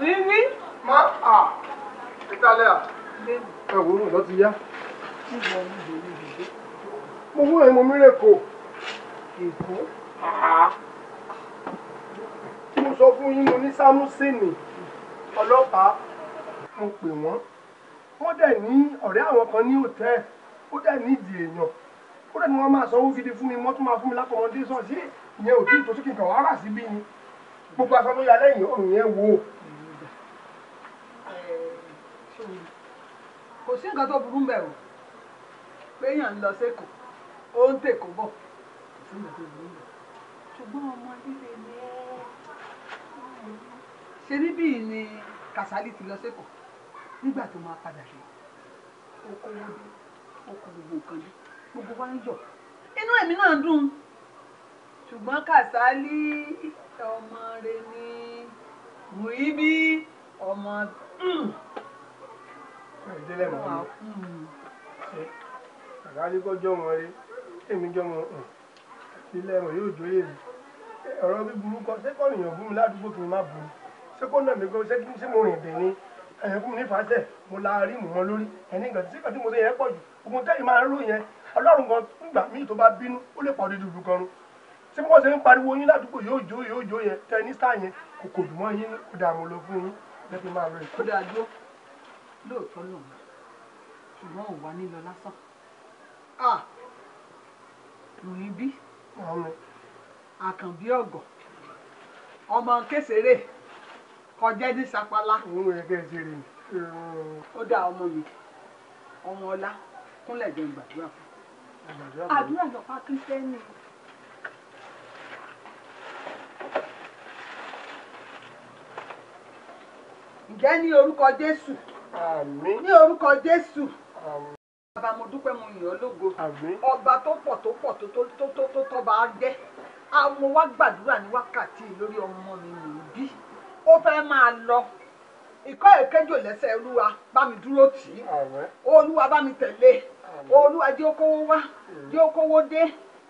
Wíwí. Má à ìtàlẹ́ à. Ẹ̀wọ̀n náà lọ́ ti yá. Mo fún ẹ̀yin mo mí rẹ̀ kò. Èkó. Mo sọ fún yín mo ní Sámúsìnì ọlọ́pàá. Mo pè wọ́n. Wọ́n dẹ̀ ní ọ̀rẹ́ àwọn kan ní hòtẹ́ẹ̀lì. Ó dẹ̀ nídìí èèyàn ó lẹ́nu wọn máa sanwó gidi fún mi mọ́ tún máa fún mi lákọ̀mọdé sàn sí ìyẹn ò tí ì tó sókè kan wàá rà síbí ni gbogbo aṣọ ló ya lẹ́yìn ọ̀rùn yẹn wò ó kò sí nǹkan tó burú mbẹ̀ o péyàn ń lọ sẹ́kọ̀ọ́ ó ń tèkọ́ bọ̀ kò sí nǹkan tó burú mbẹ̀ ṣùgbọ́n ọmọ líle ni ẹ́ ṣe níbí ni Kàsálí ti lọ sẹ́kọ̀ọ́ nígbà tó máa padà dé ó kó owó dé ó kó gbogbo nǹkan dé gbogbo wa ń yọ̀ inú ẹ̀mí náà dùn ṣùgbọ́n Kàsálí ọmọ rẹ ni Mùíbí ọmọ. Hmm, ìdílé màá mi ṣe àgbáríkọ́ jọmọ rí èmi jọmọ ìdílé mọ yóò jóyè mi ọ̀rọ̀ bí burúkọ ṣé kọ́ nìyàn bú mi ládùúgbò kí n má bú mi ṣé kó nà mí gan ṣé kí n ṣe mo rìn bẹ̀ ni ẹ̀yìn fún mi nífàásẹ̀ mo la rí mọ̀ mọ́ lórí ẹ̀ní nǹkan tí kàtí mo ṣe yẹn pọ̀ jù ogun tẹ́yìn máa ń rò yẹn ọlọ́run kan nígbà míì tó bá bínú ó lè pàdé dùdù kan rún tí wọ́n ṣe ń pariwo yín ládùúgbò yóò jó yóò jó yẹn tẹ ní sáà yẹn kòkòdùmọ́ kò dààmú lọ yín lẹ́fí máa rọ ìkó. ó dáa dúró lóòótọ́ lòun ṣùgbọ́n òun wà nílọ lásán ròyìn bí àkànbí ọ̀gọ̀ ọmọ késeré kọjá ní sapala ó dá ọmọ mi ọmọ ọlá kúnlẹ̀ jẹun gbàdúrà fún àdúrà lọ́pàá kírísítẹ́nì. ǹjẹ́ ní orúkọ jésù àmín. ní orúkọ jésù. àmín. bàbá mo dúpẹ́ mo yìn ọ́ lógo. àmín. ọba tó pọ̀ tó pọ̀ tó tó tó tó tó tọ́ba á jẹ́ àwọn wá gbàdúrà ní wákàtí lórí ọmọ mi mò ń bí ó fẹ́ máa lọ ìkọ́ èkéjò lẹ́sẹ̀ olúwa bá mi dúró tì í olúwa bá mi tẹ̀lé olúwa jẹ́ ó kówó wá jẹ́ ó kówó dé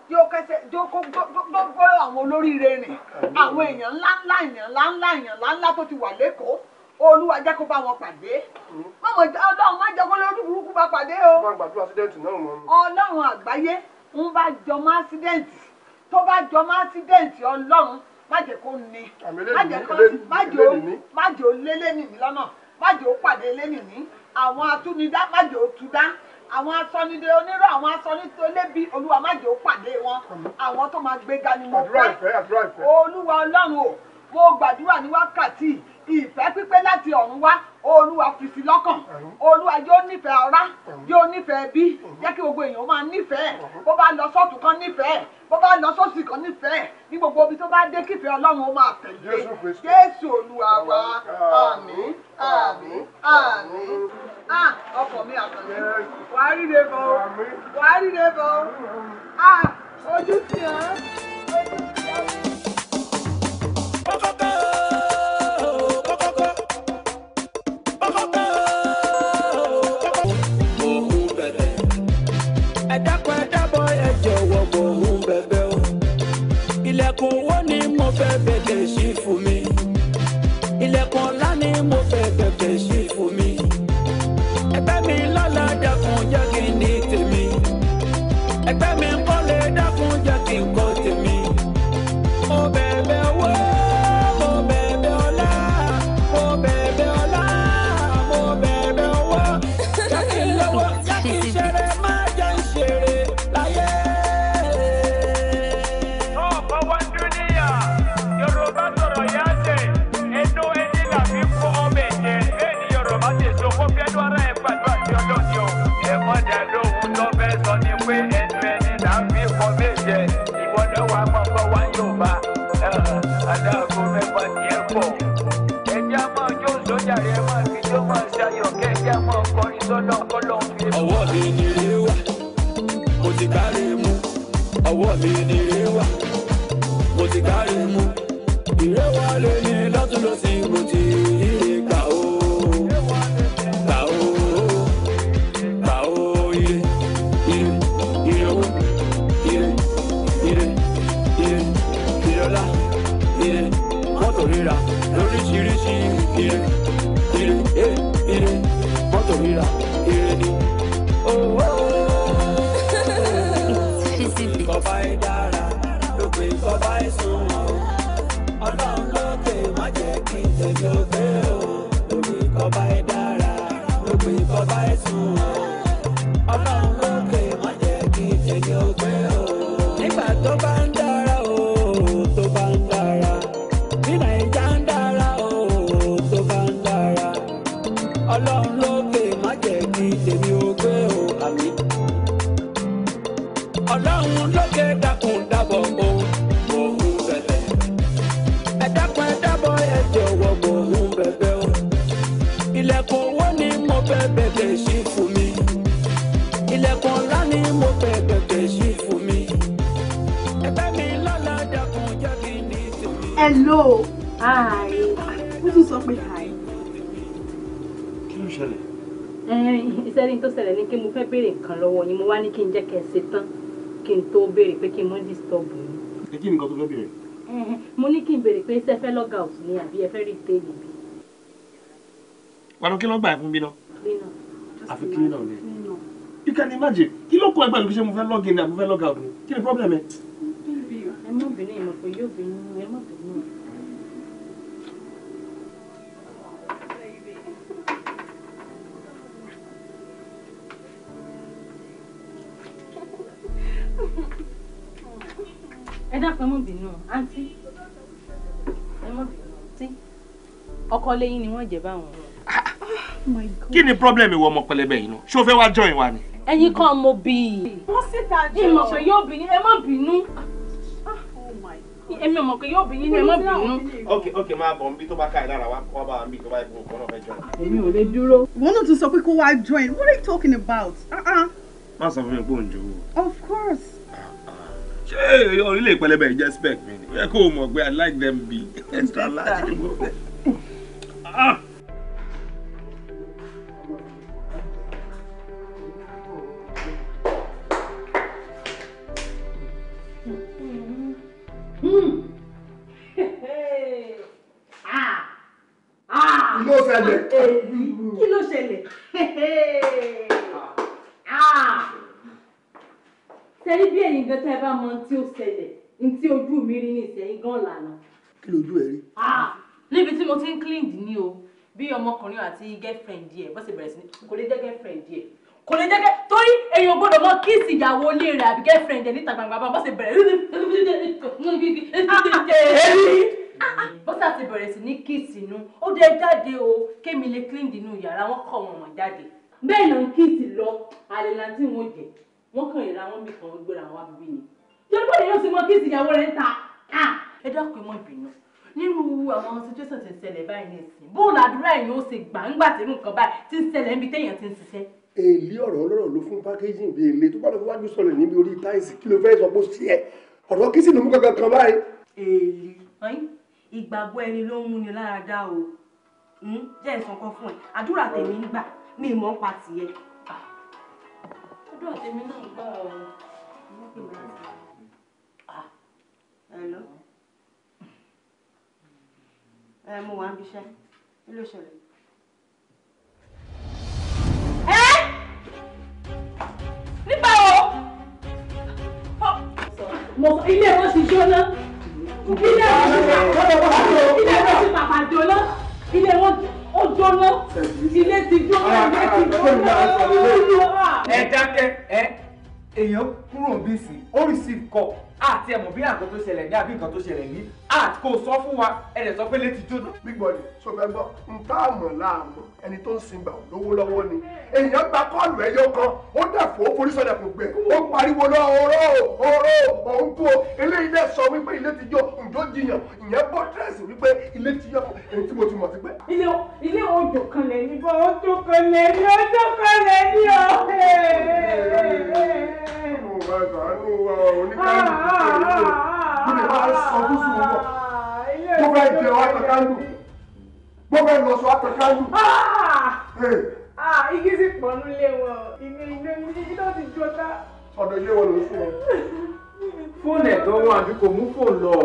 jẹ́ ó kẹsẹ̀ jẹ́ ó kó gbọ́ àwọn olóríire rìn àwọn èèyàn ńláńlá èèyàn ńláńlá èèyàn ńláńlá tó ti wà lẹ́kọ̀ọ́ olúwa jẹ́ kó bá wọn pàdé mọ̀mọ́ ọlọ́run má jẹ́ kó lórí burúkú bá pàdé o ọlọ́run àgbáyé ń bá jọmọ ásídẹ́ǹtì tó bá jọmọ ásídẹ́ǹtì ọlọ́run má jẹ́ kó ní má jẹ́ ó lé lẹ́nì mí lọ́nà má jẹ́ ó pàdé lẹ́nì mí àwọn atúnidá má jẹ́ ó tudá àwọn asọ́nidé onírọ̀ àwọn asọ́nitólébi olúwa má jẹ́ ó pàdé wọn àwọn tó máa gbéga ni mo fẹ́ olúwa ọlọ́run o mo gbàdúrà ní wákàtí ìfẹ́ pípé láti ọ̀run wá olúwa fi sí lọ́kàn olúwa yóò nífẹ̀ẹ́ ọ̀rá yóò nífẹ̀ẹ́ bí jẹ́ kí gbogbo èèyàn máa nífẹ̀ẹ́ bó bá lọ sọ́ọ̀tún kan nífẹ̀ẹ́ bó bá lọ sọ́ọ̀sì kan nífẹ̀ẹ́ ní gbogbo ibi tó bá dé kífẹ̀ẹ́ ọlọ́run ó máa tẹ̀lé jésù olúwa wa àmín àmín àmín ah ọkọ mi àkànṣe wàá ríre bọ wàá ríre bọ ah ojú ti hàn. lọ gbà fún mi àfi kí náà ni you can imagine kí ló kọ ẹgbẹ́ mi kí ṣe mo fẹ́ log ni àbí mo fẹ́ log out kí ni problem ẹ. ẹ má bínú bínú àǹtí ẹ mọ bínú tí ọkọ lẹ́yìn ni wọ́n jẹ́ báwọn. Oh kí ni problem ìwọ ọmọ pẹlẹbẹ yìí nù ṣé o fẹ́ wá join wa ni. ẹ̀yin kan mo bí i. wọ́n sì dájú. ìmọ̀ pé yóò bí ẹ má bínú. èmi ò mọ̀ pé yóò bí yín ẹ má bínú. Ah, oh ok ok máa bọ̀ nbí tó bá ká ẹ lára wa wá bá mi tó bá yẹ kó náà fẹ́ join. èmi ò lè dúró. wọn náà tún sọ pé kó wá join what are you talking about. Uh-uh. má sọ fún mi pé ò ń jowó. of course. ṣé orílẹ̀ ìpẹlẹbẹ yìí jẹ́ spec mi ni ẹ kó o mọ̀ pé i like them be extra large. Hmm. ló ṣẹlẹ̀. Ah. Ah. kí ló ṣẹlẹ̀. sẹ́rí ah. bí ẹ̀yin gan tẹ́ ẹ bá mọ ohun tí ó ṣẹlẹ̀ ohun tí ojú mi rí ní ìsẹ̀yìn gan lànà. kí lójú ẹ rí. níbi tí mo ti ń clean ní o bí ọmọkùnrin àti girlfriend yẹ bó ṣe bẹ̀rẹ̀ sí kò lè jẹ́ girlfriend yẹ kò lè jẹ́ kẹ́ torí èèyàn gbọ́dọ̀ mọ kíìsì ìyàwó ilé rẹ̀ àbí girlfriend ẹ̀ níta gbangba bá ṣe bẹ̀rẹ̀ bọ́sà ti bẹ̀rẹ̀ sí ní kíìsì inú ó dé jáde o kémi lè clean dínú yàrá wọn kọ̀ wọn wọn jáde bẹ́ẹ̀ náà kíìsì lọ àlè làǹtí wọn jẹ wọn kàn ìra wọn bì kan gbéra wọn bíbí ni jọgbọ́n lè yọ sí mọ kíìsì ìyàwó rẹ̀ ta ah! ẹ dákun mọ́ ìbínú nínú àwọn situation tí ń ṣẹlẹ̀ báyìí ní ìsìn bóòlù àdúrà ẹ̀yìn ó ṣe gbàǹgbà tí nǹkan báyìí ti ń ṣẹlẹ̀ níbi téèyàn ti ń ṣiṣẹ́ èlé ọ̀rọ̀ ọlọ́rọ̀ ló fún packaging bíi èlé tó bá lọ fi wájú sọlẹ̀ níbi orí táìsì kí ló fẹ́ sọ pé ó sí ẹ̀ ọ̀rọ̀ kí sì ló mú kankan kan báyìí. èlé ìgbàgbọ́ ẹni ló ń múni lára dá o hm, jẹ́ ìsàn kan fún ẹ àdúrà tèmi ń gbà mí ìmọ̀ pa tìyẹ. àdúrà tèmi náà gbà ọ ẹ mo wà ń bíṣẹ́ kí ló ṣẹlẹ̀. nígbà wo. mo sọ ilé wọn ti jóná ilé wọn ti pàpàdé ilé ilé wọn ó jóná ilé ti jóná ilé ti jóná. ẹ dákẹ́ ẹ èèyàn kúrò bíi sí ó rìsíìfù kọ́ àti ẹ̀mọ̀ bí nǹkan tó ṣẹlẹ̀ ní àbí nǹkan tó ṣẹlẹ̀ ní àti kò sọ fún wa ẹ̀rẹ̀ sọ pé létí jóná. gbígbọ́ ni ṣọfẹ́ gbọ́ n tá àmọ̀ láàmú ẹni tó ń sin gbà lówó lọ́wọ́ ni èèyàn gba kọ́ọ̀lù ẹyọ kan ó dẹ̀ fò ó forí sọ̀dẹ̀ kò gbẹ ó pariwo lọ oró oró òun kú o eléyìí dẹ̀ sọ wípé ilé ti jó ǹjọ́ jiyàn ìyẹn bọ́ dírẹ́sì wípé ilé ti yọ èyí tí mo ti mọ̀ ti pẹ́. ilé ilé òjò kan lè ní bọ́ òjò kan lè ní òjò kan lè ní ọ̀. mo máa sàánú wa oníkàlùkù mo lè máa sọ fún sùúrù bọ̀ mo fẹ́ jẹun àtàkálù mo fẹ́ lọ sọ àtàkálù. igi sì pọ̀ nílé wọn ìní ilé igi náà ti jó ọ̀dọ̀ ilé wọn ló sùn. fóònù ẹ̀dọ́ wọn àbí kò mú fóònù lọ.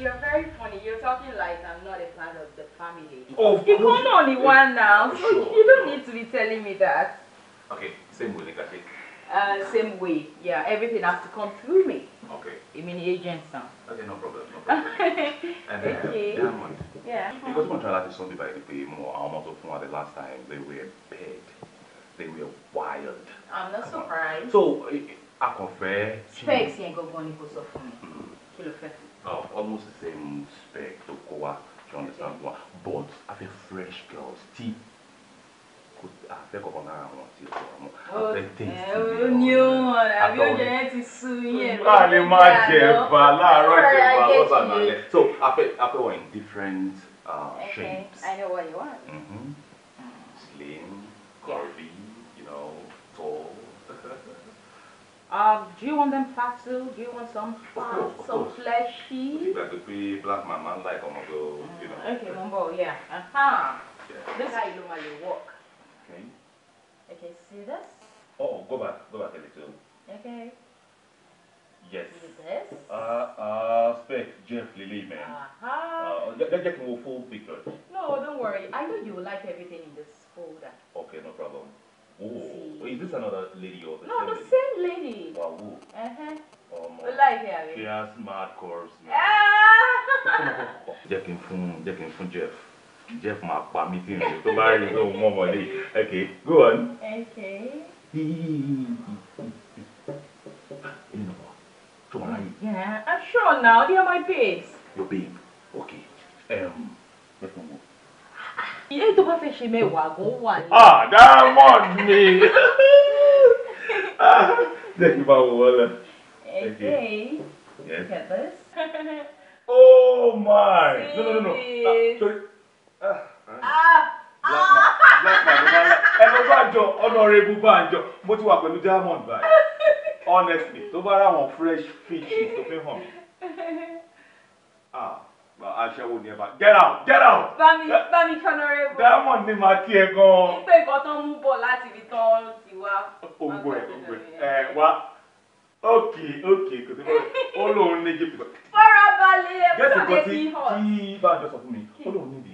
You're very funny. You're talking like I'm not a part of the family. Oh, you only one now. Sure. You don't need to be telling me that. Okay, same with the Uh, same way. Yeah, everything has to come through me. Okay. You mean agents now? Okay, no problem. No problem. and uh, then, Diamond. Yeah. Because when Trinidad is something by the way, more almost open at the last time, they were paid. They were wild. I'm not surprised. So, I eh, confess. Specs you ain't going to go for me. Oh, almost the same spec to Koa. Do you understand? But I feel fresh girls, deep could akẹ́kọ̀ọ́ kan lára wọn ti ọ̀rọ̀ mọ́ àfẹ́tẹ́ ìsinmi ní òun àbí so afẹ́ afẹ́ on in different uh, okay. shapes. I know what you want. Mm-hmm. Slim, curvy, yeah. you know, tall. Um, do you want them fat too? Do you want some fat, of course, of some course. fleshy? If you like be black man, man like I'm gonna go, you know. Uh, okay, Mumbo, yeah. Uh-huh. Yeah. This is how you normally walk. Okay, see this? Oh, go back, go back a little. Okay. Yes. See this? Uh, uh, speak Jeff Lily, man. Uh-huh. Uh, that, full picture. No, don't worry. I know you like everything in this folder. Okay, no problem. Oh, is this another lady or the No, same the same lady. Wow. Uh-huh. Oh, my. Like her. She has smart course, man. Ah! Jeff, kí Jeff. Jeff máa pa mí sí ìrìn tó bá rí tó mọ ọmọdé okay go on. Okay. Yeah, I'm sure now. They are my babes. Your babe. Okay. Um, let's go. Ilé tó bá fẹ́ ṣe mẹ́wàá gan wà ní. Ah, diamond mi. Ah, jẹ́ kí n bá wọ wọlé. Okay. Yes. Get this. oh my. No, no, no, no. Ah, sorry ẹ lọ bàjọ honorable bàjọ mo ti wà pẹ̀lú diamond báyìí honestly tó bá ráwọn fresh fish tó fi hàn aṣẹ́wó ni ẹ bá get out get out. bami bami honorable. diamond ni màá kí ẹ gan. pé nǹkan tó ń mú bọ̀ láti ibi tó ti wá. ogun ẹ ogun ẹ wá ókè ókè kò tó bá ó lóun ní egypt. fọ́nrán balẹ̀ ẹ̀ kó tó dé bí hàn. gẹ́sì kan tí kí bá a jọ sọ fún mi ó lóun níbi.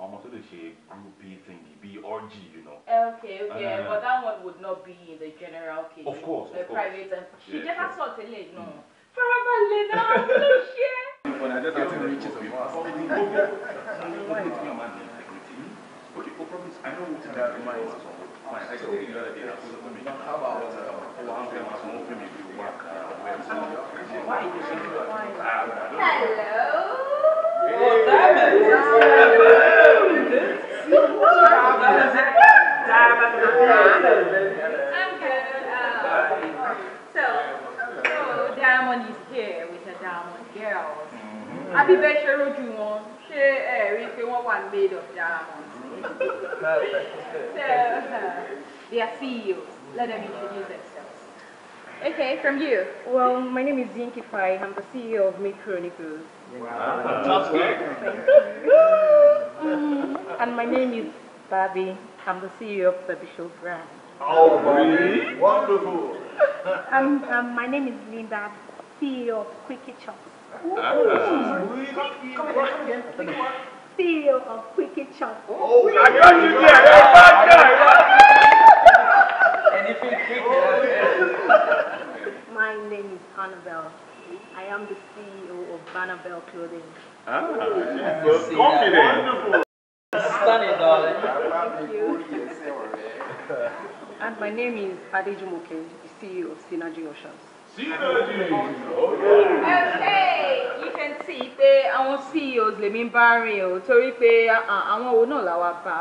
almost the shape group A thingy, BRG, you know. Eh, okay, okay, uh, but that one would not be in the general case. Of course, the of private. Course. She yeah, just has sort of late, no. When hmm. I just get to reach it, Okay, no problem. I know what that reminds me. I still think ṣe rójú wọn ṣé rí i pé wọ́n wà made of CEO let them introduce themselves. Okay, from you. Well, my name is Yinki Fai. I'm the CEO of Mid Chronicles. Wow. Fantastic. mm, and my name is Babi. I'm the CEO of the Bishop brand. Oh, Babi. Wonderful. um, um, my name is Linda, CEO of Quickie Chops wicked Oh, I got you there. Anything My name is Annabelle. I am the CEO of Annabelle Clothing. Ah, she's confident. Stunning, darling. Thank you. and my name is Adejumoke, the CEO of Synergy Oceans. Okay, you can see pé àwọn CEOs lèmi ń bá rìn o torí pé àwọn owó náà làwa bá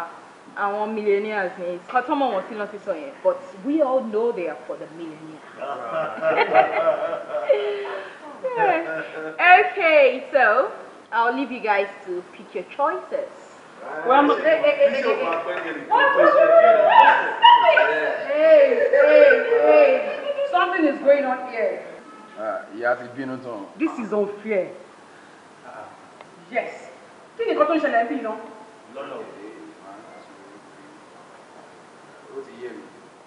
àwọn millionaires ní nǹkan tó mọ̀ wọ́n sí lọ́n sọ yẹn but we all know they are for the millionaires. okay, so I'll leave you guys to pick your choices. Well, hey, hey, hey, Something is going on here. Ah, ìyá ti bínú tán. This is unfair. Ah. Yes. Kí ni nǹkan tó ń ṣẹlẹ̀ bí iná? No, no.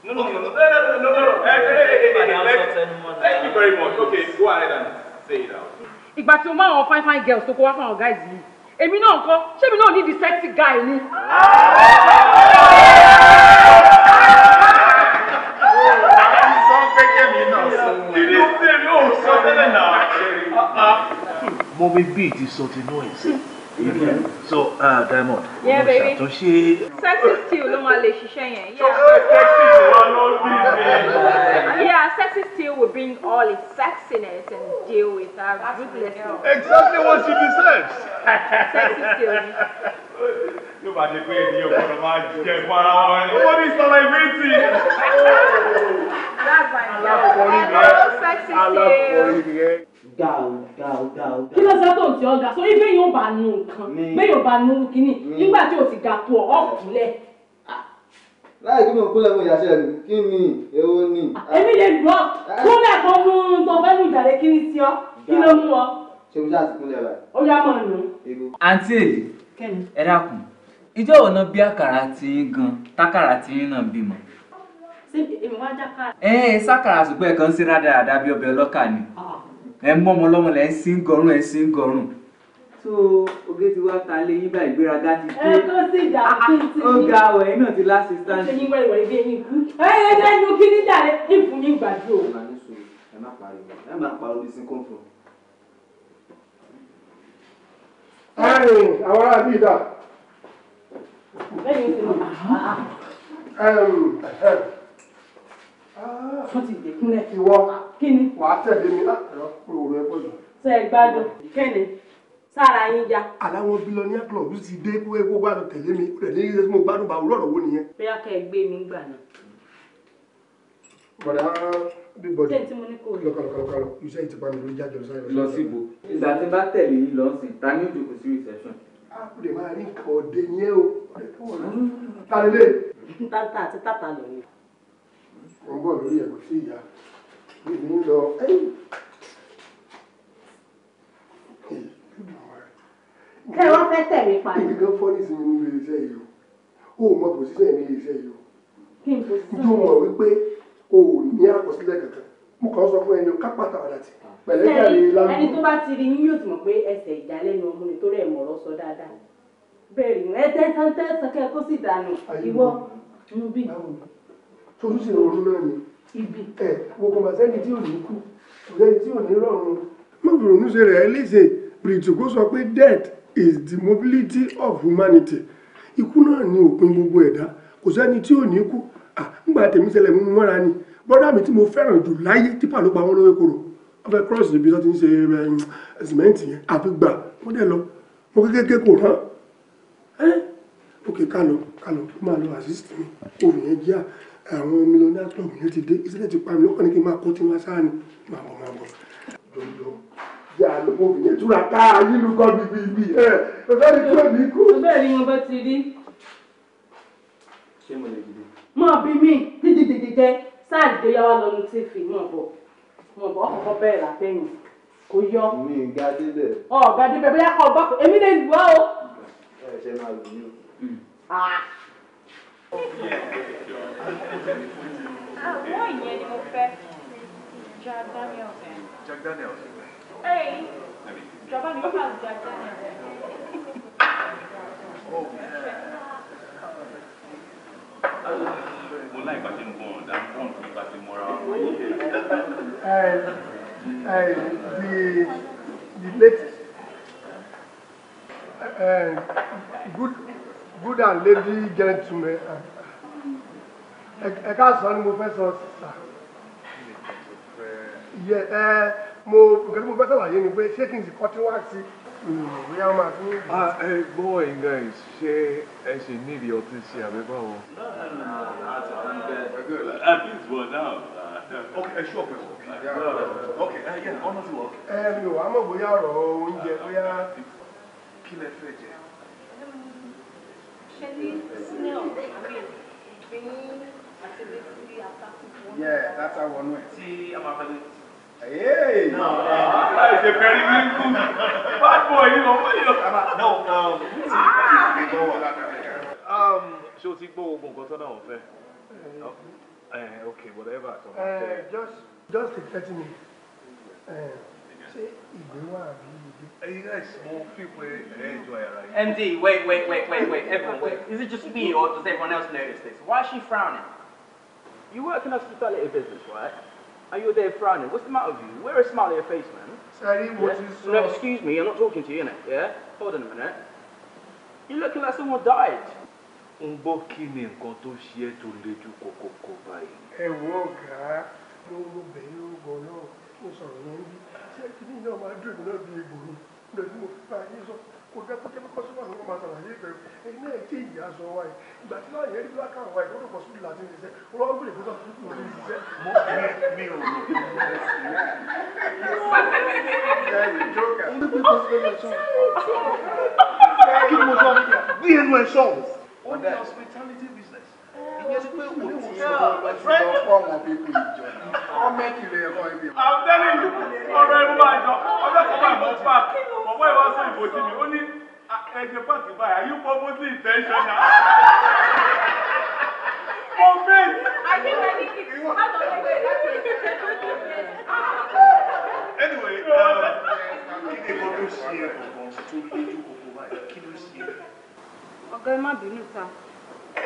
No, no, eh, eh, no, no, No, no, no, no, no, no, no, no, no. Thank you very much. Okay, go ahead and say it out. Ìgbà tí o máa wọn fine fine girls tó kó wá fún àwọn guys yìí, èmi no, kọ́, ṣé no, náà ní the sexy guy ni? Ah! mo mi bí ìdí sọ ti nú So, uh, Diamond. Yeah, baby. So she. Sex is still no more relationship. Yeah. So sex is Yeah, sex still will bring all his sexiness and deal with our ruthlessness. Exactly what she deserves. sex still. Yóò bá dé pé èdè ọ̀pọ̀lọpọ̀ máa jẹ para wọn ni. Wọ́n ní sọ̀rọ̀ ìrètí. That's my job. Alákọ̀ọ́rí rẹ̀. Alákọ̀ọ́rí rẹ̀ ga o ga o ga o. kí ló sọ tó ti ọ̀gá sọ ife yóò bá nu nǹkan bẹ́ẹ̀ yóò bá nu kínní nígbà tí o ti ga tó ọ kúlẹ̀. Ah. láì kí mo kúlẹ̀ mo yàṣẹ́ mi kí ni èwo ni. Ah, èmi lè lọ ah. kó mẹ́kọ̀ọ́ mú tó fẹ́ mú ìjàlẹ̀ kí ni sí ọ kí ló mú ọ. ṣé o ṣáà ti kúnlẹ̀ rẹ̀. ó yá mọ̀ nù. àǹtí èyí ẹ dákun ìjọ ò ná bí àkàrà ti ń gan tákàrà ti ń náà bímọ ṣé èmi wá dákàrà. ẹ ẹ sákàrà ṣùgbọ́n ẹ̀ kan ń ṣe rádaràda bí ọbẹ̀ ọlọ́kà ni ẹ mọ ọmọ ọlọmọ ń sin gọrùn ẹ sin gọrùn so oge ti wá ta lé yín ìgbéraga ti tó ẹ tó sì dà kí n ti ní ó ga ọ̀ ẹ̀yìn náà ti láti stand. ṣe yín wẹ̀rẹ̀ wẹ̀rẹ̀ ẹyin kú ẹ ẹ dẹnu kí ní dàrẹ ìfún ní gbàdúrò. ẹ máa ní ẹ má pariwo ẹ má pariwo ìsìn kò fún. ẹ̀yin àwọn ará bíi dà. lẹ́yìn tí tó ti dé kúnlẹ̀. ìwọ kí ni. wàá tẹ̀lé mi ẹ̀rọ pé òru ẹ pọ̀ jù. sọ ẹ gbádùn kẹ́ni sára yín já. aláwọ̀ bílọ́níà club ti dé kó epo gbádùn tẹ̀lé mi ó dẹ̀ ní ilé tí mo gbádùn bá òwúrọ̀ wo nìyẹn. bóyá kẹ́ ẹ gbé mi gbà náà. bọ̀dá bí bọ̀dá lọ́kàlọ́kàlọ́kàlọ́ iṣẹ́ ìtìpá mi lórí jájọ sáyọ. lọ síbo ìgbà tí bá tẹ̀lé yín lọ sí ta ní òjòkó sí reception. a kò lè máa rí nǹkan ọ̀dẹ yẹn o. Mm. ta lè lè. tata àti tata lọ ni mo ń bọ̀ lórí ẹ̀ kò sí ìyá bí mi ń lọ tẹ wọ́n fẹ́ tẹ̀ mí pa. ibi kan fọ́nì sí mi nínú iléeṣẹ́ yìí o ò mọ pòsíṣẹ́ mi iléeṣẹ́ yìí o. kí n pòsíṣẹ́ mi. ìjọ mọ̀ wípé o ò ní àkọsílẹ̀ kankan mo kàn sọ fún ẹni o ká pàtà wàdà tì. Ah. pẹ̀lẹ́ jáde lánàá. ẹni tó bá ti rí yín yóò ti mọ̀ pé ẹsẹ̀ ìdálẹ́nu ọmọ ni torí ẹ̀ mọ̀ ọ̀rọ̀ sọ dáadáa. bẹ́ẹ̀ ni ẹ tẹ́ tán tẹ́ sọ kẹ́ kó forúsì òru náà ni ibi ẹ̀ gbogbo màsẹ́ni tí ò ní kú kò sẹ́ni tí ò ní rọrùn. má ronú ṣe rẹ̀ léṣe sọ pé death is the mobility of humanity ikú náà ni òpin gbogbo ẹ̀dá kò sẹ́ni tí ò ní kú nígbà tèmi ṣẹlẹ̀ mú mọ́ra ni bọ́dà mi tí mo fẹ́ràn jù láyé tipa ló pa wọ́n cross ibi tó ti ń ṣe yẹn àfi àwọn mílíọ̀nà club yóò ti dé ìṣẹ̀lẹ̀ ti pa mí lọ́kàn ní kí n máa kó tí wọ́n sáà ní máa bọ̀ máa bọ̀ lọ́dọ̀ yà á yẹn túra ká ayélu kọ́ bíbí ibi ẹ̀ bẹ́ẹ̀ ni kúrò ní kú. bẹ́ẹ̀ ni wọn bá ti rí. ṣé mo lè dìde. mọ bí mi dídìdìdìdẹ sáà dé yá wa lọnu tí fi mọ bọ mọ bọ ọkọ bẹẹ rà tẹyìn kò yọ. mi ga débẹ̀. ọ ga débẹ̀ bóyá kọ bá èmi lè lù ọ o. ẹ ṣe Àwọn ìyẹn ni mo fẹ́. Jack Daniels. Jack Daniels. Hey! Jọba ni wọ́n Jack Daniels. Oh. Mo láì pàṣẹ ń bọ̀ ọ̀dà fún ọ̀dà pàṣẹ mọ́ra. The the late uh, eh, eh, good good and lady gentleman ẹ káàsán ni mo fẹ́ sọ sà yẹ ẹ mo nǹkan tí mo fẹ́ sàlàyé ni pé ṣé kí n sì kọ́ tí wá sí hmm, bóyá ó máa tún. Ah, ẹ gbọ́ ìgbà yìí ṣé ẹ ṣe níbi ọtí ṣe àbẹ́bà wọn. at least for now. okay sure pẹ̀lú. okay yeah honestly. ẹ mi ò wá mọ̀ bóyá ọ̀rọ̀ oúnjẹ bóyá kí lẹ fẹ́ jẹ. Yeah, that's how one way. See, I'm a Hey! No, no, that very good boy, you know what No, um, ah! no. Um, ṣé o eh. Oh, eh, okay, whatever. Eh, just, just in 30 minutes. Uh, ṣé ìgbé wà bíi You guys smoke people enjoy right? MD, wait, wait, wait, wait, wait, everyone, wait. Is it just me or does everyone else notice this? Why is she frowning? You work in a hospitality business, right? And you're there frowning. What's the matter with you? Wear a smile on your face, man. Sorry, what yeah? is No, excuse me, I'm not talking to you, innit? Yeah? Hold on a minute. You're looking like someone died. kíní náà máa dùn mí náà bí egbòrò lọ ní mo fi bá yín sọ kò dá kó jẹ́ pé kọ́sọ́mà ló máa ṣàlàyé ìbẹ̀rù ẹ̀yin náà tí ìyá sọ wa yìí ìgbà tí láàyè rí bíláàkà wa yìí lọ́dọ̀ pọ̀sùn láti ṣiṣẹ́ ọlọ́run bèrè fún sọ́sùn tó ti ṣiṣẹ́. mo mi mi ò mi ò sí. kí ni mo sọ bí ẹnu ẹ sọ. ó ní hospitality I'm telling you, ọ̀rọ̀ ẹ̀rú máa jọ, ọjọ́ kan máa bọ̀ park, bọ̀bọ̀ ìwà sún ìbòjì mi, ó ní ẹ̀jẹ̀ park báyìí, are you purposely intentional? Mo fẹ́. Anyway, um, kí ni mo ló ṣe é gbọ̀ngàn tó lójú kòkó báyìí? Kí ló ṣe é? Ọ̀gá ẹ má bínú ta. I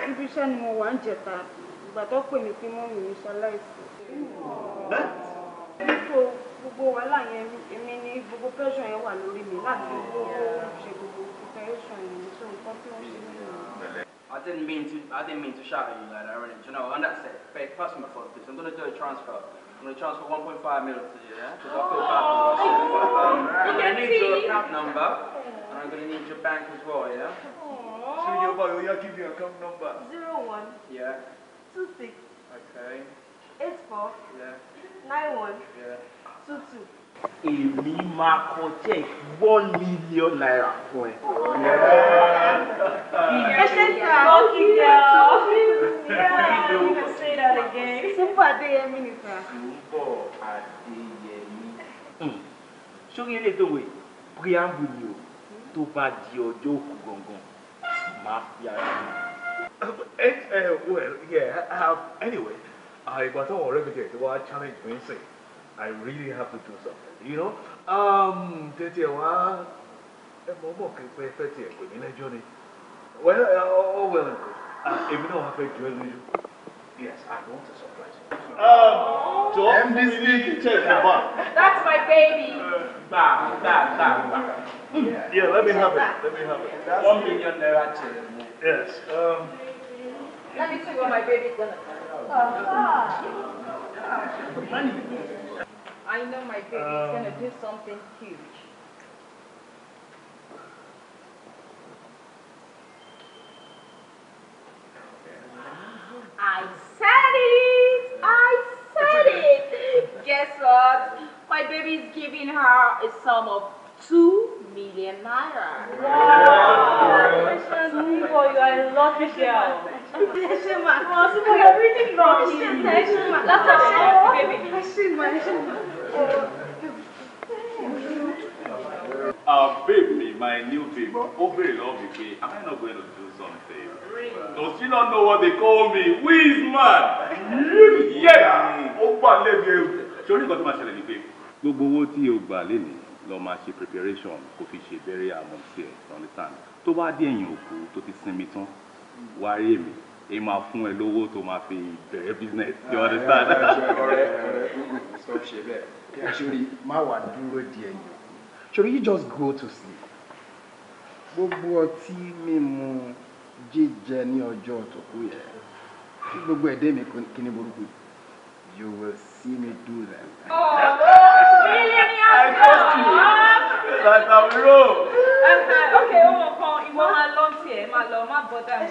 didn't mean to. I didn't mean to shout at you like that. Really. Do you know? And that's it. Babe, my fault. please. I'm gonna do a transfer. I'm gonna transfer 1.5 million to you, yeah? Because I feel bad for oh, I'm gonna need your account number, and I'm gonna need your bank as well, yeah? Oh. So your boy, will give you account number? Zero one. Yeah. Two six. Okay. Eight four. Yeah. Nine one. Yeah. Two two. Èmi máa kọ check one million naira fún ẹ. Ẹ ṣe ta ọkì jẹ ọ. Súpọ̀ Adéyẹmí ni sà. Súpọ̀ Adéyẹmí. Sórí eléyìí tó wẹ̀, Priambu ni o, tó bá di ọjọ́ òkú gangan. Ma, yeah. Uh, eh, well, yeah. Um, anyway, I got all repeated what challenge me say. I really have to do something, you know. Um, tètè wá, eh, ẹ mọ̀ mọ̀ kí pé fẹ́ Well, uh, all well and good. Ah, èmi náà wá fẹ́ jù ẹ́ lójú. Yes, I want to surprise you. Um, Joel, MDC. That's my baby. Uh, ba, ba, ba, ba. Yeah. yeah, let me have it. Let me have it. That's One million naira Yes. Um, let me see what my baby's gonna. do. huh I know my baby's um, gonna do something huge. is giving her a sum of two million naira. Wow! Sumo, you are a lucky girl. Wow, Sumo, you are really lucky. Last time baby. Our baby, my new baby, Obey love me. Am I not going to do something? Really? Does she not know what they call me? Wiz man! my Oba, let me. Surely got my gbogbo owó tí o gbà lénìí lọ máa ṣe preparation kó fi ṣe bẹ́rẹ̀ àmọ́ sí ẹ̀ understand tó bá dé ẹ̀yìn òkú tó ti sinmi tán wá rí èmi èyí máa fún ẹ lówó tó máa fi bẹ̀rẹ̀ business you understand. ọ̀rẹ́ ọ̀rẹ́ stop ṣe bẹ́ẹ̀ ṣorí má wàá dúró di ẹ̀yìn òkú ṣorí you just go to sleep gbogbo ọtí mímu jíjẹ ní ọjọ́ tó kú yẹ kí gbogbo ẹ̀dẹ́ mi kí ni burúkú you will see see me do them. Oh, million years I trust you. That I will roll. Okay, ọmọ kan, ìwọ máa lọ sí ẹ, máa lọ, má bọ́dà mọ́.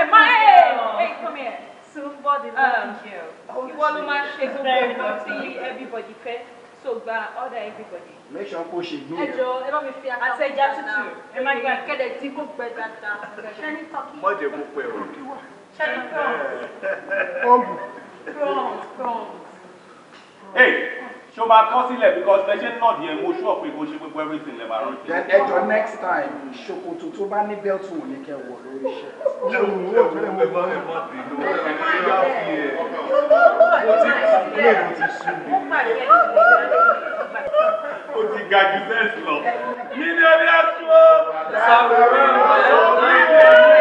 Ẹ má ẹ̀ ẹ̀ come here. Somebody uh, love you. Ìwọ ló máa ṣe gbogbo nǹkan tí everybody fẹ́ so gba order everybody. make sure kó ṣe gbé yẹn. ẹjọ ẹ bá mi fi àtàwọn àtẹjá tútù ẹ má gbà kéde tí kò gbẹ dáadáa. ṣẹ́ni tọ́kì. mọ̀jẹ̀ kó pẹ́ o. ṣẹ́ni tọ́kì. pọ́ǹpù. pọ́ǹpù pọ́ǹpù hey ṣé o máa kọ́ sílẹ̀ because ẹ ṣe ń nọ̀dí ẹ̀ mo ṣọ́ pé kò ṣe gbogbo everything lè máa rántí. ẹjọ next time ṣòkòtò tó bá ní bẹ́ẹ̀tù ò ní kẹ́ wọ̀ lórí iṣẹ́. ṣé o wò ó bẹ́ẹ̀ mo bá ẹ̀ máa dì lọ ẹ̀ ní yá fi ẹ̀ mo ti kílẹ̀ mo ti sùn mi. o ti ga jù sẹ́ẹ̀sì lọ. mílíọ̀nù yà sùn. sàrò rẹ̀ ń bá yà sùn.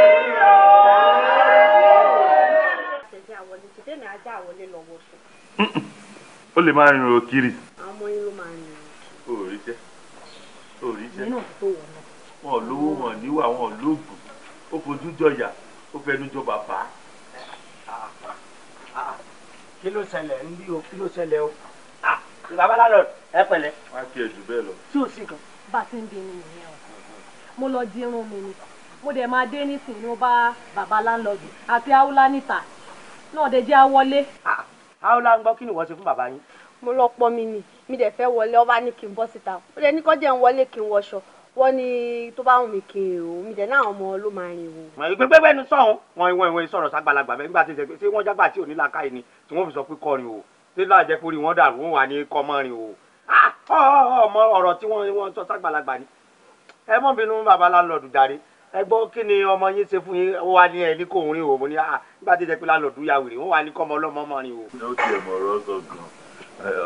ó lè máa rìnrìn òkiri. àwọn ọmọ yín ló máa rìnrìn òkiri. ó rí jẹ́ ó rí jẹ́ wọn lówó wọn níwà wọn lóògùn ó fojú jọyà ó fẹnu jọ bàbá. kí ló ṣẹlẹ̀ ń bí o kí ló ṣẹlẹ̀ o bàbá lálọ́ ẹ pẹ̀lẹ́. wá kí ẹ jù bẹ́ẹ̀ lọ. tí ò sí kan. bá a ti ń bí ni ìyẹn o mo lọ di irun mi ni mo dẹ̀ máa dé nísìnyí mo bá bàbá láńlọ́ọ̀dù àti haúlá níta náà dẹ̀ jẹ́ àwọlé àwọn la ń gbọ́ kí ni wọ́n ṣe fún bàbá yín. mo lọ pọ mi ni mi dẹ̀ fẹ́ wọlé ọba ní kí n bọ́ síta ó lè ní kọ́ jẹ́ ń wọlé kí n wọṣọ wọ́n ní tó bá wù mí kí n rò ó mi dẹ̀ náà ọmọ ló máa rìn o. gbẹgbẹgbẹ ni sọhún wọn ìwọn ìwọn sọ̀rọ̀ sàgbàlagbà bẹ́ẹ̀ nígbà tí ṣe pé ṣé wọn jágbà tí ò ní làákàyè ni tí wọn fi sọ pé kọrin o ṣé láàjẹ forí wọn dàrú wọn wà ní kọmọrin o ọmọ ọ̀rọ̀ tí wọn sọ sàgbàlagbà ni ẹ mọ bínú bàbá láńlọọdù darí ẹ gbọ́ kí ni ọmọ yín ṣe fún yín wọ́n wá ní ẹ ní kò ń rìn wò mo ní à ah, nígbà tí ìjẹ́ pé lálọ́dún ya wèrè wọ́n wá ní kọ́mọ ọlọ́mọ ọmọ rìn wò. ó ti ẹ̀mọ̀ ọ̀rọ̀ sọ gan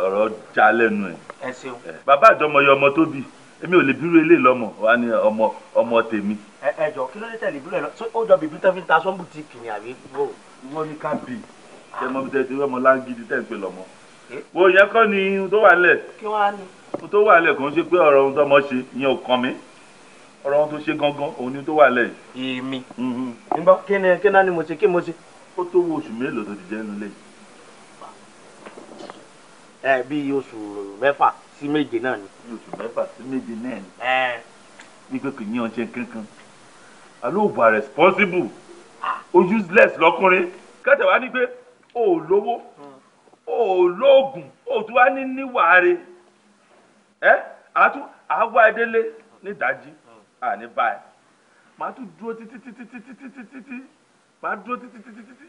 ọ̀rọ̀ já lẹ́nu ẹ̀. ẹ ṣeun. bàbá àjọmọ yọ ọmọ tó bí èmi ò lè bírú ilé lọmọ wa ni ọmọ ọmọ tèmi. ẹ ẹ jọ kí ló dé tẹ̀lé bírú ẹ lọ ó jọ bìbí tó fi ń ta sọ́ńbù tí kìnì àbí wò. wọ́n ní ká bì í ṣe mọ bí tẹ̀sí ọmọ láńgídí tẹ̀ ń pè lọ́mọ. wo yẹn kọ́ ni ohun tó wà lẹ̀. kí wọ́n á ní. ohun tó wà lẹ̀ kò ń ṣe pé ọ̀rọ̀ ohun tó ọmọ ṣe ìyẹn ò kàn mí ọ̀rọ̀ wọn tó ṣe gangan òun ni tó wà lẹ́yìn. èmi mm-hmm. nígbà kí ni kí náà ni mo ṣe kí mo ṣe. ó tó wo oṣù mélòó tó ti jẹ́ inú lẹ́yìn. ẹ bí oṣù mẹ́fà sí méje náà ni. bí oṣù mẹ́fà sí méje náà ni. nígbà ah. kò ní ọ̀ṣẹ́ kankan alo ba responsible o useless lọkùnrin kẹtẹ wa ni pé o ò lówó hmm. o ò lóògùn o ò tún wá ní níwàá re ẹ àtún àwa ẹdẹlẹ nídàájí àní báyìí màá tún dúró títí títí títí títí títí màá dúró títí títí títí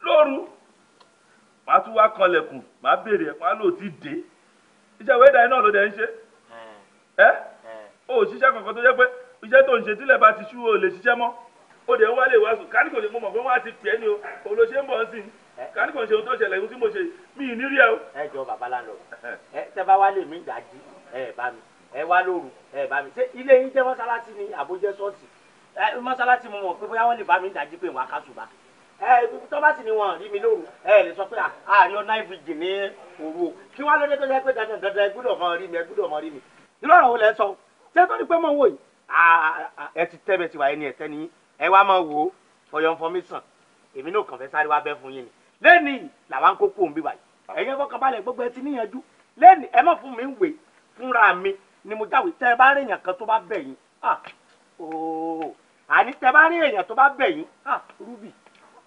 lóru màá tún wá kanlẹ̀kùn màá béèrè ẹ̀ màá lò tí dé iṣẹ́ wẹ́dà iná ló dẹ̀ ń ṣe hmm. ẹ́ hmm. o ò ṣiṣẹ́ kankan tó jẹ́ pé iṣẹ́ tó ń ṣe tílẹ̀ bá ti ṣú o lè ṣiṣẹ́ mọ́ o dẹ̀ ń wá lè wá sùn káníkò ṣe mo mọ̀ pé wọ́n á ti pè é ni o olóṣè ń bọ̀ ń sìn káníkò ṣe ohun tó ṣẹlẹ̀ ohun tí mo ṣe mí ì nírí ẹ o. ẹ jọ bàbá ẹ tẹ bá wá lè mí ìdájí ẹ bá mi ẹ wá lóru ẹ bá mi ṣe ilé yín jẹ́ mọ́sálásí ni àbójẹ́ ṣọ́ọ̀ṣì ẹ mọ́sálásí mo mọ̀ pé bóyá wọ́n lè bá mi dájú pé wọ́n á kásù bá ẹ tó bá sì ní wọn rí mi lóru ẹ lè sọ pé àárín ọ̀nà ìfìjì ní òru o kí wọ́n á lóde tó jẹ́ pé dandan dandan ẹ gbúdọ̀ mọ rí mi ẹ gbúdọ̀ mọ rí mi ìlọrin wo lẹ sọ ṣé tó ní pé mọ̀ wò yìí ẹ ti tẹ́ bẹ́ẹ̀ ti wà ẹni ẹ̀tẹ́ ni ẹ wá máa wò ó for your information èmi náà kàn fẹ́ sáré wá bẹ́ fún yín ni lẹ́nìí làwa ń kó kóun bí wáyé ẹ̀yin fọkànbalẹ̀ gbogbo ẹ ti níyànjú lẹ́nìí ẹ má fún mi ń wè fúnra mi ni mo jáwé tẹ́ ẹ bá rí èèyàn kan tó bá bẹ̀ yín ooo àní tẹ́ ẹ bá rí èèyàn tó bá bẹ̀ yín rúbì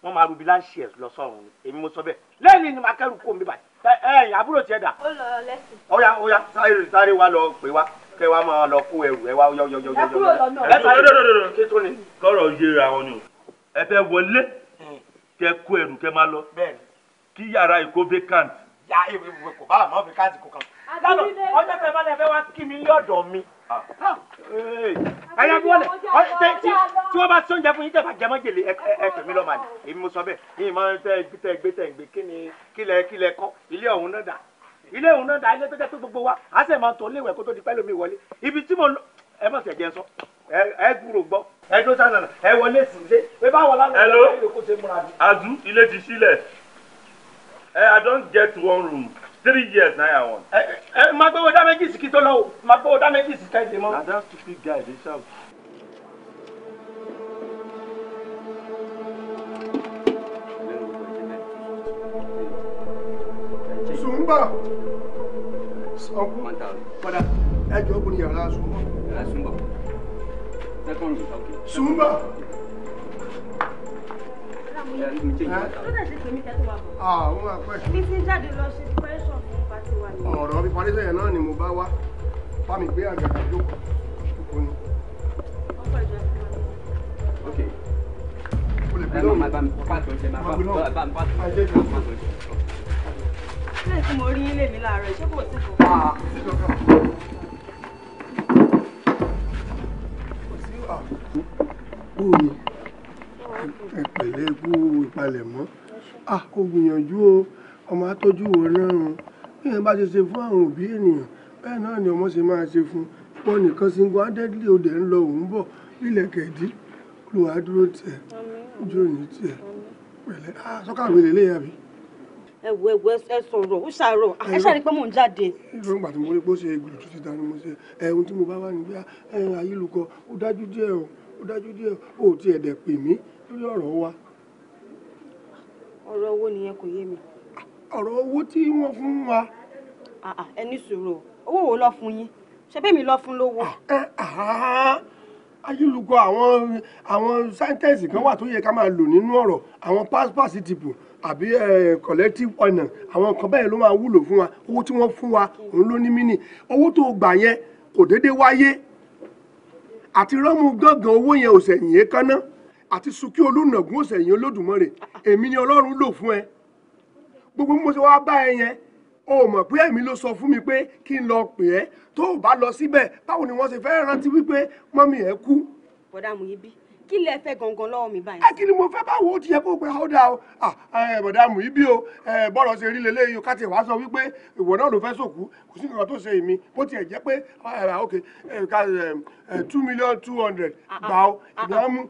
wọ́n máa rúbì láǹṣì ẹ̀ lọ sọ́run ni èmi mo sọ bẹ́ẹ̀ lẹ́yìn ni màkẹ́rù kò mi báyìí ẹ̀yìn àbúrò tiẹ̀ dà. ó lọ lẹ́sìn. ọ̀ya ọ̀ya sáré sáré wa lọ pè wá kẹ wa máa lọ kó ẹrù ẹ wa yọyọyọyọ. ẹ kúrò lọ́nà. ẹ tó lọ́dọ̀dọ̀dọ̀ kí tó ní. kọ́rọ̀ yéra wọn ni o ẹ fẹ́ wọlé hmm. kẹ kó ẹrù kẹ máa lọ kí yàrá ìkó vacant. yà á ìwé ìwé kò bá àmọ́ vacant kò kàn lálọ ọjọ́ tẹ bá lẹ fẹ́ wá kí mi ní ọ̀dọ̀ mi. Ah. Ah. ẹyà wọlé tí wọ́n bá tí oúnjẹ fún yín tẹ̀fà jẹmọ́ jèlé ẹ̀fẹ̀ mi lọ́mọdé èmi mo sọ bẹ́ẹ̀ yìí máa ń tẹ́ gbé gbé tẹ̀ gbé kí ni kílẹ̀ kílẹ̀ kọ́ ilé ọ̀hún náà dà ilé ọ̀hún náà dà ilé tó jẹ́ pé gbogbo wa á sẹ̀ máa tọ́ léwẹ̀ kó tó di pẹ́lú mi wọlé ibi tí mo ẹ mọ̀ tẹ̀ jẹ́ sọ ẹ gbúrò gbọ́ ẹ dó sànà ẹ wọlé sílé pé báwo lánàá ẹ lọ àdú ilé ti sílẹ̀ ẹ I don't get one room three years náà yà wọn. ẹ ẹ máa gbé dá méjì sí kí tó lọ o máa gbé dá méjì sí ká mọ. na that stupid guy dey shout. sùnbà ọkùn padà ẹ jọ ọkùn yàrá sùnbà. yàrá sùnbà sùnbà. ah wọn máa pẹ́. mi ti jáde ọ̀rọ̀ fífanísẹ̀ yẹn náà ni mo bá wá bá mi gbé àgàgà jókòó o lè gbé lóhùn. kò sí kankan. Oye, ẹ pẹ̀lẹ́ kú ìpalẹ̀mọ́. Ah, o gbìyànjú o, ọmọ atọ́jú wo náà bí èèyàn bá ṣe ṣe fún àwọn òbí ènìyàn bẹ́ẹ̀ náà ni ọmọ ṣe máa ṣe fún wọn nìkan single handedly òde ń lọ òun bọ̀ nílẹ̀ kẹ̀dí olùwà dúró tiẹ̀ ojú òní tiẹ̀ pẹ̀lẹ́ ah, sọ́kàwé lè léyà bí. ẹ wo ẹ wo ẹ sọ̀rọ̀ ó ṣàárọ̀ ah, ẹ pé mò ń jáde. ìgbà tí mo rí pé ó ṣe gbùdùtù ti dání mo ṣe ẹ̀hún tí mo bá wà nígbà ẹ̀hún ayélukọ ó dájú díẹ̀ o ó dájú díẹ̀ o ò tiẹ̀ pè mí lórí ọ̀rọ̀ wa. ọ̀rọ̀ owó nìyẹn kò yé mi ọ̀rọ̀ owó tí wọ́n fún wa. Ah, ah, ẹ ní sùúrù owó wo lọ fún yín ṣe bẹ́ẹ̀ mi lọ fún lówó. Ah, eh, ayélujára àwọn àwọn sáyẹ́ǹtẹ̀sì kan wà tó yẹ ká máa lò nínú ọ̀rọ̀ àwọn passport tìpù àbí eh, collective ọ̀nà àwọn kan bẹ́ẹ̀ ló máa wúlò fún wa owó tí wọ́n fún wa òun ló ní mínì owó tó gbà yẹn kò déédéé wáyé àti rọ́mù gángan owó yẹn ò sẹ̀yìn yẹn kánná àti sunkí olùnàgún ò sẹ̀yìn Olódùmarè èmi ni Ọlọ́run lò fún ẹ gbogbo bí mo ṣe wá bá ẹ yẹn o mọ̀ pé èmi ló sọ fún mi pé kí n lọ pè ẹ́ tó o bá lọ síbẹ̀ báwo ni wọ́n ṣe fẹ́ rántí wípé mọ́mí ẹ kú. bọ̀dá Muyíbí kí lẹ fẹ́ gangan lọ́wọ́ mi báyìí. ẹ kí ni mo fẹ́ báwo ó ti yẹ kó pé ó dáa o bọ̀dá Muyíbí o bọ́rọ̀ ṣe rí lélẹ́yìn o káti wàá sọ wípé ìwọ náà ló fẹ́ sòkú kò sí nǹkan tó ṣe èmi bó tiẹ̀ jẹ́ pé ok two million two hundred ah, ah, gbà ó ah, ìgbà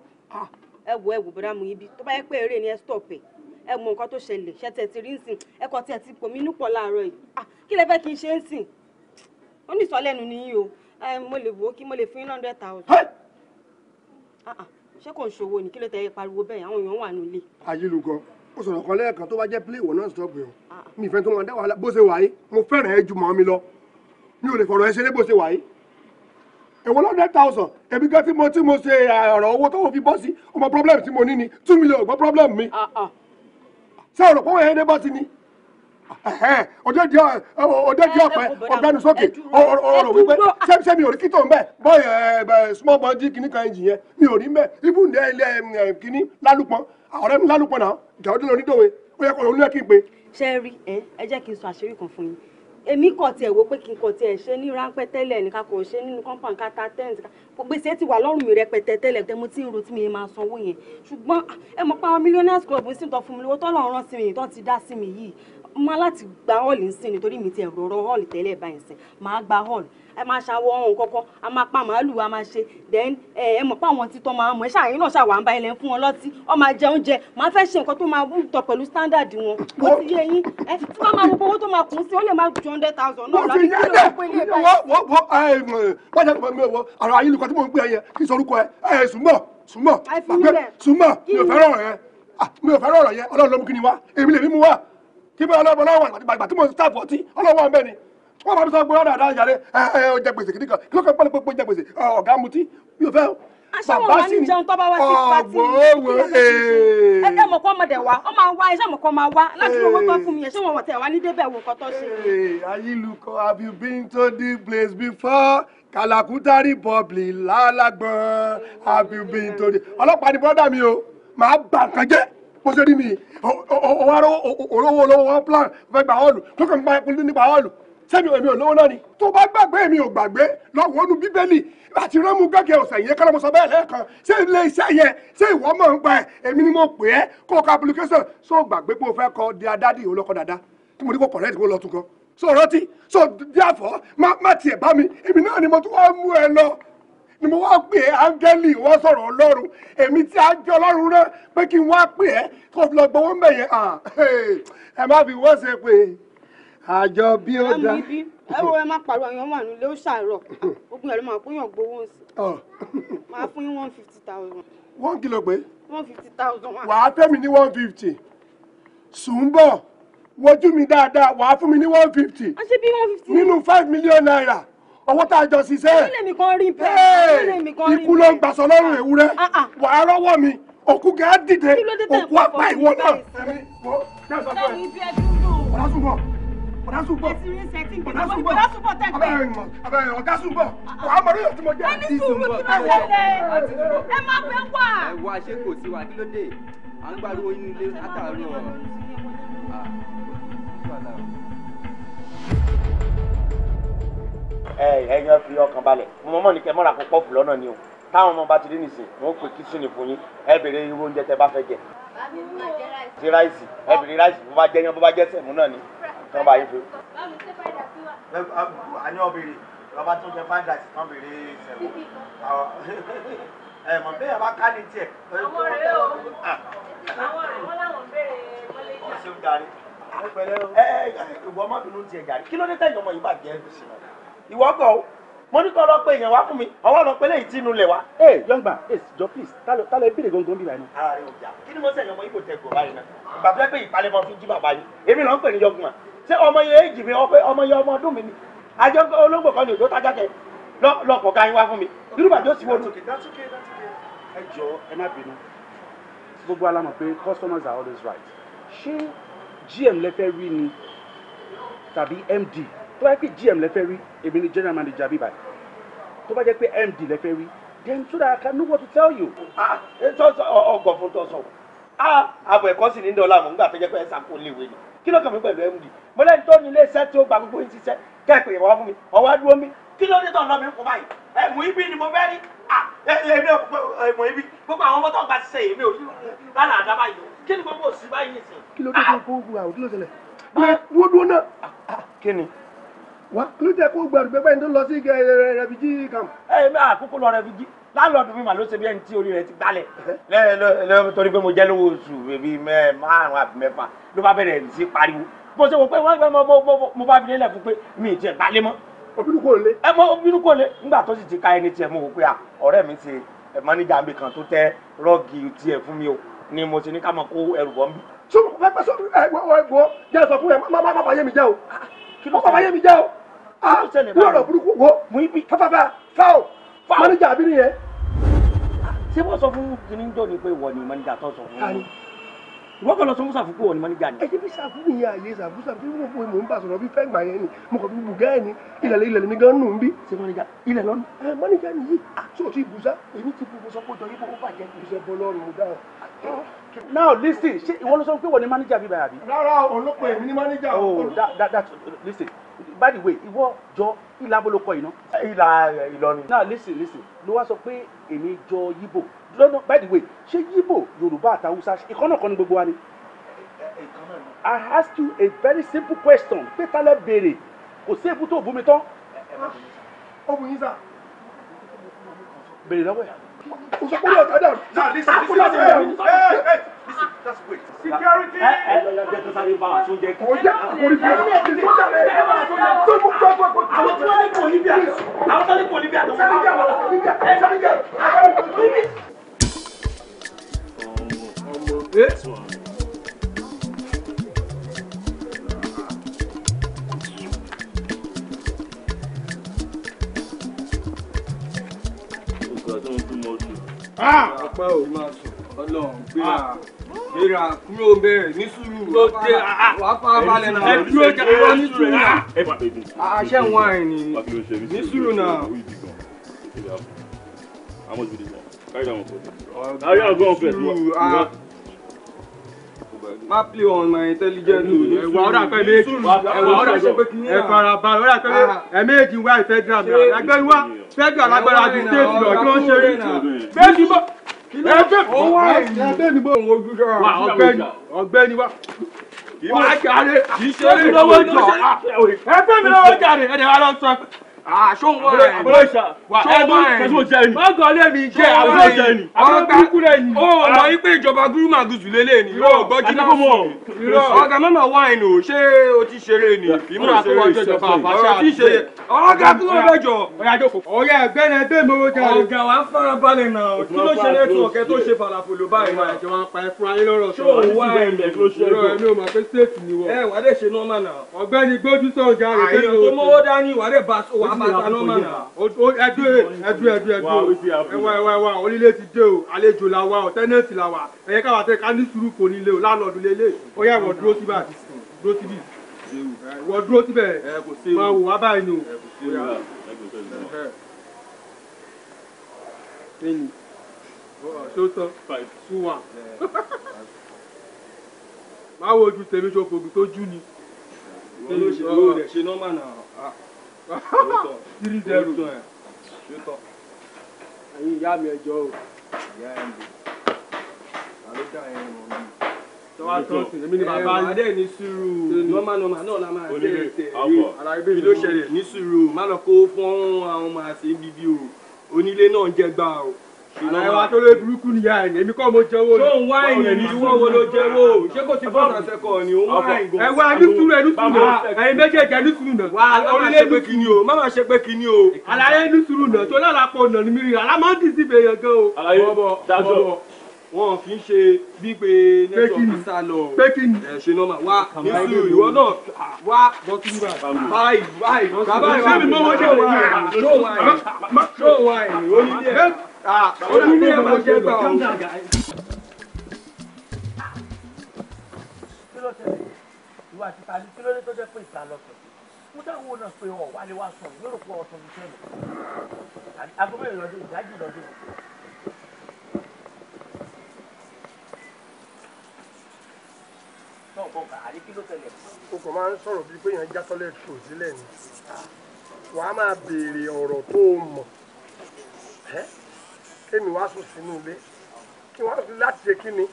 ẹ wo ẹ wo bọ̀dá Muyíbí tó bá yẹ pé eré ni ẹ stop ẹ̀ ẹ mọ nǹkan tó ṣẹlẹ̀ ṣẹtẹ ti rí nsìn ẹ kọ tí ẹ ti pòmí nùpọ̀ láàárọ̀ yìí ah, kí lẹ fẹ́ kí n ṣe ń sìn ó ní ìsọlẹ́nu nìyí o mo lè wò ó kí mo lè fún yín hundred thousand ah, ah, ṣé kò ń ṣòwò ní kí ló tẹ ẹ pariwo bẹ́ẹ̀ àwọn èèyàn wà nílé. ayélujára O sọ̀rọ̀ kan lẹ́ẹ̀kan tó bá jẹ́ play ìwọ náà stop yẹn mi ìfẹ́ tó máa dá wàhálà bó ṣe wà yìí mo fẹ́ràn ẹ ju mọ́ mi lọ mi ò lè fọ̀rọ̀ ẹ ṣeré bó ṣe wà yìí èwo lọ́dẹ tàwùsàn èmi gan tí mo tí mo ṣe ọ̀rọ̀ owó tó fi bọ́ sí ọmọ problem tí mo ní ni two million ọgbọ́n problem mi ṣé ọ̀rọ̀ pọ́n ẹ̀yẹ́dẹ́ bá ti ní ọ̀dẹ́dẹ́ ọ̀pẹ ọ̀gbẹ́nusókè ọ̀rọ̀ wípé ṣé mi ò rí kító mbẹ́ bọ́ọ̀yì small bọ́ọ̀dì kìíní kan ẹ̀jì yẹn mi ò rí mbẹ́ ibú ndẹ́ ilé kìíní lálùpọ̀n ọ̀rẹ́ mi lálùpọ̀n náà ìjà ọdún lórí dòwe ó yẹ kó lóyún kí n pe. ṣe rí ẹ jẹ́ kí n sọ àṣírí kan fún yín èmi kàn tiẹ̀ wo pé kí n kàn tiẹ̀ ṣe ní ráńpẹ́ tẹ́lẹ̀ nìkan kò ṣe nínú compound kata tẹ́ǹtì kan gbèsè ti wà lọ́rùn mi rẹpẹtẹ tẹ́lẹ̀ tẹ́ mo ti ń ro tí mi máa sanwó yẹn ṣùgbọ́n ẹ mọ̀ pé àwọn millionaires club ń sìn tán fún mi lówó tọ́lọ́run rán sí mi tán ti dá sí mi yìí má láti gba hall nsìn nítorí mi ti ẹ̀rọ ọ̀rọ̀ hall tẹ́lẹ̀ báyìí sìn máa gba hall ẹ máa ṣàwọ ohun kọ̀ọ̀kan a máa pa màálù a máa ṣe then ẹ ẹ mọ̀ pé àwọn títọ́ máa mọ̀ ẹ ṣàyẹn náà ṣàwà ń bá ilẹ̀ fún wọn lọ́tí ọ máa jẹ oúnjẹ máa fẹ́ ṣe nǹkan tó máa wúntọ̀ pẹ̀lú standard wọn ó ti yé yín ẹ tí wọ́n máa gbogbo owó tó máa kún sí ó lè máa ju hundred thousand náà lọ́dún kí ló ń pè ní ìbáyìí. wọ́n wọ́n ẹ wọ́n àrà ayélujára kí bẹ́ẹ̀ ọlọ́run ọlọ́run àgbàgbà tí mo ń sáàpù ọtí ọlọ́run ọ̀bẹ ni wọ́n máa fi sọ pé ọ̀dà àdá ìyàrá ẹ ẹ ọjà gbèsè kìdíkan kí ló kọ́ pẹ́lú pé ọjà gbèsè ọ̀gá mutí mi ò fẹ́ o. wa ní jẹun tó bá wá sí pátì ẹ ẹ mọ̀kọ́ ọmọdé wa ọ máa wá iṣẹ́ mọ̀kọ́ máa wá láti lọ wọ́pọ̀ fún mi ẹ̀ wọn wọ̀tẹ̀ wá ní débẹ̀ wò kọ́ tó ṣe. ayélujára have you been to this place before? Kalakuta Republic lálàgbọ̀n have you been to this? ọlọ́pàá ni bọ́dà mi o màá bà kàn jẹ́ bó ṣe rí mi ọwọ́ arọ́ olówó olówó wọn plan fẹ́ gba ọ́ọ̀lù tó kàn máa polú nípa ọ́ọ̀lù sẹ́mi èmi ò lówó náà ni tó bá gbàgbé èmi ò gbàgbé lọ́wọ́ nu bíbélì àti rẹ́mu gẹ́gẹ́ ọ̀sẹ̀ yẹn kọ́lá mo sọ bẹ́ẹ̀ lẹ́ẹ̀kan ṣé ilé iṣẹ́ yẹn ṣé ìwọ mọ̀ ń gba ẹ̀ èmi ni mo pè é kó o ka application ṣó o gbàgbé pé o fẹ́ kọ di adádì olókọ dáadáa tí mo ní kó correct kó lọ tún kọ so rántí so therefore má tiẹ̀ bá mi èmi náà ni mo tún wá mú ẹ lọ ni mo wá pè é áńgẹ́lì wá sọ̀rọ̀ ọlọ́run èmi tí a jẹ́ ọlọ́run rán pé kí n wá pè é kó lọ gbowó mbẹ̀ yẹn ah, ẹ má fi wọ́n ṣe pé àjọ bí ó dá. ẹ wo ẹ má pariwo àwọn ọmọ àánú lé ó ṣàárọ̀ ogun ẹ̀rọ máa fúnyàn gbowó oh. sí máa fún yín one fifty thousand. one kìlọ̀ pé. one fifty thousand. wàá tẹ́mi ní one fifty sùn bọ̀ wojú mi dáadáa wàá fún mi ní one fifty nínú five million naira owó tá a jọ ṣiṣẹ́ ikú ló ń gbàsọ lọ́rùn ewúrẹ́ ah, ah. wàá rọ́wọ́ mi òkú gẹ́gẹ́ dìde òkú apá ìwọ náà. ọ̀dásùnbọ̀ ọ̀dásùnbọ̀ ọ̀dásùnbọ̀ abẹ́rẹ́ ọ̀dásùnbọ̀ ah, wàá mọ̀ lóyún tí mo jẹ́. ẹni sùúrù tí mo lẹ́lẹ̀ ẹ má fẹ́ wà. ẹ wá ṣé kò sí wa kí ló dé à ń gbàrú oyún ilé látàárọ̀. ẹ̀yin ẹ fi ọkàn balẹ̀ mo mọ̀ ní kẹ́ mọ́ra kó pọ́ọ̀fù lọ́nà ni o táwọn ọmọ bá ti dé nìsín wọn pè kíṣìnì fún yín ẹ béèrè irú oúnjẹ tẹ bá fẹ́ jẹ. ti ráìsì ẹ béèrè ráìsì bó bá jẹ yan bó bá jẹ sẹ̀mú náà ni tán bá yín fi. àní ọbẹ̀rẹ̀ lọ́ba tó jẹ fáńdà sí kan béèrè sẹ̀mú ẹ mọ̀ bẹ́ẹ̀ bá ká ní tiẹ̀. àwọn rẹ̀ o àwọn rẹ̀ wọ́n láwọn béèrè wọlé ìjà. ọ̀sẹ̀ ń darí. ẹ ẹ ìwọ ọmọbìnrin ti ẹ̀ gàrí kí ló dé tẹ̀yìn ọmọ yìí bàjẹ́ ẹ̀ ìwọ gbọ́ o mo ní kọ́ lọ pé èèyàn wá fún mi ọwọ́ lọ pé lẹ́yìn tí inú lẹ̀ wá. ee yọgbà ee jọ please ta ló ebile gangan bí báyìí. ààrẹ ọjà kí ni mo sẹ̀yìn ọmọ ibo tẹ̀gọ̀ báyìí náà bàbá pé ìpalẹ̀mọ́ fi jí bàbá yìí èmi náà ń pè ní yọgùn à ṣé ọmọ yẹn èjì mi ọmọ yẹn ọmọ ọdún mi ni àjọ olóńgbò kan ní òjò tájà kẹ lọkọ̀ ká yín wá fún mi irú bàjọ́ sì wọnú. ẹ jọ ẹ má bínú customers are always right ṣé gm lẹ fẹ́ rí ni tàbí md tó bá yẹ pé gm lẹ fẹ́ rí èmi ni general manager bíbá tó bá jẹ́ pé md lẹ fẹ́ rí then so that i can know what to tell you. ah ọgbọ̀n fún tọ́sán ah àbọ̀ ẹ̀kọ́ sì ní dọ́là mọ̀ nígbà tó jẹ́ pé ẹ̀sán kò léwe ni kí ló kàn mí pẹ̀lú md mo lẹ́ni tó ní iléeṣẹ́ tí ó gba gbogbo yín ṣiṣẹ́ kẹ́ẹ̀pẹ̀ ìwà fún mi ọwọ́ dúró mi kí ló dé tó ń lọ mi kó báyìí ẹ̀ ibi ni mo fẹ́ rí ah èmi ò mọ̀ ibi gbogbo àwọn mọ́tò ọgbà ṣiṣẹ́ èmi ò rárá àdá báyìí kí ni gbogbo òsì báyìí nìsín. kí ló dé gbogbo ògùn wá kí ló jẹ́ kó gbẹrù pé bẹ́ẹ̀ ni tó lọ sí refugee camp. ẹ mi àkókò lọ refugee láńlọ́ọ̀dù mi mà ló ṣe bí ẹni tí orí rẹ̀ ti gbálẹ̀ lẹ́yìn torí pé mo jẹ́ lówó oṣù bíi márùn-ún àbí mẹ́fà ló bá bẹ̀rẹ̀ sí pariwo bó ṣe wò pé wọ́n gbẹ́ mo bá bilẹ̀ lẹ̀ fún pé mi ì tiẹ̀ gbálẹ̀ mọ́. obìnrin kò le. ẹ mọ obìnrin kò le nígbà tó sì ti ka ẹni tiẹ̀ mo wò pé ọ̀rẹ́ mi ti mọ́níjà mi kan tó tẹ́ rọ́ọ̀gì tiẹ̀ fún mi o ni mo ti ní ká mọ kó ẹrù bọ́ mi. sọ ma pẹ́ pẹ́ sọ ẹ̀ wọ́n jẹ́ sọ fún ẹ má má má bàyẹ̀ mi jẹ́ o má bàyẹ̀ mi jẹ́ o bí ah, ọ̀rọ̀ burúkú wo mú ibi fáfáfá fáwọ̀ mánéjà abirin yẹn. ṣé wọ́n sọ fún kìnnìjọ́ ni pé wọ́n ni mánéjà tó sọ fún mi wọ́n kọ́ lọ sọ musa fúnpọ̀ ní mọ́níjà ni. ẹ ṣe bí sàfù nìyẹn àyè sàfù sàfù tí mo fún mi mò ń bà sọ̀rọ̀ bí fẹ́ gbà yẹn ni mo kàn fi bùgá ẹ̀ ni ilẹ̀ ilẹ̀ mi gan nù ń bí. ṣé mọ́níjà ilẹ̀ lọ́nu. ẹ mọ́níjà nìyí tí o ti ṣe now listen ṣé ìwọ ló sọ pé wọ́n ni mọ́níjà bíbá yà bí. rárá olóko èmi ni mọ́níjà. oh that that that listen by the way ìwọ jọ ìlà abolokọ yìí ná. ìlà eh, Ìlọrin. now listen listen ló wá sọ pé èmi jọ yíbò lọ́nà by the way ṣé Yibo yorùbá àtàwùsá ìkànnà kan ní gbogbo wa ni. I ask you a very simple question pé tálẹ̀ béèrè kò sí èbúté òbúmi tán. ọ̀bùn yín sà. béèrè lọ́wọ́ yà òṣùpọ̀ yóò tẹ̀lé ọ̀dọ̀. now listen listen hey hey listen just wait. security. ẹ ẹ lọ́yà ọpẹ́ ò máa sùn ọlọ́run gbéra gbéra kúrò bẹ́ẹ̀ ní sùúrù ló dé wàá fà balẹ̀ náà ẹ dúró jẹ ẹ ah, ní sùúrù náà àṣẹ wọn àìní ní sùúrù náà. How much ah. would be? Carry that one for Carry that one for me má play on my intelligence o. ẹwà ọ̀rọ̀ me! ẹwà ọ̀rọ̀ àpẹẹrẹ ẹ̀fọ̀rọ̀ àbàrọ̀ ọ̀rọ̀ àpẹẹrẹ ẹ̀mẹ́jì wá federal mi àgbẹ̀ wá federal agbára ju state lọ kí wọ́n ṣe rí. bẹ́ẹ̀ni bọ́ ẹgbẹ́ ọwọ́ ẹ̀yìn bẹ́ẹ̀ni bọ́ ọ̀gbẹ́ni ọ̀gbẹ́ni wá. wàá kàre kì í ṣe é lọ́wọ́ jọ ẹgbẹ́ mi lọ́wọ́ kàre ẹ̀ àṣọ wọn rẹ àbúrò ìṣà wà ẹdún kẹsùn jẹ ni. wọn gàn lé mi jẹ àbúrò ìṣà ni àbúrò burúkú lẹ ni. ó lọ ipe ìjọba gúrúmà gùsù lélẹ̀ ni yóò gbọ́ jìnnà fún mi. ọ̀gá mẹ́mà wáìnì o ṣé o ti ṣeré ni ìmúra tó wọ́n jọjọ fàfà ṣáà ti ṣe. ọ̀gá kí wọ́n fẹ́ jọ. ọ̀gá ẹgbẹ́ rẹ bẹ́ẹ̀ mọ́wọ́ jà rẹ̀. ọ̀gá wa ń fara balẹ̀ náà kí ló ṣe lẹ́tọ̀ ọ̀kẹ́ tó ṣe falafolo báyìí máa jọ wọn pa ẹ fún ayé lọ́rọ̀ sọ̀rọ̀ àti bẹ́ẹ̀ lẹ̀ ló ṣe é lọ. ẹ̀mí o máa fẹ́ sèfì ni wọ́n. ẹ wàá dẹ̀ ṣe nọ́ọ̀mà náà. ọ̀gbẹ́ni gbójú sọ̀rọ̀ jà rẹ̀ bẹ́ẹ̀ ló. àyè tó mọ́wọ́ dání wàá dẹ̀ bá wàá bàtà ló mọ̀ náà ẹdú ẹdú ẹdú ẹdú ẹwà ẹwà ẹwà onílé ti dé o àlejò la wa o tẹ́nẹ̀tì la wa ẹ̀yẹ káwa tẹ ká ní sùúrù kò nílé o lálọ́ọ̀dù lélẹ̀ ó yà wọ̀ dúró síbà dúró síbì wọ̀ dúró síbẹ̀ máa wò wá báyìí ni o. sótọ́ súwà máa wo ojú tèmi ṣokògì tó jú ni. ìwọ ló ṣe lóore ṣe nọ́mà náà three zero ẹ̀yin ìyá mi ẹjọ́ o. ìyá ẹ̀ ń bò àlójà ẹ̀ ń rọ̀ mí tọ́wá tọ́sí èmi ni adé ní sùúrù nọ́mà nọ́mà náà la máa dé ètè rí alábẹ́ mi ló ṣẹlẹ̀ ní sùúrù má lọ kó fún àwọn ọmọ àti bíbí o onílé náà jẹ gbà o àìwá tó lé burúkú nìyá ẹ̀ èmi kọ́ mo jẹ́wọ́ ni. tóun wá ìyẹn ìwọ wo ló jẹ́wọ́ ṣé kò ti bọ́ ọ̀rọ̀ sẹ́kọ̀ ni òun wá ìgò. ẹ wá nítorí ẹ nítorí náà ẹyin méjèèjì ẹ nítorí náà. wà á lọ ṣe pé kíni o má máa ṣe pé kíni o. àlàyé nítorí náà tó lálàpọ̀ ọ̀nà ni mi rí àlá máa ń dì sí ibèèyàn gan o. àlàyé dájọ́ wọn kì í ṣe bí pé sá lọ ẹ̀ ṣe nọ́mà wá nísú ìwọ náà wá bọ́tú nígbà báyìí báyìí bàbá ìwà mi mọ́wọ́ jẹ́ òun yìí ṣó wà ẹ̀yìn ó ní díẹ̀. Ah, ẹ̀ máa jẹ́ gbà ọ́. kí ló tẹ̀lé ìwà àti tàbí kí ló dé tó jẹ́ pé ìsàlọ̀kọ̀ mo dáwọ́ náà pé ọ̀ wálé wá sọ̀rọ̀ lórí pé ọ̀sán ti sẹ́nu agbóhùn ìrọ̀lẹ́ ìdájì lọ́dún. o kò máa ń sọ̀rọ̀ bíi pé èèyàn já tọ́lẹ̀ sílẹ̀ ni wàá máa béèrè ọ̀rọ̀ tó o mọ̀ kémi wá sùn sínú ilé kí wọ́n sùn láti ṣe kí ni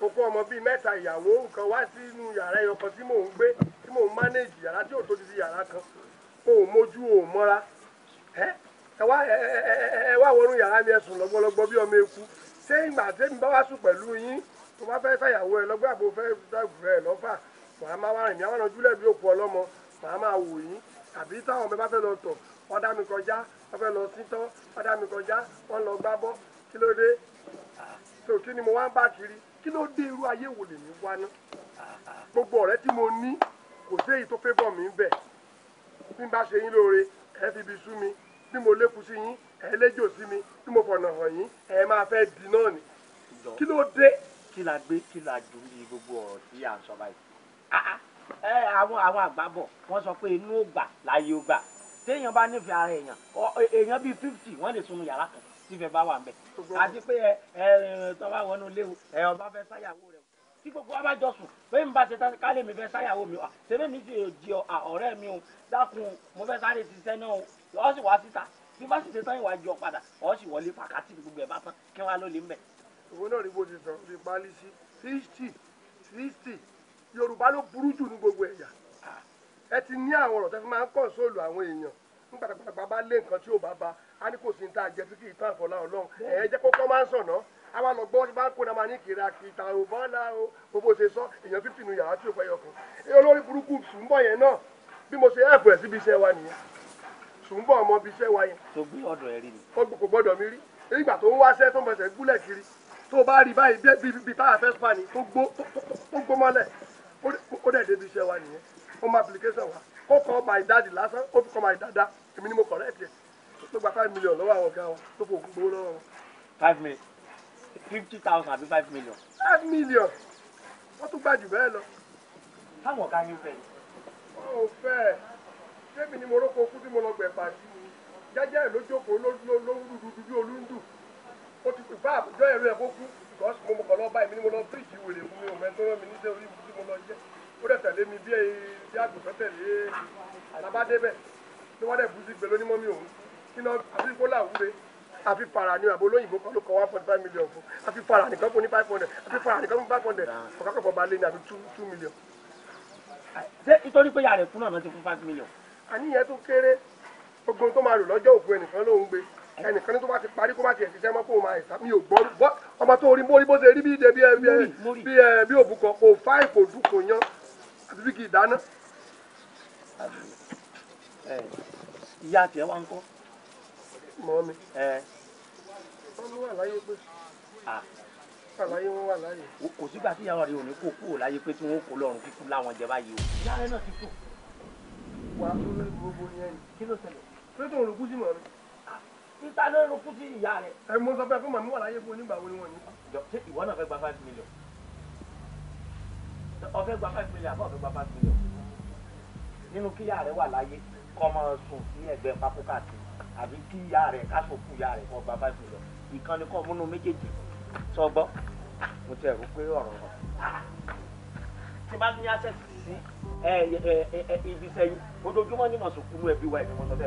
mo kó ọmọ bíi mẹ́ta ìyàwó nǹkan wá sínú yàrá ẹyọkan tí mò ń gbé tí mò ń mánéèjì yàrá tí ò tó di yàrá kan o ò mójú o ò mọ́ra ẹ wá ẹ wá wọnú yàrá mi ẹ sùn lọ́gbọ́lọ́gbọ́ bí ọmọ eku ṣé ìgbà tẹ́mi bá wá sùn pẹ̀lú yín tó bá fẹ́ fàyàwó ẹ lọ́gbẹ́ àbò fẹ́ dàgbẹ́ ẹ lọ́fà màá máa wá rìn mí àwọn ọ̀nà júlẹ̀ bí òkú ọlọ́mọ màá máa wò yín àbí táwọn ọmọ bá fẹ́ lọ tọ̀ wọ́n dá mi kọjá wọ́n fẹ́ lọ sítán wọ́n dá mi kọjá wọ́n lọ gbá bọ́ kí ló dé tó kí ni mo wá ń bá kiri kí ló dé irú ayé wo lèmi wá ná gbogbo ọ̀rẹ́ tí mo ní kò sí èyí tó fẹ́ bọ̀ mí bẹ̀ bí n bá ṣe yín lóore ẹ fi ibi sú mi bí mo lékun sí yín ẹ léjò sí mi bí mo fọ̀nà hàn yín ẹ máa fẹ́ di náà ni kí ló dé. kí la gbé kí la dùn bí gbogbo ọ̀rọ̀ tí à ń sọ báyìí. Ah, ah. àwọn àgbà bọ̀ wọ́n sọ pé inú ò gbà láyé ò gbà téèyàn bá nífẹ̀ẹ́ ara èèyàn èèyàn bíi fifty wọ́n lè sunu yàrá kan síbẹ̀ bá wà ń bẹ̀ àti pé ẹ ẹ tọ́ bá wọnú léwu ẹ ọba fẹ́ sáyàwó rẹ tí gbogbo wa bá jọ sùn pé n bá ṣe tán kálẹ̀ mi fẹ́ sáyàwó mi wa sẹ́mi mi ti di ọ̀rẹ́ mi o dákun mo fẹ́ sáré ṣiṣẹ́ náà o ọ sì wá síta bí bá sì ṣe tán ìwà jọ padà ọ sì wọlé fàkàtì gbogbo ẹ̀ bá tán kí wọ́n á lè ń bẹ̀. òun náà rí bó ti sọ rí pálí fifty fifty yorùbá ló burú jù ní gbogbo ẹ̀yà ẹ ti ní àwọn ọ̀rọ̀ tẹ́ fi máa ń kọ́ńsóòlù àwọn èèyàn ń pàtàkì bá lé nǹkan tí ò bá ba á ní kò sí ní tá a jẹ tí kì í tán àfọlá ọlọ́run ẹ jẹ́ kó kọ́ máa ń sọ̀nà a máa lọ gbọ́ bá ń kó náà máa ní kìrà kìtà ò bọ́lá o gbogbo ṣe sọ èèyàn fífi nu yàrá tí ò fẹ́ yọkùn olórí burúkú sùnbọ̀ yẹn náà bí mo ṣe ẹ̀fọ̀ ẹ̀ síbi iṣẹ́ wa nìyẹn sùnbọ̀ ọmọ ibi iṣẹ́ wa yẹn. tó gbé ọ̀dọ̀ ẹ rí ni. kò gbọ́dọ̀ mi rí nígbà tó ń wáṣẹ́ tó ń bẹ̀sẹ̀ gúnlẹ̀ kiri tó bá rí báyìí bí táyà fẹ́ fani tó gbó mọ́lẹ̀ ó dẹ̀ débi iṣẹ́ wa nìyẹn ó mú application wa kó kọ́ my daddy lásán ó fi kọ́ my dada èmi ni mo correct ẹ̀ tó gba five million lọ́wọ́ àwọn ọ̀gá wa tó fò ògùn gbowó lọ́wọ́ wọn. five million fifty thousand àbí five million. five million wọ́n tún gbà jù bẹ́ẹ̀ lọ. táwọn ọ̀gá yín fẹ́. wọn ò fẹ́ ẹ̀ sẹ́mi ni mo rọ́pò kú tí mo lọ gbẹ̀ pàdé jẹ́jẹ́ ẹ̀ ló jókòó lóhùn dúdú bí olúndù ó ti pè báà jọ ẹ̀rọ ẹ̀ kó kú because mo mọ̀ kàn lọ́ọ́ báyìí mi ni mo lọ bíríìjì wèrè fún mi ò mẹ́tọ́rọ́ mi níṣẹ́ orí ibùdó mo lọ jẹ́ ó dẹ̀ tẹ̀lé mi bí ẹ̀ẹ́ tí àgùntàn tẹ̀lé e, àtàbá débẹ̀ tí wọ́n dẹ̀ bú sí gbé lónímọ́ mi òun kí lọ àfi kólà wúre àfi para ni àbò olóyìnbó kan ló kọ one point five million fún àfi para nìkan fún ní five hundred àfi para nìkan fún five hundred ọ̀kákọ̀kọ̀ bá lé ní àfi two two million. ṣé nítorí pé yàrá ìkúnà náà ti fún five million. àníyàn tó kéré gbogbo tó máa lò lọ́jọ́ òkú ẹnìkan ló ń gbé ẹnìkan ní tó bá ti parí kó má tiẹ̀ ṣiṣẹ́ mọ́ kó o máa ẹ̀sà mi ò gbọ́ bọ́ ọmọ tó rí mórí bó ṣe rí bí ìdẹ bí ẹ bí òbúkọ kò fáì kò dùn kò yan àbí kì í dáná ìyá tiẹ̀ wá ń kọ́. mọ́ mi. wọ́n ló wà láyé pé. àlàyé wọn wà láyé. kò sígbà tí ìyàwó rẹ ò ní kó kúrò láyé pé tí wọn kò lọrùn kíkú láwọn jẹ báyìí o. ìyá rẹ náà ti kú. wà á lórí gbogbo yẹn ni kí ló ṣẹlẹ̀. pé tó ń rògbú sí mọ́ mi. níta ló ń rògbú ìyá rẹ. ẹ mọ sọ pé fún màmí wà láyé fún onígbà wo ni wọn ní. ṣé ìwọ náà fẹ́ gba five million. ọ̀fẹ́ gba five million àbọ̀ ọ̀fẹ́ gba five million nínú kí ìyá rẹ wà láyé kọ́ máa sùn sí ẹ̀gbẹ́ pákó káàkiri àbí kí ìyá rẹ káṣokù ìyá rẹ kọ́ bàbá jù lọ ìkànnì kọ́ múnú méjèèjì sọgbọ́ mo ti ẹ̀rú pé ọ̀rọ̀ rọ̀ tí bá ní access sí ibi sẹ́yìn ojoojúmọ́ ní mọ̀sùnkúnú ẹbí wa ẹ̀mí wọn fún mi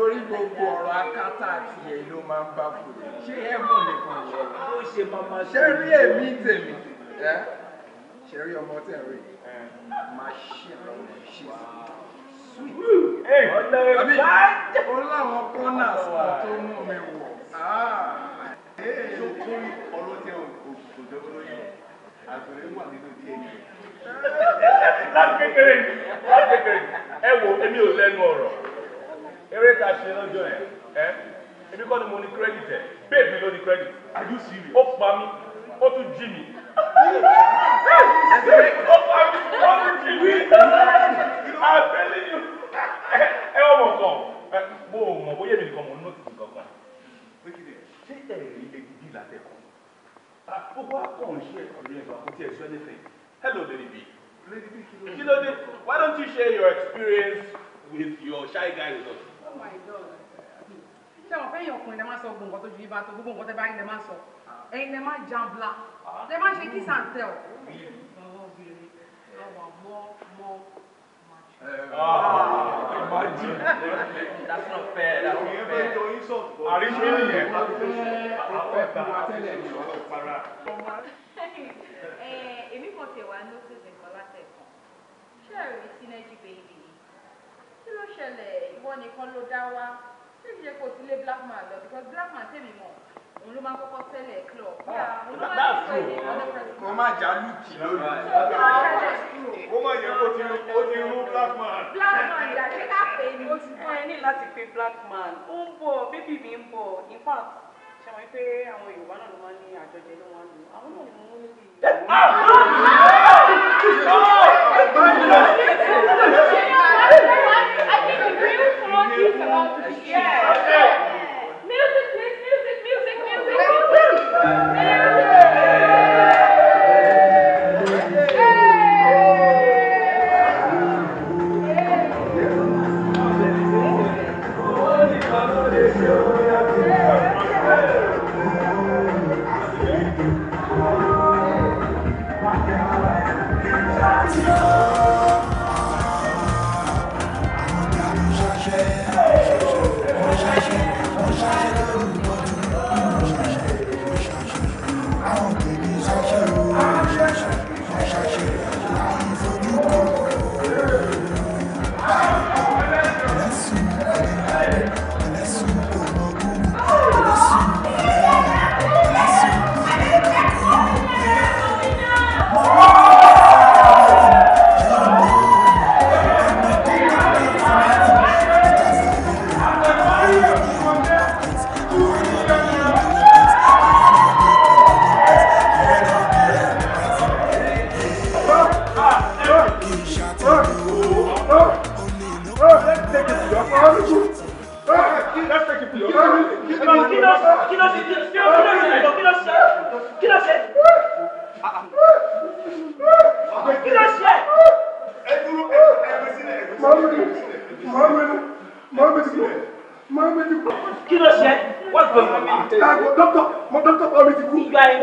torí gbogbo ọ̀rọ̀ akátá àti ẹ̀ ló máa ń bá fún mi ṣé ẹ̀bùn nìkan yẹn ó ṣe mọ́mọ́ ṣé rí èmi tèmi ẹ́ ṣe rí ọmọ tẹ̀ rí máa ṣe ọmọ ṣe sí. ọ̀nà ìbájẹ́. ó láwọn kọ́nà sọ tó mú mi wọ̀. Ah! ṣó kó ọlọ́tẹ̀ òjò lóyún àgbèrè wà nínú díẹ̀ yìí. láti kékeré láti kékeré ẹ wo èmi ò lẹ́nu ọ̀rọ̀ eré ta ṣe lọ́jọ́ yẹn ẹ ebi kọ́ ni mo ní credit ẹ bẹ́ẹ̀ ló ní credit are you serious ó pa mí ó tún jí mi ó pa mí ó tún jí mi àbẹ́lẹ́ yìí ẹ ọmọ kan mo mọ̀ bóyá èmi nìkan mo ní òtítù kankan ṣé ẹ̀rí egidi làtẹ̀kọ̀ gbogbo akọ̀ọ̀ṣẹ́ ọ̀rẹ́ ẹ̀fọ́ àkótí ẹ̀ṣọ́ ẹ̀lẹ́fẹ̀ hello lady b lady b kí ló dé why don't you share your experience with your shy guy with us. Oh my god ṣé ọkùnrin lè má sọ gbogbo nǹkan tó ju yín bá tó gbogbo nǹkan tẹ́ bá yín lè má sọ ẹ̀yin lè má jambla lè má ṣe kiss and tell. Imagine. That's not fair. That's not fair. Àríṣe nìyẹn. Èmi kan tiẹ̀ wá notice nǹkan látẹ̀kàn ló ṣẹlẹ̀ ìwọ nìkan ló dá wá ṣé kìí ṣe kó o ti lé black lọ because black man mọ̀ òun ló máa kọ́kọ́ tẹ́lẹ̀ club. Ah, kò má jà lùkì lónìí. ó má yẹ kó ti ti rú black man. black man ìjà ṣé ká pè é ní. o ti fún ẹ ní láti pe black ó ń bọ̀ bébì mi ń bọ̀ in fact pé àwọn Yorùbá náà ló máa ní àjọjẹ ló máa ń àwọn náà ni wọ́n ah! lè about to begin. Music, music, music, music, music.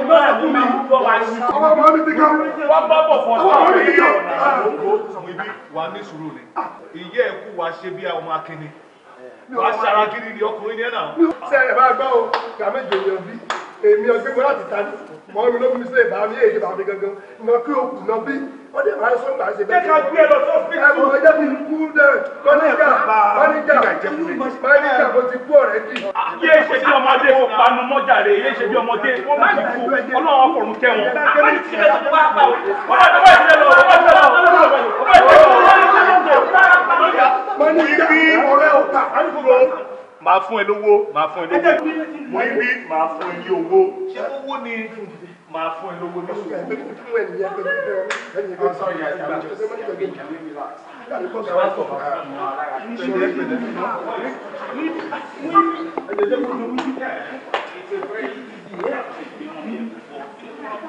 lọ́dọ̀ fún mi. ọmọ ọmọ mi ti gan. wọ́n bá bọ̀ fọ́ ọmọ mi ti gan. Ah. ibi wà ní sùúrù ni ìyá ẹ̀ kú wàá ṣe bí ọmọ akínni wàá ṣara kiri ni ọkùnrin yẹn náà. sẹ́yìn bá gbọ́ o kàmẹ́jọ yẹn bí èmi ọgbẹ́gbẹ́ láti ta ní mọ ronú mi sílẹ̀ bá mi èyí bá mi gangan mọ kí o kùnà bí wọ́n dẹ̀ máa ń sọ́ngbà ṣe bẹ́ẹ̀. kẹ́kẹ́ gbé ẹ lọ sọ fún mi. ẹ̀wọ̀n ẹ̀jẹ̀ mi kú náà mọ́níjà mọ́níjà mọ́níjà mo ti kú ọ̀rẹ́ jì. yé ah, ṣe bí ọmọdé kò panu mọ́jà rẹ̀ yé ṣe bí ọmọdé kò má kú ọlọ́run ọkùnrin kẹ́ wọn. àbá ti tilẹ̀ tó bá bá o ọlọ́run tó bá tilẹ̀ lọ ọlọ́run tó bá tilẹ̀ lọ ọlọ́run tó bá tilẹ̀ máa fún ẹ lówó máa fún ẹ lówó mo ń bí máa fún ẹ ní owó ṣé owó ni máa fún ẹ lówó ní sùúrù. I'm sorry guys, I'm just can we relax. It's a very easy wo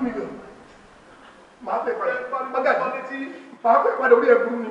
mi lọ màá fẹ́ padà màá fẹ́ padà orí ẹ̀ burú ni.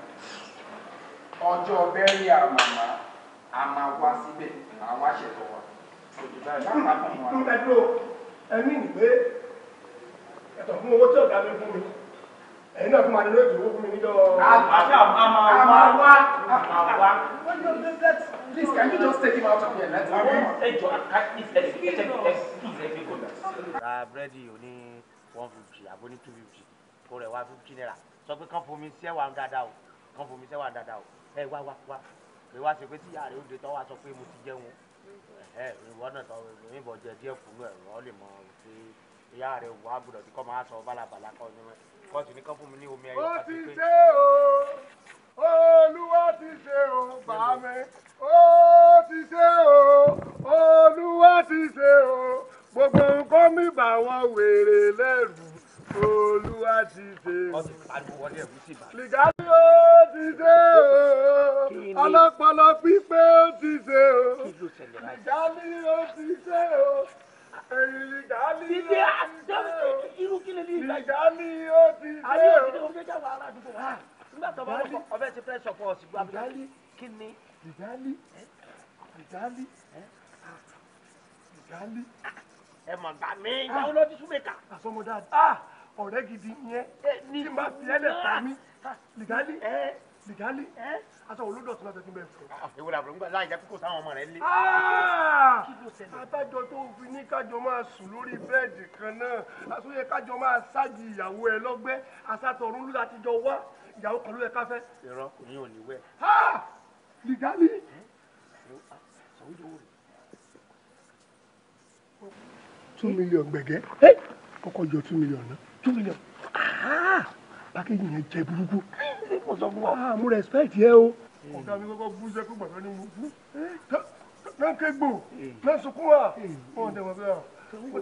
ọjọ́ bẹ́rí àmàmà àmà wá síbẹ̀ àwa ṣẹ̀tọ̀ wa. ẹ dúró ẹ ní ìgbé ẹ̀tọ́ fún owó tí ọ̀gá mi fún mi ẹ̀yin náà fún ma ní lóòtù owó fún mi níjọ́. àti àmà wá àmà wá. Please, can you just take him out of here? Let's go. Ẹjọ́ àkáyí ẹ̀sìn ẹ̀sìn ẹ̀sìn kò dà. Ra búrẹ́dì òní one fifty àbó ní two fifty kó rẹ̀ wá fifty naira sọ pé kàn fomi sí ẹ̀wà ń dáadáa o kàn fomi sí ẹ̀wà ń dáadáa o ẹ wá wá wá pé wá ṣe pé tí ààrẹ òde tó wá sọ pé mo ti jẹun ẹ ìwọ náà tó ìbọn jẹ díẹ̀ kù nù ẹ̀rọ lè mọ pé ìyá rẹ wà tí kò máa sọ bálabàlá kọ ní wọn kọ sí ní kọ fún mi ní omi ẹyọ àti pé. ó ti ṣe o olúwa ti ṣe o bá ó ti ṣe o olúwa ti ṣe o gbogbo nǹkan mi bá wọn wèrè lẹ́rù olúwa ti dé o lìgàdì ó ti dé o ọlọ́pọlọ pípé ó ti dé o lìgàdì ó ti dé o èyí lìgàdì ó ti dé o lìgàdì ó ti dé o. nígbà tó bá lọ́kọ̀ ọbẹ̀ ti fẹ́ sọ̀kọ̀ ọ̀sìn gbà bí kí ni. lìgàdì lìgàdì lìgàdì. ẹ mọ̀ gbà mí ìyàwó lọ́dún súnmẹ́ka. àsọmọdá. Ah! ọ̀rẹ́ gidi yẹn eh, tí n fi ẹlẹ̀ pa mí lìgálí lìgálí eh. eh. aṣọ olódò tí ah, ah, wọn tẹ fi fún. àfẹwò làbúrò nígbà láì jẹ sáwọn ọmọ rẹ lé. Ah! adájọ́ tó fi ní kájọ máa sùn lórí bẹ́ẹ̀dì kan náà àsóyè kájọ máa ṣáàjì ìyàwó ẹ lọ́gbẹ́ àsàtọrún ló láti jọ wá ìyàwó kan ló yẹ ká fẹ́. irọ́ kò ní òní wẹ̀. lìgálí. Hmm? two million gbẹ̀gẹ́ kọ́kọ́ jọ two million náà two million pákéjì yẹn jẹ burúkú mo sọ fún ọ. Ah, mo respect yẹ o. Eh. ọ̀gá mi kọ́kọ́ bú iṣẹ́ kó gbàgbọ́ ní mo bú náà kégbò náà sunkún wa eh. ọ̀ dẹ̀ ah, wọ́n bẹ́ẹ̀ mo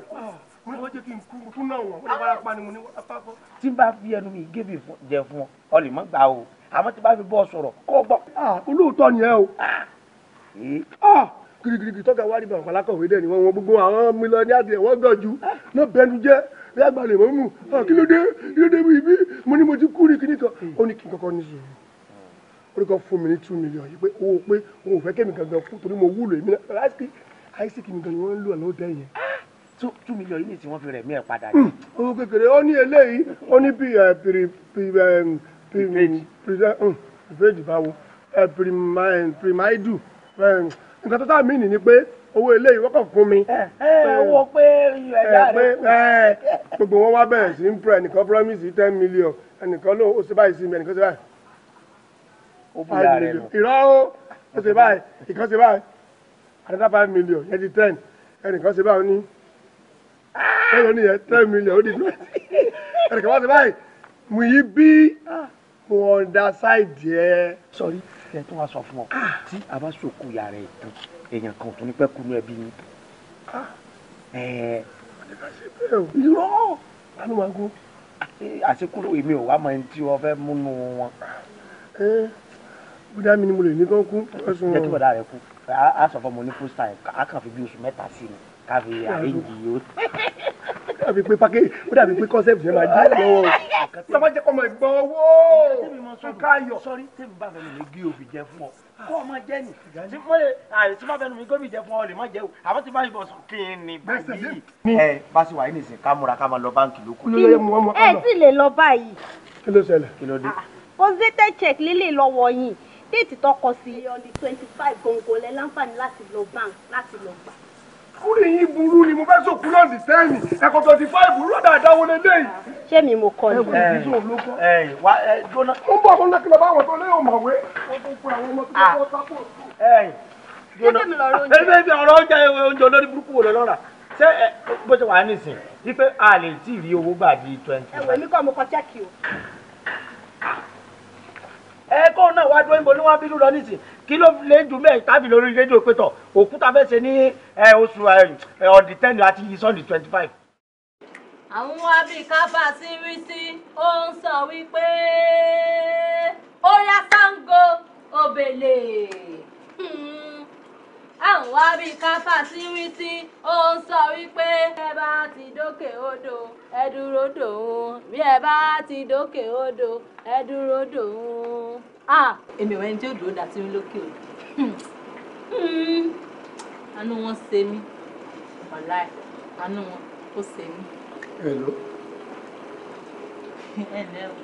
ní wọ́n jẹ́ kí n kú mo tún náà wọ̀n mo ní ah. wọ́n apá ni mo ní wọ́n apá fọ́. tí n bá fi ẹnu mi gébè jẹ fún ọ ọ lè gbà o àmọ́ tí n bá fi bọ́ ọ sọ̀rọ̀ kọ́ gbọ́. olóòótọ́ ni ẹ o eh. girigirigi tọ́ka wá níbi àwọn alákọ̀wé dẹ̀ ni wọ́n gbogbo àwọn mílíọ̀nù àti ẹ̀wọ́n gbọ̀jú náà bẹnu jẹ́ bí àgbàlẹ̀ mọ́ mú kí ló dé kí ló dé bí ibi mo ní mo ti kú ní kíní kan hmm. ó ní kí n kọ́kọ́ ní sùúrù hmm. ó ní kan fún mi ní two million yìí pé owó pé òun ò fẹ́ kémi gangan kú torí mo wúlò èmi náà isaac nìkan ni wọ́n ń lò lọ́dẹ̀ yẹn two million yìí ni tí wọ́n fi rẹ̀ mí ẹ̀ padà ní. Hmm. owó kékeré ó ní eléyìí ó ní bí eh, pèrèpèrè eh, nǹkan tó tá a mí nì ni pé owó eléyìí wọ́n kàn fún mi. ẹ ẹ wo pé iyọ̀ eh, ẹ̀dá rẹ. Eh, gbogbo wọn wá bẹ̀rẹ̀ sí ń pọ̀ ẹnìkan promise ten million ẹnìkan ló ó ṣe báyìí sí mi ẹnìkan ṣe báyìí. ó bí ara rẹ nù. ìrọ̀ ó ó ṣe báyìí ìkan ṣe báyìí another five million yẹn di ten ẹnìkan ṣe báyìí ó ní ẹnìkan ní yẹn ten million ó di twenty ẹnìkan wá ṣe báyìí mo yí bí mo side, yẹ. sọrí ẹ tún wá sọ fún ọ ah. tí a bá sọkú yàrá ẹ tán èèyàn kan ò tún ní pẹ́ kú ní ẹbí yín. Ah. irọ́ tani wàá gún. àṣekúrò èmi ò wá mọ ẹni tí wọ́n fẹ́ múnú wọn. bùdá mi ni mo lè ní kán kú. jẹ́ kí bọ̀dá rẹ kú a sọ fún mo ní first time a kàn fi bí oṣù mẹ́ta sí ni ká fi àríyìn yìí ó. ó dàbí pé package ó dàbí pé concept yẹn máa jẹ́ lọ́wọ́ sọ́mọ́jẹ́kọ́ mọ̀ ìgbọ́ owó. tèmi mọ sọ́ọ̀rì sọ́ọ̀rì tèmi bá fẹ́ lè gé òbí jẹ fún ọ kó o máa jẹ́ nì tí mo lè àyè tí má bẹnu mi gómìn jẹ fún ọ lè má jẹ o àmọ́ tí má yìnbọn sùn kí n ní báyìí. ẹ bá sì wà yín nìsín ká múra ká máa lọ báńkì lóko. ẹ sì lè lọ báyìí. kí ló ṣẹlẹ̀ kí ló dé. positive ah, check lílè lọ́wọ́ yín déètì tọkọ sí. ọdún twenty five gbọ̀ngàn lẹ́ láti lọ bank láti lọ gbà kúrì yín burú ni mo fẹ́ sòkú náà ní tẹ́ẹ̀nì ẹ̀kọ́ twenty five rọ́dà àdáwọlé léyìí. ṣé mi mo kọ ni. ẹ ẹ wa ẹ jóná. ó ń bọ̀ fún lẹ́kìlẹ̀ báwọn tó léyìn òmọ̀wé. ó tún fún àwọn ọmọ tó lọ́wọ́ sápò. ẹ jóná ẹ bẹ́ẹ̀ oúnjẹ olórí burúkú wò lọ́rọ̀ ṣé bó ṣe wà nísìn wípé a lè tí ì rí owó gbà bíi twenty. ẹ̀wẹ̀ mi kọ́ mo kọ chẹ́ẹ̀kì o. Ah ẹ kó náà wá dúró níbo ni wọn bínú lọ nísìn kí ló lè jù mẹ tàbí lórí rédíò pé tọ òkúta fẹsẹ ní oṣù ọdí tẹnu àti sunday twenty five. àwọn abíkápá ti rí sí ó ń sọ wípé ó yá Ṣàngó òbèlè à ń wá bí káfá tí wí tí ó ń sọ wípé ẹ bá ti dókè odò ẹ dúró dòun bí ẹ bá ti dókè odò ẹ dúró dòun. èmi ò ẹni tí ó dúró dà sí lókè odò hmm, hmm, àánú wọn ṣe mí ọ̀la ẹ̀ àánú wọn ó ṣe mí. ẹ lọ. ẹ lẹ o.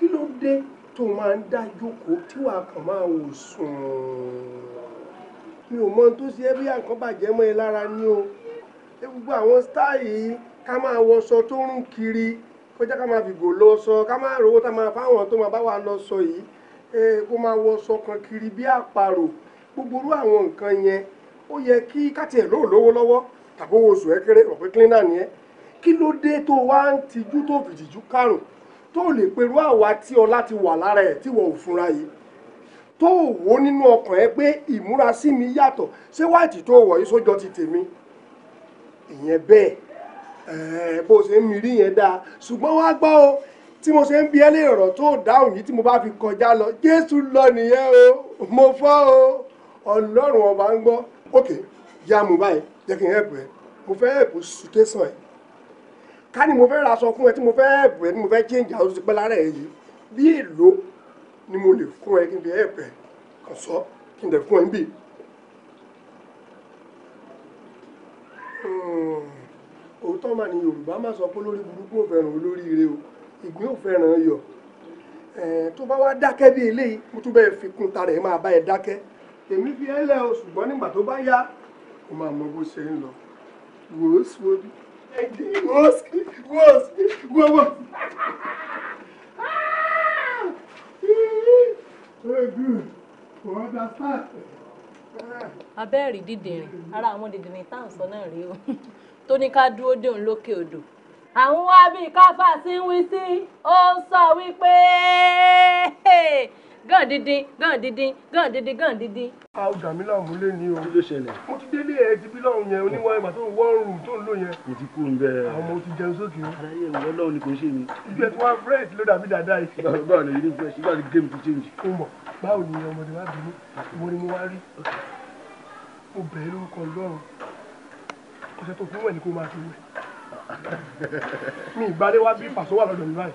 kí ló dé tó máa ń dá jókòó tí wàá kàn máa wò sùn mi ò mọ ohun tó ṣe é bóyá nǹkan bàjẹ́ mọ́ ẹ lára ni o gbogbo àwọn sítáì ká máa wọṣọ tó rún kiri kọjá ká máa fìgò lọ sọ ká máa rówó tá máa fáwọn tó máa bá wa lọ sọ yìí kó máa wọṣọ kan kiri bí àparò gbogbo irú àwọn nǹkan yẹn ó yẹ kí káti ẹ̀ lóò lówó lọ́wọ́ tàbí owó oṣù ẹ kéré ọ̀pẹ cleaner nìyẹn kí ló dé tó wá ń tijú tó fìtìjú kárùn tó lè perú àwa tí ọlá ti wà lára ẹ̀ tí wọ́n ò yìí tó wò ó nínú ọkàn ẹ pé ìmúrasí mi yàtọ̀ ṣé wáìtì tó wọ̀ yìí sójọ́ ti tèmi ìyẹn bẹ́ẹ̀ bó ṣe ń mirí yẹn dáa ṣùgbọ́n wá gbọ́ o tí mo ṣe ń bi ẹlẹ́ ọ̀rọ̀ tó dáhùn yìí tí mo bá fi kọjá lọ jésù lọ nìyẹn o mo fọ́ o ọlọ́run ọba ń gbọ́ ok yá mu báyìí jẹ́ kí n help ẹ mo fẹ́ help sùtẹ́sàn ẹ ká ní mo fẹ́ ra aṣọ fún ẹ tí mo fẹ́ help ẹ tí mo fẹ́ change àwọn tó ti pẹ́ lára ẹ yìí bí èlò ni mo lè fún ẹ kí n fi ẹ̀pẹ̀ kàn sọ kí n dẹ̀ fún ẹ ń bì. Hmm. òótọ́ mà ní yorùbá má sọ pé lórí burúkú ò fẹ́ràn o ìgbín ò fẹ́ràn yọ̀ tó bá wá dákẹ́ bí eléyìí mo tún bẹ́ẹ̀ fi kún tara máa bá ẹ dákẹ́ èmi fi ẹ lẹ́ o ṣùgbọ́n nígbà tó bá yá o máa mọ bó ṣe ń lọ wòósì wo bí wòósì wòósì wòósì abẹ́ẹ̀rí dídìrín ara àwọn dídìrín tá à ń sọ náà rí o tó ní ká dúró dé òun lókè odò. àwọn wá bíi káfà sí wí sí ó sọ wípé gàn dídín gàn dídín gàn dídín gàn dídín. a ó dà mí láàmú lé ní o. kí ló ṣẹlẹ̀. mo ti délé ẹ ti bí lọ́rùn yẹn oníwà ìgbà tó ń wọ́ ọ̀rùn tó ń lò yẹn. mo ti kú ń bẹ. àwọn ọmọ ti jẹun sókè ara yẹ ìwọ lọ́rùn ni kò ṣe mi. ibi ẹ ti wá fresh ló dàbí dáadáa yìí. báwo ni yìí fresh báwo ni game ti change. o mọ báwo ni ọmọdé wa bínú ìwọ ni mo wá rí. mo bẹ̀ẹ́ lórúkọ lọ́rùn ọ̀sẹ̀ tó fún wẹ̀ kó mi ìgbàlẹ̀ wa bí pàṣọ wà lọ́dọ̀ mi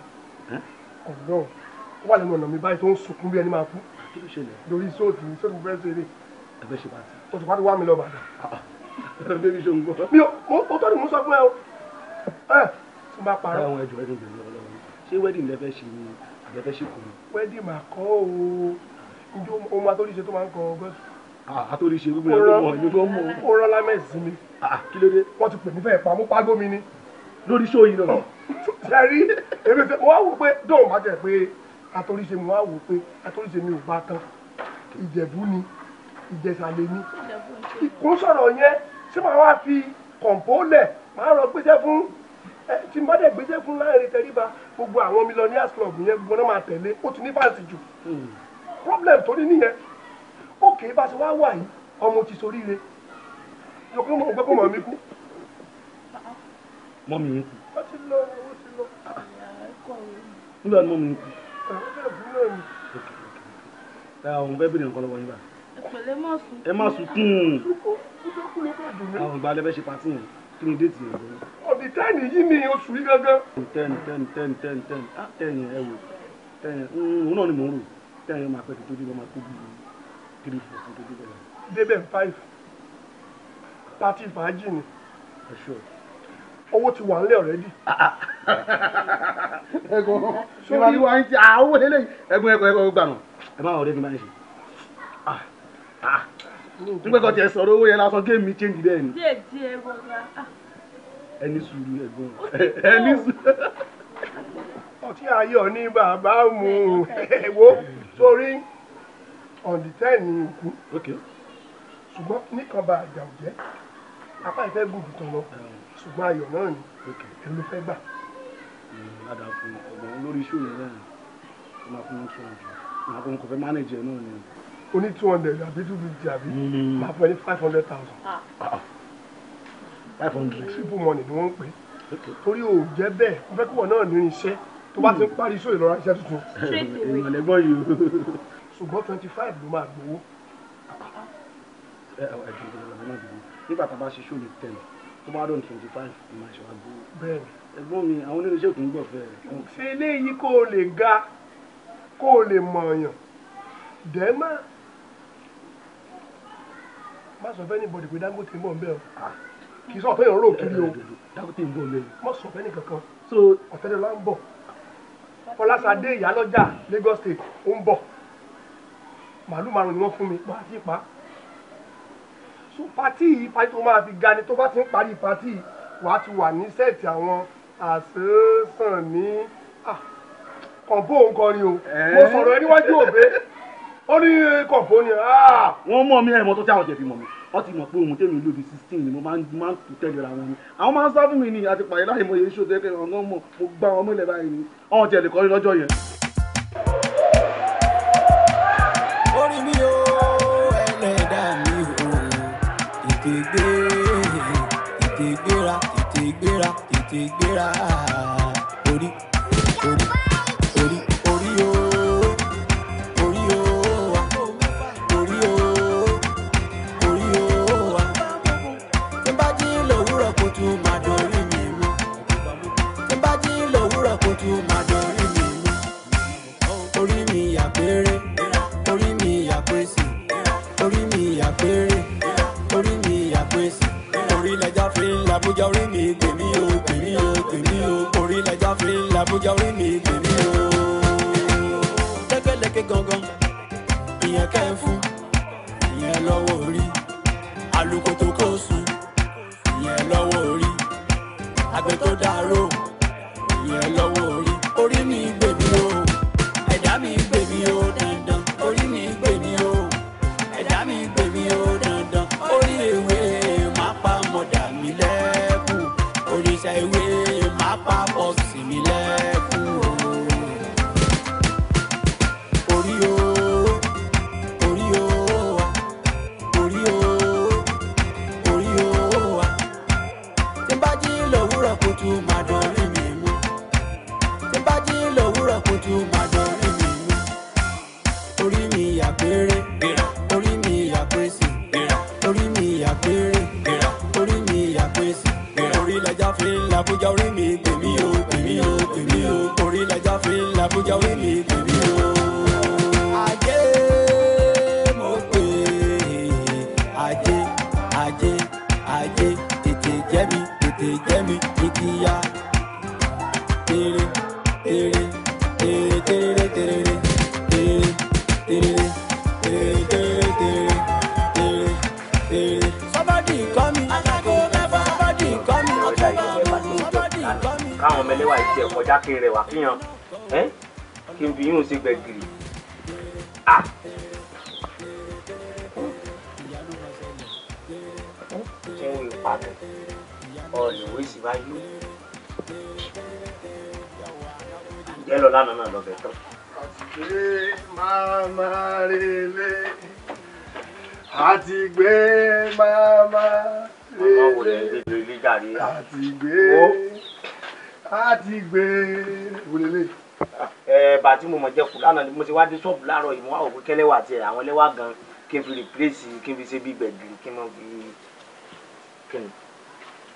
ó wà lẹ́nu ọ̀nà mi báyìí tó ń sunkún bí ẹni máa kú lórí sóòtù sóòtù fẹ́ ṣeré oṣù pàtó wà mí lọ bàdà. mi ò mo tọ́ ni mo sọ fún ẹ o ẹ tí n bá parọ́. àwọn ẹjọ́ ẹdùn bẹ̀rẹ̀ lọ́wọ́ ṣé wedding lẹ fẹ́ ṣe ni àbẹ ṣe kù ni. wedding máa kọ́ o njó ohun atóríṣe tó máa ń kọ ọgbẹ́. atóríṣe gbogbo ẹ̀ ló mọ̀ ẹ̀ ló mọ̀. ó rán lámẹ́sì mi. kí ló dé. wọ́n ti pè mí fẹ́ẹ̀ pa mú págó mi ni. lórí ṣóyìn náà. ṣe rí èmi fẹ́ wọ́n á wò pé dóun bá jẹ́ pé àtòríṣe mi wá wò pé àtòríṣe mi ò bá tán ìjẹ̀bú ni ìjẹsàlẹ̀ ni kò sọ̀rọ̀ yẹn ṣé màá wá fi kọ̀ǹpó lẹ̀ màá rọ gbéṣẹ́ fún tí n bá dẹ̀ gbéṣẹ́ fún láàrin tẹríba gbogbo àwọn millionaires club yẹn gbogbo náà máa tẹ̀lé ó ti ní fáǹsì jù hmm. problem tó ní nìyẹn ó kè é bá ṣe wá wà yìí ọmọ ti soríire yọ kó mọ̀ ọ́ pé kó mọ̀ mí kú. mọ́ mi ń kú. ó ti lọ ó ti lọ. nígbà tí mọ́ mi ń kú àwọn bẹ́ẹ̀ bìnrin nǹkan lọ́wọ́ yín bá. ẹ má sunkún. àwọn ìgbà alẹ́ bẹ́ẹ̀ ṣe pàtì yẹn kí ni déètì yẹn. ọ̀dì tẹ́ẹ̀nì yìí ni oṣù yìí gangan. tẹ́ẹ̀nì tẹ́ẹ̀nì tẹ́ẹ̀nì tẹ́ẹ̀nì tẹ́ẹ̀nì á ah, tẹ́ẹ̀nì ẹ wò tẹ́ẹ̀nì mm, òun náà ni mò ń rò tẹ́ẹ̀nì máa pẹ́ tó débẹ̀ máa tó bí three four tó débẹ̀. débẹ̀ five thirty fàájì ni. ẹ ṣọ́ọ̀ owó ti wà nílẹ̀ already. ẹ̀gbọ́n sórí wa ń ti owó lélẹ̀ ẹ̀gbọ́n ẹ̀gbọ́n ẹ̀gbọ́n gbà nù ẹ má ọ̀rẹ́ mi máa ń ṣe. nígbà tó tiẹ̀ sọ̀rọ̀ owó yẹn lásán géèmù mi change bẹ́ẹ̀ ni. díẹ̀ díẹ̀ bọ́lá. ẹni sùúrù ẹ̀gbọ́n ẹni sùúrù. ọtí ayọ̀ ni bàbá mu wo sórí on the ten ni òkú ṣùgbọ́n níkan bá àjà òjẹ́ apá ìfẹ́ gùn jù tán lọ ṣùgbọ́n ayọ̀ náà ni èké ló fẹ́ gbà. adàfo ọgbọ̀n lórí iṣu yẹn náà ó máa fún two hundred máa fún kò fẹ́ mánèjì ẹ̀ náà ni. o ní two hundred àbí two fifty àbí máa fún ẹ ní five hundred thousand. five hundred. triple money ni wọ́n ń pè é torí ò jẹ́ bẹ́ẹ̀ mo fẹ́ kí wọ́n náà ní iṣẹ́ tó bá ti ń parí iṣu ìlọra iṣẹ́ tuntun. èèyàn lẹ́gbọ́n yìí. ṣùgbọ́n twenty five ló máa gbowó. nígbà tá a bá ṣe ṣó lè tẹ̀lé tó bá dọ̀n twenty five ni màá ṣe wá mi àwọn oníṣẹ́ kò ṣe eléyìí kó o lè ga kó o lè mọ̀ọ̀yàn dẹ́mà má sọ fẹ́ ní bọ̀dì pé ah. eh, Dangote ń bọ̀ o kì í sọ fẹ́ ìrọ̀rọ̀ kiri o Dangote ń bọ̀ o má sọ fẹ́ ní kankan ọ̀tẹ́lẹ̀ ló ń bọ̀ Ọlásadé Ìyálọ́jà Lagos State ó ń bọ̀ màálù márùn ni wọ́n fún mi pa àti pa tún pati yìí pati tó máa fi ga ni tó bá ti ń parí pati wàá ti wà ní sẹ́ẹ̀tì àwọn àṣẹ́sàn ní kọ̀ǹpó òǹkọrin o mo sọ̀rọ̀ ẹ níwájú òbẹ́ ó ní eh, kọ̀ǹpó ni. wọ́n mọ̀ mí ẹ̀mọ́ tó tí àwọn jẹ̀bi mọ̀ mi wọ́n ti mọ̀ pé òun tẹ̀mí lóbi sixteen ni mo máa ń máa ń tò tẹ́lẹ̀ ra wọn ni àwọn máa ń sá fún mi ni àti pàyẹ́ láì mọ iye iṣu tẹ́lẹ̀ ọ̀gán mọ̀ mo gbá wọn mọ́lẹ̀ báyìí ni ọ̀hún tètè gbé tètè gbéra orí. ti gbé wòlélẹ̀. ẹ bàtí mo mọ̀ jẹ́ kù lánàá ni mo ti wá dé ṣọ́ọ̀bù láàárọ̀ yìí mo wá òkú kẹ́lẹ́wà àti àwọn ẹlẹ́wà gan kí n fi rìpírẹ́sì kí n fi ṣe bí gbẹ̀gìrì kí n mọ̀ bí kí ni.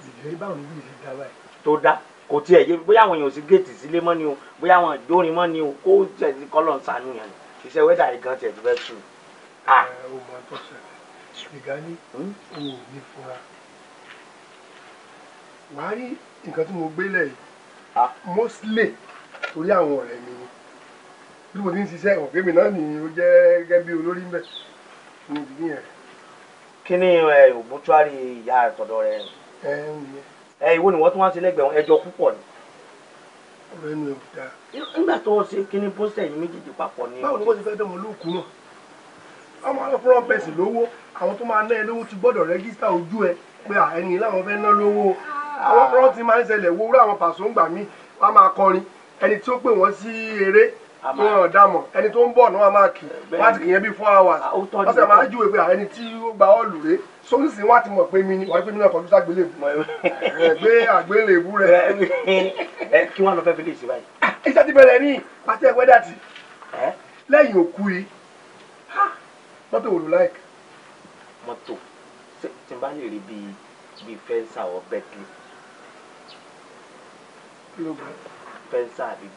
ìdílé báwo ni bí ìdílé dá báyìí. tó dá kò tiẹ̀ yé bóyá àwọn èèyàn ò sí géètì sílé mọ́ ni o bóyá àwọn ìdórin mọ́ ni o kó tiẹ̀ sí kọ́lọ̀ ń sànú yẹn iṣẹ́ wẹ́dà yìí gan tiẹ̀ ti fẹ́ sùn. ẹ o máa tọ́ ìgbà ní Ah, mostly torí àwọn ọ̀rẹ́ mi ni bí mo ti ń ṣiṣẹ́ ẹ̀wọ̀n kémi náà nìyí ó jẹ́ gẹ́gẹ́ bí olórí ń bẹ̀ ní ìdílé yẹn. kí ni òbútúárì ìyá àtọ̀dọ̀ rẹ. ẹ ni wọ́n tún wá sí lẹ́gbẹ̀ẹ́ ẹjọ́ púpọ̀ ni. ọ̀rọ̀ ẹnu ò dáa. nígbà tó o ṣe yìí méjèèjì papọ̀ ni. báwo ni wọ́n ti fẹ́ dánwò lóòkú náà ọmọ ọlọ́pàá lówó àwọn tó máa ná ẹ lówó ti gbọ́dọ̀ rẹ́gísítà ojú ẹ pé ẹni làwọn fẹ́ ná lówó àwọn ọ̀rọ̀ ti máa ń ṣẹlẹ̀ wo irú àwọn pàṣọ ń gbà mí wọ́n á máa kọrin ẹni tí ó pè wọ́n sí eré tí wọ́n dá mọ̀ ẹni tó ń bọ̀ náà máa kì wọ́n á ti kì yẹn bí four hours ah, wọ́n sì máa júwe pé ẹni tí ó gba ọ́ọ̀lù rẹ̀ sọ́nsì wọ́n á ti mọ̀ pé mi ni wọ́n á pè mí náà kọjú ságbélébù ẹgbẹ́ àgbélébù rẹ̀. kí wọ́n lọ fẹ́ fi lè ṣe báyìí. Ah, iṣẹ́ ti bẹ̀rẹ̀ ní pàṣẹ wẹ́dà tì lẹ́yìn òkú yìí ah, mọ́tò wò ló láìka. mọ́tò tí n bá lè rí bíi bíi fẹ́ńsà ọ̀ bẹ́tìlì pẹ́ńsà àbí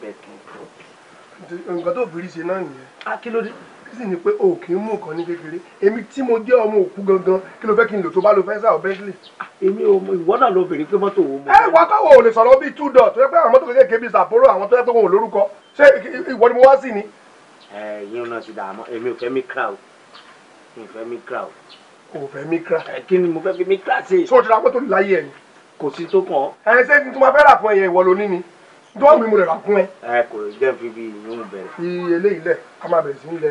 nǹkan tó bìrì ṣe náà nìyẹn. a ah, kí ló dé. kí sì ni pé o kì í mú nǹkan ní kékeré èmi tí mo jẹ́ ọmọ òkú gangan kí ló fẹ́ kí n lò tó bá lo fẹ́ńsà ọ̀ bẹ́ńsìlì. Ah, èmi ò mọ ìwọ náà ló bèrè pé mọ́tò wo mo. ẹ wá káwọ ò lè sọ̀rọ̀ bíi two dot tó yẹ pé àwọn mọ́tò kékeré bíi sàpórò àwọn tó yẹ pé wọn ò lórúkọ ṣé ìwọ ni mo wá sí ni. ẹ yín náà ti dààmú èmi ò fẹ́ mi kra o mi ò fẹ́ mi kra o. kò fẹ́ mi kra. mo fẹ́ fi mi kra sí. sọ ti kò sí tó kàn. ẹ ṣé kí n tún máa fẹ́ rà fún ẹyẹ ìwọ lóní ni dọ́ọ̀ mi mo rẹ̀ rà fún ẹ. ẹ kò jẹ́ fi bí inú bẹ̀rẹ̀. fi eléyìí lẹ̀ a máa bẹ̀rẹ̀ sí ń lẹ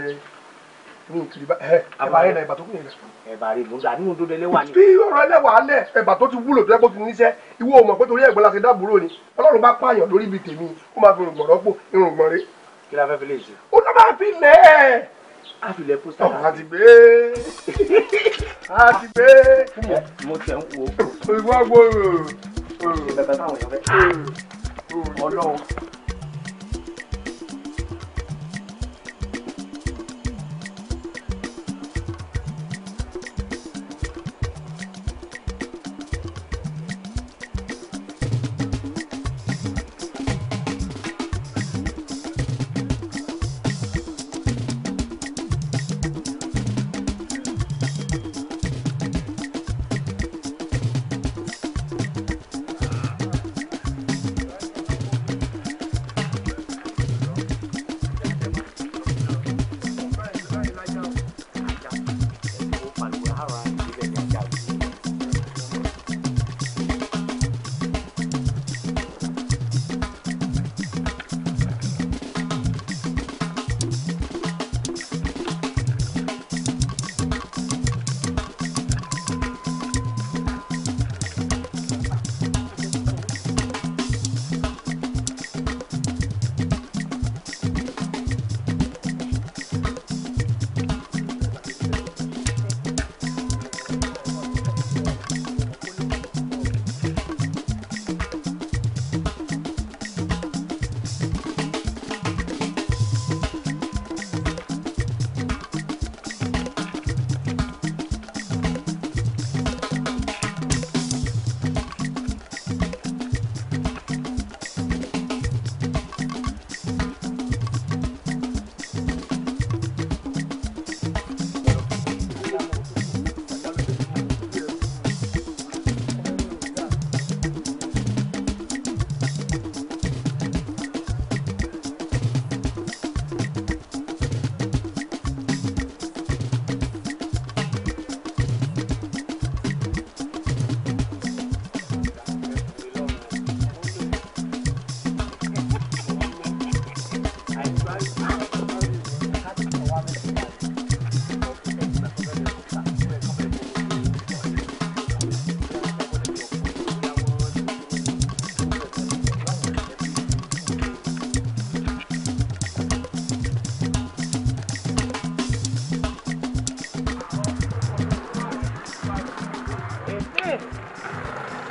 ní ìkiri bá ẹ ẹ̀bà rẹ̀ ẹ̀bà tó kù yẹn lẹ̀. ẹ̀bà rẹ̀ mùsà nínú tó délé wà ní. bí ọ̀rọ̀ ẹlẹ́ wàá lẹ̀ ẹ̀bà tó ti wúlò tó yẹ kó ti níṣẹ́ ìwọ ò mọ̀ pé torí ẹ̀gbọ́n la ṣe dábúrò ni ọlọ́run bá pààyàn lórí ibi tèmi ó máa fi rògbọ̀n rọ́pò irùngbọ̀n rẹ̀. kí la fẹ́ fi lè ṣe. ó lọ́ máa fi lẹ̀ ẹ́ a fi lẹ pósítà náà. a ti gbé a ti gbé. mo tẹ̀ ń wo. ìwọ́n gbòòrò. ìbẹ̀bẹ̀ táwọn èèyàn fẹ́. Hmm. Hmm. ọlọ́run.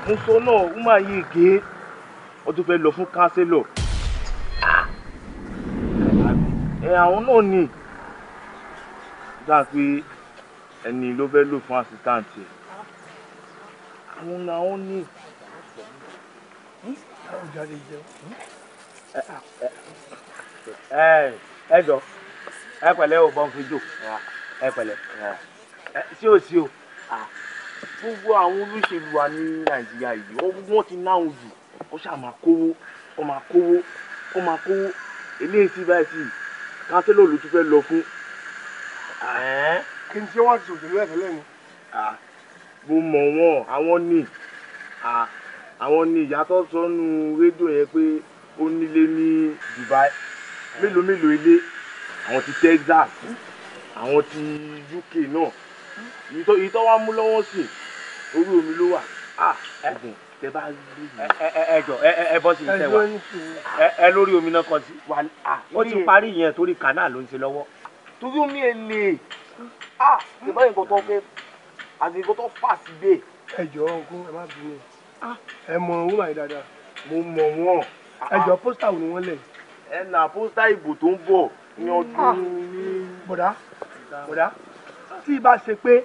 mo sọ náà ó máa yí ìgé wọ́n tún fẹ́ lọ fún kánsílọ̀ ẹ àwọn náà ni dáa pé ẹni ló fẹ́ lò fún àsítáǹtì ẹ̀ àwọn làwọn ní. ẹ jọ ẹ pẹ̀lẹ́ ò bọ́n fún jò ẹ pẹ̀lẹ́ sí ò sí o gbogbo àwọn olóṣèlú wa ní nàìjíríà yìí wọ́n ti náwó jù kó ṣáà máa kówó kó máa kówó kó máa kówó eléyìí sí báyìí sí kánsẹ́lò ló tún fẹ́ lọ fún. kí n ṣe wá ti òṣèlú ẹ̀fẹ́ lẹ́nu. mo mọ̀ wọ́n àwọn ní àwọn ní ìyàtọ̀ sọ́nù rédíò yẹn pé ó nílé ní Dubai mélòó mélòó ilé àwọn ti Texas àwọn ti UK náà ìyí tó mú lọ́wọ́ sí i orí omi ló wà ah, ẹgùn tẹ bá rí mi. ẹ jọ ẹ bọ́ sí iṣẹ́ wa ẹ lórí omi náà kan sí. Ah, ó ti parí yẹn torí kànáà ló ń ṣe lọ́wọ́. torí omi ẹ lè ṣèbá yìí kọ́tọ́ fẹ́ àgbègbè tó fà sí dé. ẹ jọ ọkọ ẹ má bínú ah. ẹ mọ ohun àyè dáadáa mo mọ wọn ẹ jọ pósítà wo ni wọn lẹ. ẹ là pósítà ìbò tó ń bọ̀ ní ọdún. bọ̀dá bọ̀dá tí ì bá ṣe pé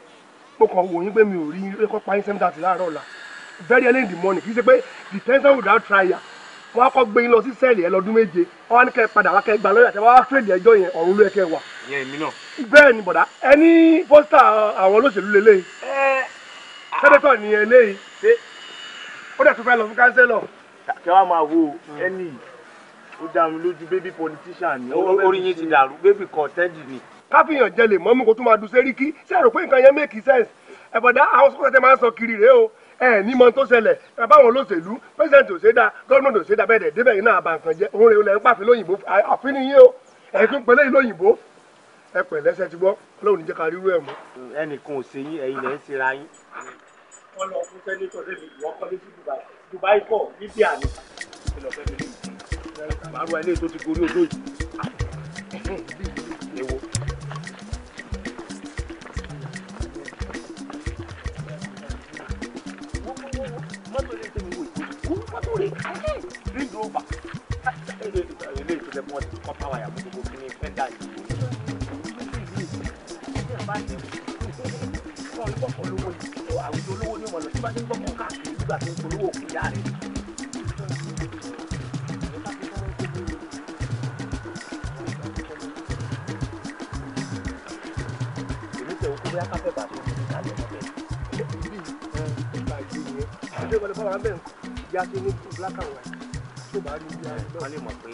mo kàn wò yín pé mi ò rí yín kọ́ pa yín seven thirty láàárọ̀ ọ̀la very early in the morning kì í ṣe pé detention without trial wọn á kọ́ gbé yín lọ sí sẹ́ẹ̀lì ẹ lọ́dún méje wọn á ní kẹ́ ẹ padà wá kẹ́ ẹ gbà lọ́yà tí wọ́n á tẹ̀lé ẹjọ́ yẹn ọ̀run ló yẹ kẹ́ ẹ wà. ìyẹn èmi náà. bẹ́ẹ̀ ni bọ̀dá ẹ ní pósítà àwọn olóṣèlú lélẹ́yìí. sẹ́dẹ̀tọ̀ ah. ni eléyìí. ó dẹ̀ tún fẹ́ lọ fún kánsẹ́lọ̀. kí wọ́n máa wo ẹni ó dá mi lójú bébí politician ni. orí yín ti dàrú bébí kọ̀ọ̀tẹ́ẹ̀dì ni káfíyàn jẹ lè mọ́mú kó tún máa du sẹ́ríkì ṣé ẹ rò pé nǹkan yẹn make sense ẹ̀bọ̀dá àwọn sọ́kọ̀ tẹ máa ń sọ kiri rèé o ẹ ní mọ tó ṣẹlẹ̀ báwọn olóṣèlú president ò ṣe dá gọ́ọ̀nà ò ṣe dá bẹ́ẹ̀ débẹ̀ yìí náà àbá nǹkan jẹ́ òun rèé o lẹ́ ń pàfin lóyìnbó àfin nìyí o ẹ̀ tún pẹ̀lẹ́ yìí lóyìnbó ẹ pẹ̀lẹ́ ṣe ti gbọ́ ọlọ́run ní jẹ́ ká rírú ẹ̀ mọ́. ẹnìkan ò ṣe yín ẹ̀yin lẹ́ ń ṣera yín. wọ́n lọ fún sẹ́nitọ̀ débi Dubai Dubai kọ́ Libya ni. màá rọ ẹ ní ètò ló wà. ilé ìtúlẹ̀ mọ́ ti kọ́ pàwọ́ àyàmú gbogbo kí ni fẹ́ dà yìí. àwùjọ olówó ni wọn lọ sí bá ti ń gbọ́kọ̀ káàkiri nígbà tó ń polówó òkú yá rẹ̀. èmi tẹ̀ okú bóyá káfẹ́ bàtò kálẹ̀ mọ́ bẹ́ẹ̀. ní black and white wọ́n lè mọ̀ pé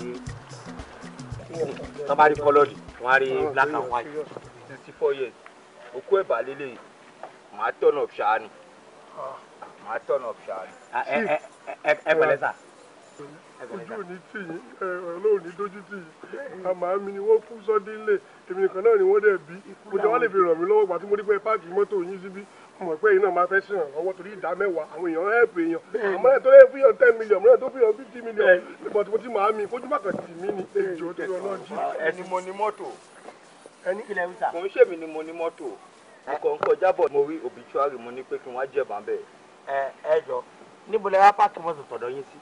tọ́ba rí kọ́lọ́ọ̀dì wọ́n á rí black and white sixty four years òkú ẹ̀bà lélẹ̀ màá tọ̀nà ṣáà ni màá tọ̀nà ṣáà ni. Ah, eh, eh, eh, ẹ pẹ̀lẹ́ sà ojú ní tì yín ọlọ́run ní dójú tì yín àmọ́ mi ni wọ́n kú sọ́dí ńlẹ̀ èmi nìkan náà ni wọ́n dẹ̀ bí mo jẹ́ wọ́n lè fi ràn mí lọ́wọ́ gbà tí mo rí pé páàkì mọ́tò yín síbí mọ̀ pé iná máa fẹ́ sàn lọ́wọ́ torí ìdá mẹ́wàá àwọn èèyàn help èèyàn àmọ́ ẹ̀ tó lè fúyàn ten million mọ́ ẹ̀ tó fúyàn fifty million but mo ti máa mi fojú bàtà tì mí ni èjò tó yọ náà jí. ẹni mo ní mọ́tò ẹni ilẹ̀ wíṣà. mò ń ṣèmi ni mo ní mọ́tò ikọ̀ ń kọjá bọ̀ mo rí obituary mo ní pé kí wọ́n á jẹ̀bà ń ẹ ẹ jọ níbo lẹ wá pààkì mọ́tò tọ̀dọ̀ yín sí.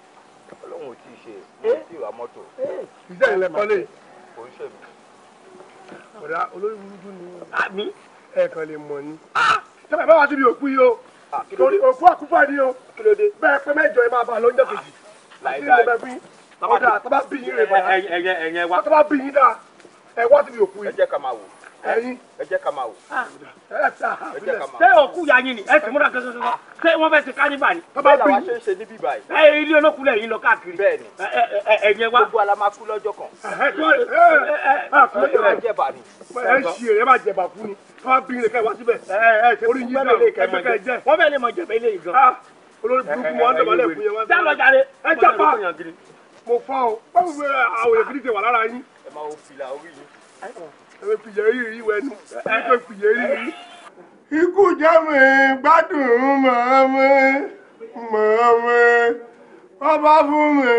ọlọ́run ò tí ì ṣe mo eh? ti ra mọ́tò. ìṣe eh? ìlẹ̀ tẹ́ bàbá wa síbi òkú yìí o òkú àkúfà ni o bẹ́ẹ̀ pẹ́ mẹ́jọ ẹ máa bá a lọ́jọ́ kejì láti ilé bẹ́ẹ̀ bí ọ̀dà tọ́ba bí yín rẹ̀ bàyà tọ́ba bí yín dáa ẹ wá síbi òkú yìí. ẹ jẹ́ ká máa wò ẹyin ẹ jẹ́ ká máa wò. ṣé òkú ya yín ni ẹ sì múra gẹ́gẹ́ gẹ́gẹ́ ṣé wọ́n fẹ́ ṣe kánífà ni. bẹ́ẹ̀ làwọn ṣe ń ṣe níbí báyìí. ẹ ilé olókùnrin ẹ̀yìn lọ káàkiri. bẹ́ẹ̀ni ẹ̀yẹ wa. gbogbo alamakú lọ́jọ́ kan. ẹ jẹ́ bà ni. ẹ ń ṣe ẹ máa jẹ̀bà fún ni wọn bí ilé kẹwàá síbẹ̀. orí yín náà ẹ fẹ́ kẹ́ jẹ́. wọ́n fẹ́ lè mọ̀ jẹ̀bẹ̀ ilé yìí gan. olórí burúkú wọn dọ̀bálẹ̀ fún yẹn wọn. dá lọ jàre. ẹ jẹ́ pa mo fọ́ o báwo ni àwòrán gidi ti wà lára yín. ẹ máa wo fìlà orí yín ẹ̀pìyẹ́rì rí wẹnu ẹ̀pìyẹ́rì rí. ikú jẹ́ mi gbádùn mọ̀ọ́mọ́ mọ̀ọ́mọ́ ọba fún mi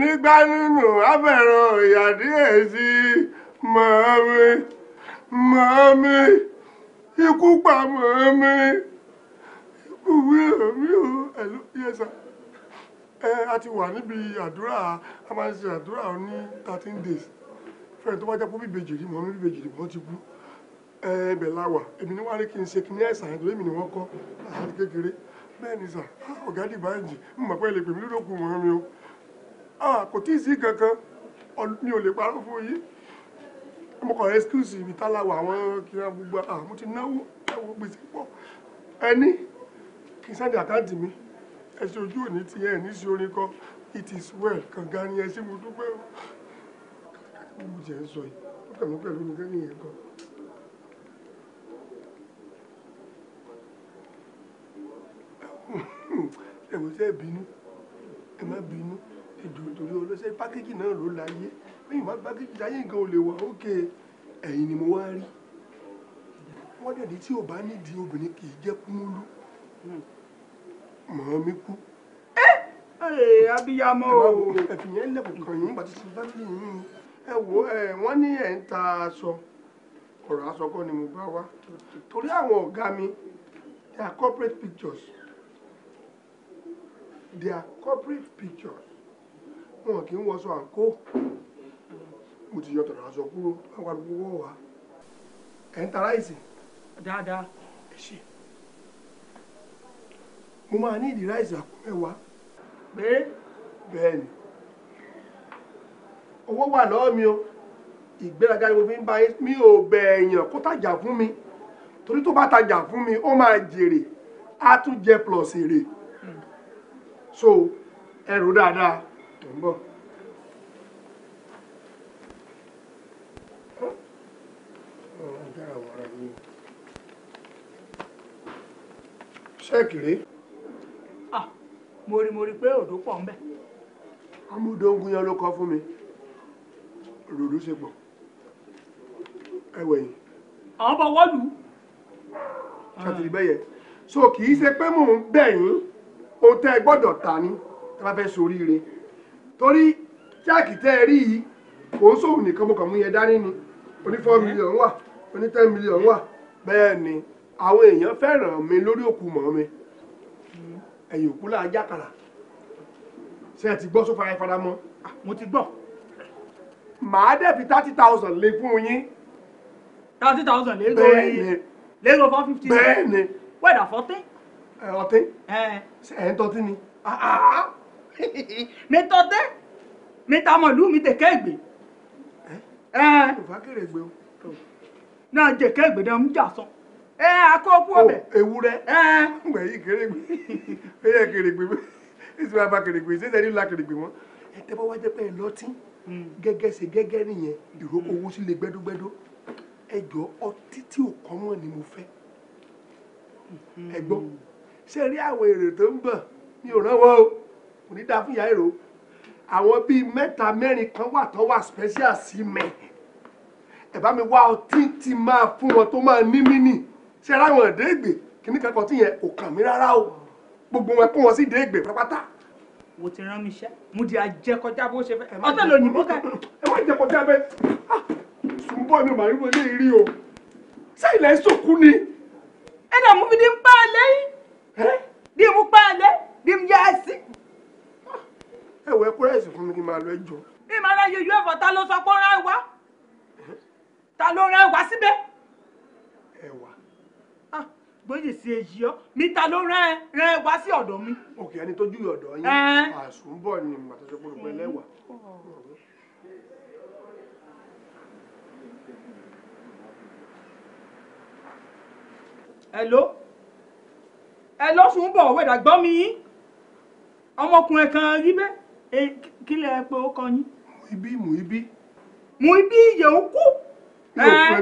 nígbà nínú abẹ̀rẹ̀ ìyàdí èsì mọ̀ọ́mọ́ mọ̀ọ́mọ́ ikú pa mọ̀ọ́mọ́ ikú wí èmi ò ẹ̀lú yẹ́sà ẹ a ti wà níbi àdúrà a máa ń ṣe àdúrà ní thirteen days fẹ́ẹ̀ tó bá jẹ́ pé bíbejì rí mọ́ ní bíbejì rí mọ́ ti kú ẹ̀ẹ́bẹ̀ láwà èmi ni wọ́n á rí kí n ṣe kí ní àìsàn àjọ èmi ni wọ́n kọ́ àti kékeré bẹ́ẹ̀ ni sà ọ̀gá dìbà ẹ̀jì ń mọ̀ pé lè pè mí lódò kù wọ́n mi o kò tí ì sí kankan mi ò lè parọ́ fún yín mo kàn excuse mi tá láwà àwọn kíra gbogbo àmú ti náwó ẹ̀wọ̀ gbèsè pọ̀ ẹni kì í sẹ́ndì àkáǹtì mi ẹ̀sìn ojú òní ti ẹ̀ ní sí orin kan it is well kànga ni ẹ ṣé mo dúpẹ́ o mo jẹ́ sọ yìí ó kàn pẹ̀lú nìkan nìyẹn gan. ẹ̀wọ̀n sẹ́ bínú ẹ má bínú ìjò torí ọlọ́sẹ̀ pákéjì náà ló láyé lẹ́yìn wá pákéjì láyé nǹkan ò lè wà ókè ẹ̀yìn ni mo wá rí wọ́n dẹ̀dí tí ò bá nídìí obìnrin kì í jẹ́ kúmúlú mọ̀ mi kú. ẹ ẹ abiyamọ o ẹ fi yìí nígbà tí ti bá mi yìí. ẹ wo wọ́n ní ẹ̀ ń ta aṣọ ọ̀rọ̀ aṣọ kọ́ ni mo bá wá torí àwọn ọ̀gá mi their corporate pictures their corporate pictures wọn kì í wọṣọ àǹkó mo ti yọ tọ̀rọ̀ aṣọ kúrò báwa ló wọ̀ wá ẹ̀ ń ta ráìsì. dáadáa. ẹ ṣe mo máa ní ìdí ráìsì àpò mẹ́wàá. bẹ́ẹ̀ bẹ́ẹ̀ ni. owó wà lọ́wọ́ mi o ìgbéraga ni mo fi ń bá yín mi ò bẹ̀ èèyàn kó tajà fún mi torí tó bá tajà fún mi ó máa jèrè á tún jẹ plus èrè so ẹrù dáadáa tó ń bọ̀. ṣẹ́ẹ̀kì ah mo rí mo rí pé òdò pọ̀ ń bẹ̀. amúdóngún yẹn ló kọ fún mi ròdú ṣe pọ̀ ẹwẹ̀ yìí. àwọn bọ̀ wọ́lù. ṣàtìlì bẹ́yẹ so kì í ṣe pé mò ń bẹ̀ yín ohun tẹ́ ẹ gbọ́dọ̀ ta ni tẹ́ bá fẹ́ soríire torí jáàkì tẹ́ ẹ rí yìí kò ń sòwò nìkan mo kàn mú yẹn dání ni oní four million wà oní ten million wà bẹ́ẹ̀ ni àwọn èèyàn fẹ́ràn mi lórí òkú mọ́ mi ẹ̀yìn òkú là ń jákàrà ṣé ẹ ti gbọ́ sófin ayẹfara mọ́. Ah, mo ti gbọ́ màá dẹ̀ fi thirty thousand lé fún yín. thirty thousand lérò bẹ́ẹ̀ni lérò four fifty. bẹ́ẹ̀ni. wẹ́ẹ̀dà fọ́tí. ẹ ọtí. ẹ ń tọ́tí ni. Ah, ah, ah. mi tọ́tí mi ta mọ̀lú mi tẹ̀kẹ́ ìgbé. ẹ ẹ kò fà kéré gbé o. náà jẹ̀kẹ́ ìgbé náà ń jà sọ ẹ akókó ọbẹ ewúrẹ́ ẹ gbẹ yìí kèrègbè ẹ yẹ kèrègbè ẹ sì máa bá kèrègbè ṣé sẹni ńlá kèrègbè wọn ẹ tẹ bá wá jẹ pé ẹ lọtí gẹ́gẹ́ se gẹ́gẹ́ nìyẹn ìrókò owó sílé gbẹ́dógbẹ́dó ẹjọ́ ọtí tí ò kọ́mọ̀ ni mo fẹ́ ẹ gbọ́ ṣé rí àwọn èrè tó ń bọ̀ mi ò rán wọn o kò ní dáa fún ìyá èrò àwọn bíi mẹ́ta mẹ́rin kan wà tó wà special sí mi ẹ bá mi wá ọtí tí máa fún wọn tó máa ní mí nì ṣé ráwọn ìdégbè kìnnìkan kan tí yẹn ò kàn mí rárá o gbogbo wọn kó wọn sí ìdégbè pátápátá wo ti rán mi iṣẹ́ mo di àjẹkọjá bó ṣe fẹ́ ọtẹ lò yìnbọn ká. ẹ má jẹ kọjá bẹ ṣùgbọ́n ah, mi ò wọlé rí o ṣé ilẹ̀ ń sòkú ni. ẹ náà mú mi ní pa alẹ́ yìí bí mo pa alẹ́ bí mo yá ẹ sí. Ah, ẹ wọ ẹkú rẹsì fún mi kí n máa lọ ẹ jọ. bí màá ra yẹyẹ ẹfọ ta ló sọ pé ó rán ẹ wá ta ló rán wá síbẹ̀. ẹ tó yè sí èyí ọ níta ló rán ẹ rán ẹ wá sí ọ̀dọ̀ mi. òkè ẹni tó júwe ọ̀dọ̀ yín àsùnbọ̀ ni màtọ́jọ́ pé lẹ́wà. Hello Hello Sùnbọ̀ wẹ̀dà gbọ́ mi yín ọmọkùnrin kan rí bẹ́ẹ̀ kí lẹ pé ó kọ yín. Muibi Muibi. Muibi ìyẹ̀wò kú.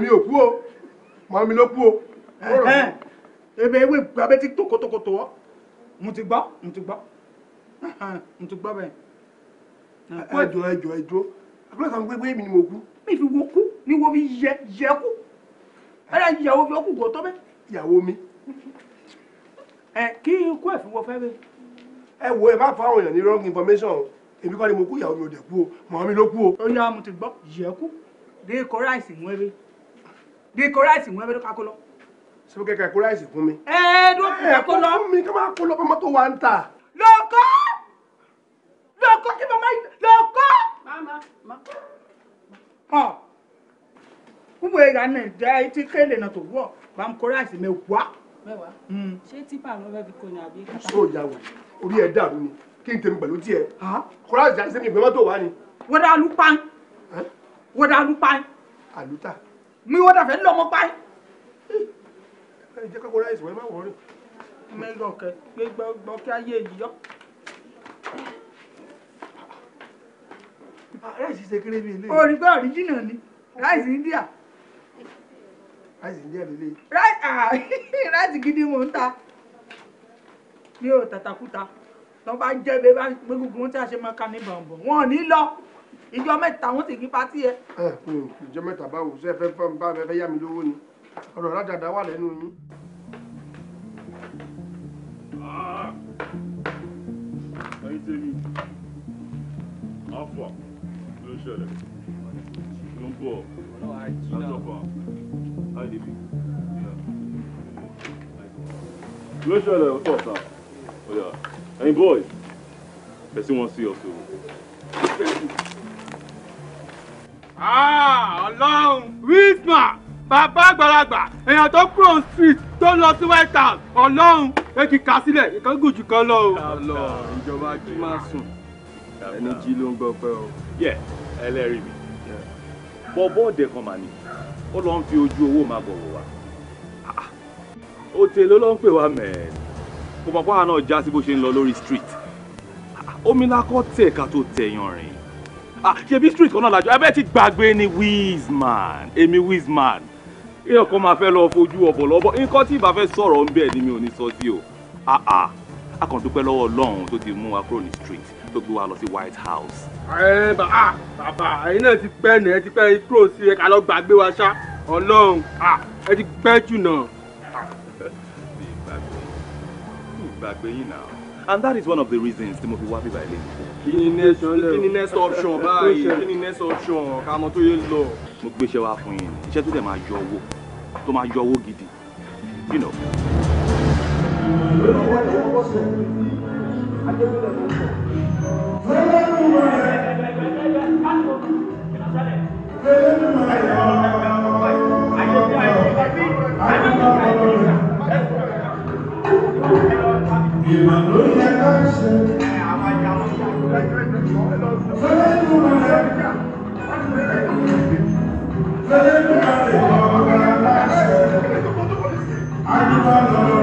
mi ò kú o màmí ló kú o ebe ewé abẹ́ ti tó kótókótó ọ́ mo ti gbọ́ mo ti gbọ́ mo ti gbọ́ bẹ́ẹ̀. ẹjọ ẹjọ ẹjọ àbúrò kan gbé wéèmí ni mo kú. mi fi wo kú ni wo fi yẹ yẹ kú ẹ̀rọ ìyàwó fi ọkùnkùn tó bẹ́ẹ̀. ìyàwó mi. ẹ kí ikú ẹ̀ fi wọ fẹ́ bẹ́ẹ̀. ẹ wo ẹ bá fọ àwọn èèyàn ní wrong information o èmi kọ́ ni mo kú ìyàwó mi ò dẹ̀ kú o màmá mi ló kú o. ó yá mo ti gbọ́ yẹ kú dé kọ ráìsì mú ẹ bẹ́ẹ̀ dé kọ ráìsì mú ẹ bẹ́ẹ̀ ló kákó lọ sọ kẹkẹ kó ráìsì fún mi. ẹ ẹ dúró kẹkẹ kó lọ. ẹ kó fún mi kí n kó lọ fọmọ tó wà ń tà. lọkọ lọkọ kí mama lọkọ. mama ma. ọ gbogbo ìyá náà jẹ etí kéèlè náà tó wọ bá ń kó ráìsì mẹ́wàá. mẹ́wàá hmm. ṣé tipa ló fẹ́ fi kò ní àbí. sóòjà wò orí ẹ dàrú ni kí n tẹ̀mí pẹ̀lú tiẹ̀ kó ráìsì àti sẹ́mi ìgbẹ́mọ́ tó wà ni. wọ́n dá lù pa ń wọ́n àlùtà. mi wọ́n fẹ́ lọ́mọ pa ẹ jẹ́ kókó ráìsì wẹ́ẹ́ má wọrí mẹ́rin ọ̀kẹ́ pé gbọ́ kí ayé yíyọ́. Ah, ráìsì ṣe kéré bíi ilé. orí pé ọ̀ríjìnà ni ráìsì India. ráìsì India lè ah, lè. ráìsì gidi mò ń ta ní o tàtàkùtà tó bá jẹ́ bẹ́ẹ̀ bá gbégùn tí a ṣe máa ka ní bọ̀m̀bọ̀ wọn ò ní lọ ìjọ mẹ́ta wọn sì kí patí ẹ. ìjọ mẹ́ta báwo ṣe é fẹ́ fẹ́ yá mi lówó ni ọ̀rọ̀ rájàdá wà lẹ́nu yín. Ah! ẹyin tèmi afa ló ṣẹlẹ̀ ló ń bọ̀ látọ̀fà àìdèbí ló ṣẹlẹ̀ ọ̀tọ̀ ọ̀tà ọ̀yà ẹyin boys bẹ̀sí wọn sí ọ̀sọ̀. Ah, Ọlọ́run, Wisma! bàbá àgbàlagbà èèyàn tó kúrò street tó lọ sí white house ọlọ́run èkìkà sílẹ̀ ìkan gùn jù kan lọ o. ọlọ ìjọba kí máa sùn ẹni jí ló ń gbọ́ pé o. yẹ ẹlẹ́rìí mi bọ́bọ́ òde kan mà ní ó lọ ń fi ojú owó máa bọ̀wọ̀ wá òtè ah. ló lọ ń pè wá mẹ́ẹ̀ẹ́ kò mọ̀ pàrọ̀ náà já sí bó ṣe ń lọ lórí street omi lakọ́ tẹ̀ ká tó tẹ̀yàn rìn ah, ṣebí street kan náà lájọ ẹ bẹ́ẹ̀ ti gbàgbé ni wizman èmi wizman èèyàn kan máa fẹ́ lọ fojú ọbọ̀ lọ́bọ̀ nǹkan tí ìbá fẹ́ sọ̀rọ̀ ń bẹ̀ ni mi ò ní sọ sí o àà a lọ́wọ́ ọlọ́run tó ti mú wa kúrò ní street tó gbé wa lọ sí white house. ẹ bàbá bàbá ẹ̀yin náà ti pẹ́ ní ẹ ti pẹ́ kúrò sí ẹ̀ka lọ gbàgbé wa ṣá ọlọ́run ẹ ti pẹ́ jù náà. ìgbàgbé yìí náà and that is one of the reasons tí mo fi wá bíbá ilé yìí kí ni next option kí ni next option báyìí kí ni next option kàmọ́ tó yẹ lọ. mo gbéṣẹ́ wá fún yín iṣẹ́ tó dẹ̀ máa yọ owó tó máa yọ owó gidi you know. Thank you. Amen.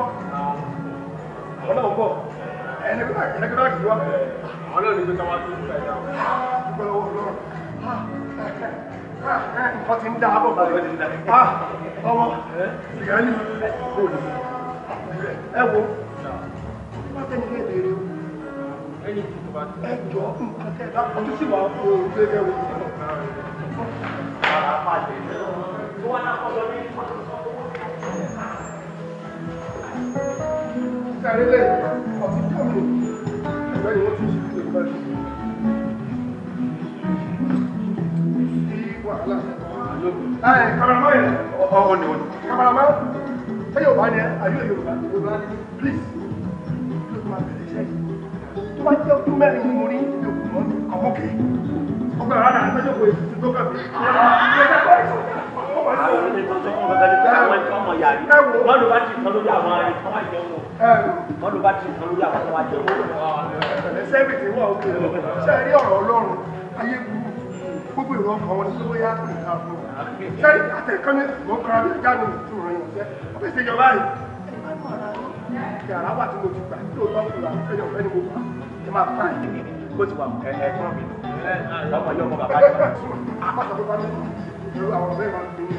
kọ́ àwọn náà ń bọ̀ ẹni kí báàgì ẹni kí báàgì wá àwọn náà ní gbé káwá tó ń ta ìyá wọn. dúpẹ́ lọ́wọ́ lọ́rọ̀ nǹkan ti ń dá bọ̀ báyìí ọmọ ìyáálì kò ní ẹ wo wọ́n tẹ́ nílé ìbéèrè o ẹ jọ nǹkan tẹ́ bá ọdún sí wàá kó o gbé bẹ́ẹ̀ e wò. sáré lẹ̀ ọtí tó lò ẹgbẹ́ ni wọ́n ti ṣe ìlú ìgbà yìí. sí wàhálà ẹ kàmàmá yẹn ọ̀hún ni wọ́n. kàmàmá ṣé Yorùbá ni àyè Yorùbá Yorùbá ni please tó bá jẹ́ ọdún mẹ́rin ni mo rí ìdòkùn mọ́ ọmọkè ọgbà rárá àtẹ́jọ́kọ̀ èsì tó kà bí ọmọ ìṣòro ọmọ ìṣòro ọmọ ìyá rí wọ́n ló bá ti sọ lórí àwọn ẹ̀kọ́ àjẹwò mọ́lù bá ti kàn lórí àwọn ọmọ àjẹwò. sẹ́ẹ̀bì tí wọ́n òkè lọ sẹ́ẹ̀rí ọ̀rọ̀ ọlọ́run ayé gbogbo ìrọ̀ ọkọ̀ wọn ní bóyá kò ní fún un. sẹ́ẹ̀rí àtẹ̀kọ́ ní mò ń kọ́ra tó ràn yàn jẹ́ ọ́fíìsì ìjọba yìí. yàrá wà tí mo ti gbà tí tọ́ fún wa ẹ̀yọ̀ fẹ́ ni mo gbà ẹ máa fà yìí kó ti wà ẹ̀ẹ́dẹ́gbọ̀n mi ọmọ yọmọ bàbá yìí.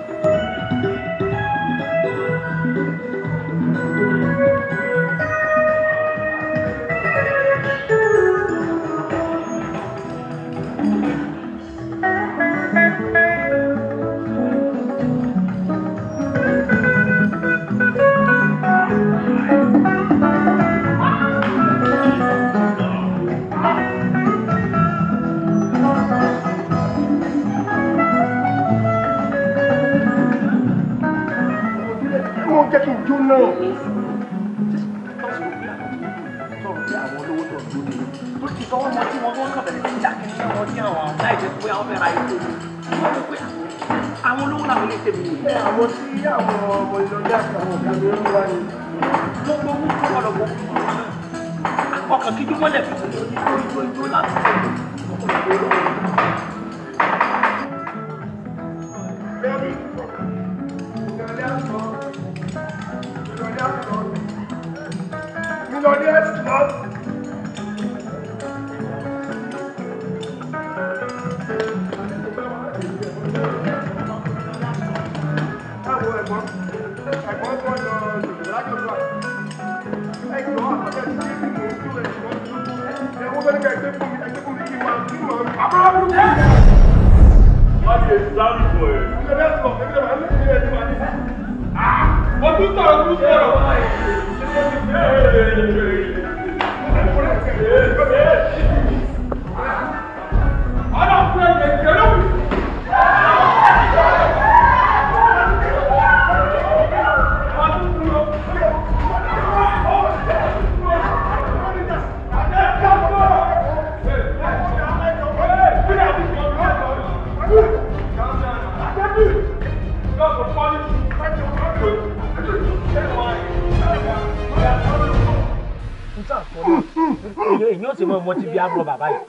jẹ́ kí n jó náà. àwọn olówó tó ń jó ni tó ti sọ wọn mọ tí wọn kàn bẹ̀rẹ̀ sí ìjà kìíní wọn ní àwọn láì jẹ́ pé àwọn fẹ́ra ètò ni wọ́n ló pé àwọn olówó làwọn lè tẹ̀lé mi. ẹ àwọn tí àwọn ọmọ ìlọjà àti àwọn ọ̀gá mi ń wá ni. gbogbo owó tó wọ́n lọ gbogbo ọkàn kíkí mọ́lẹ̀ fún mi lórí tó ìjó ìjó láti tẹ̀lé ọkọ̀ ìjó lọ́wọ́. glorious Lord. What is that? ibi àmọ́ bàbá yìí.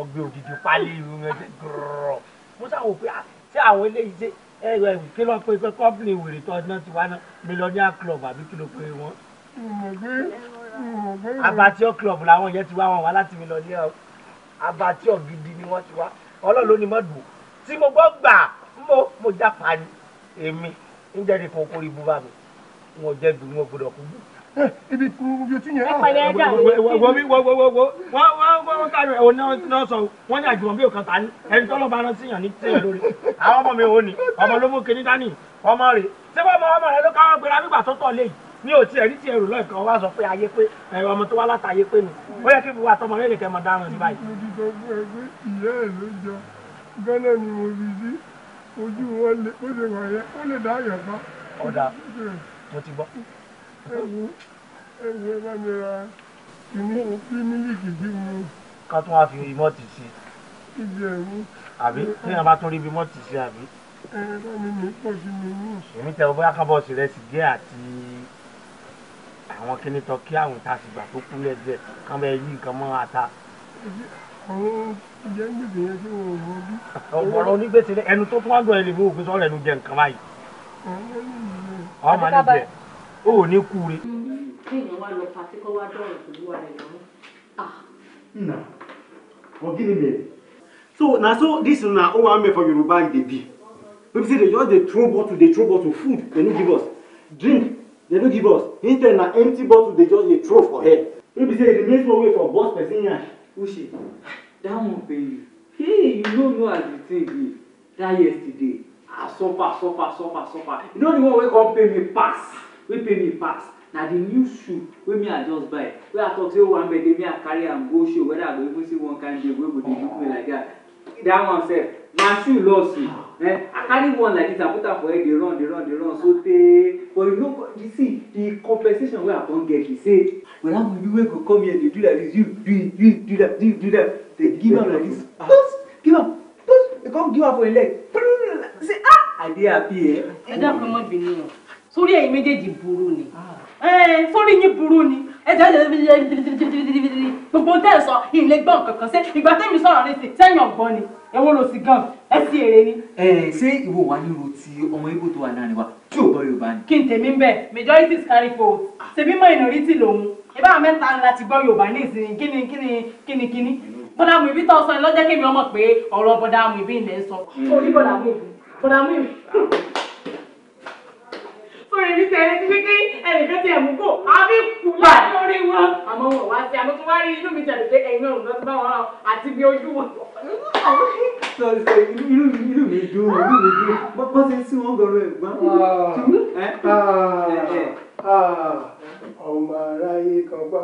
ọgbẹ́ òdìdí pálí ìlú rẹ̀ ṣe gírọ̀rọ̀ musa wò pé ah, ṣé àwọn eléyìí ṣe ẹ ẹ kí ló pe pé kọ́mpìnì wèrè tó ọdún náà ti wá náà millionaire club àbí kí ló pe wọn. abatio club làwọn yẹn ti wá wọn wá láti millionaire abatio gidi ni wọ́n ti wá ọlọ́run ló ní mọ́ dùn tí mo gbọ́ gbà mo mo jápa ni èmi ń jẹ́ ní kòkòrò ibú bá mi wọn jẹ́ dùn wọn gbọdọ̀ kú bù ibi ibi ojú yẹn. ẹ ẹ dà wọ ọmọ mi ò ọmọ ọmọ rẹ̀ ló káwọn gbéra nígbà tó tọ̀ léyìí ní òtí ẹ̀rí tí ẹrù lọ́ọ̀kan wá sọ pé ayé pé ẹ̀rọ ọmọ tó wá látàyé pé nù ó yẹ kí gbogbo àtọmọ rẹ̀ lè kẹ́ mọ dáràn ní báyìí. mo ti sọ fún ẹ pé ìyá ẹ ló jọ gánà ni mo fi sí ojú wọn lè ó lè wà yẹn ó lè dá àyàn pa. ọ̀dà mo ti gbọ́ ẹwọ ká tún wá fi mọ́ọ̀tì sí i. àbí tí wọn bá tún rí bí mọ́ọ̀tì sí àbí. èmi tẹ ọbẹ̀ akábọ̀sì rẹ sì gé àti àwọn kíní tọ́ kí àwọn ìta sì gbà tó kú lẹ́jẹ̀ kán bẹ yí nǹkan mọ́ ata. ọ̀rọ̀ onígbèsè ẹnu tó tún wá gbọ́ ẹ lè mú òfin sọ̀rọ̀ ẹnu jẹ nǹkan báyìí. ọmọ níbẹ̀ ó ò ní kú re. kéèyàn wá lọ pàtí kọ́ wá dọ̀rọ̀ pẹ̀lú wa rẹ̀ lọ́rùn. Ah. nà wọ́n gíní so na so this na o wa make for yoruba e dey be people say they just dey throw bottle dey throw bottle food dem no give us drink dem no give us instead na empty bottle dey just dey throw for here people say e dey make small way for bus person yansh. uche dat one pain you hey you no know as the thing be dat yesterday i ah, suffer suffer suffer suffer you know the one wey come pay me pass wey pay me pass na the new shoe wey me i just buy wey i talk say one oh, birthday me i carry am go show whether i go even see one kind babe wey go dey look me like that that one sef na shoe loss me. eh i carry one like this i put am for head dey run dey run dey run so tey but you know you see the compensation wey i don get be say whether mudu wey go come here dey do like this you do you do that you do that dey give am like this post give am post dey come give am for im leg say ah i dey happy eh. ẹ dá promote benin o sórí ẹ̀yin méjèèjì burú ni ah. sórí yín burú ni ẹ̀jẹ̀ gbogbo tẹ́ ẹ̀ sọ ilé gbọ́n kankan ṣe ìgbà tẹ́mi sọ̀rọ̀ ní sìn sẹ́yìn ọ̀gbọ́n ni èwo ló sì gan ẹ sí èrè ni. ẹ ṣé ìwọ wà ní ro ti ọmọ ibo tó wà láàrin wa tí ò gbọ́ Yorùbá ni. kí n tèmi bẹ majority carry vote tèmi mọ minority lòun ìbá mẹ́ta láti gbọ́ Yorùbá ní ìsinyìí kíni kíni kíni kíni bọ́dà mú ibi tó sọ ẹ lọ́jọ́ kémi ọmọ pé ọ̀rọ̀ bọ́dà mú ibi ilẹ̀ sọ hmm. orí bọ́dà mú ibi bọ́dà mú ibi. Ah orin mi tẹ̀lé ti pé kí ẹnìkan ti ẹ̀mú kò àbí kù láti orí wọn. àmọ́ wọn wá sí àmọ́ tó wá rí inú mi tẹ̀lé pé ẹ̀yin náà lọ́sí bá wọn àti bí ojú wọn. inú mi inú mi dùn inú mi dùn bọ́ ṣe sí wọn gọ̀rọ̀ ẹ̀gbọ́n. Ah, ah, ah, ọmọ aráyé kan bá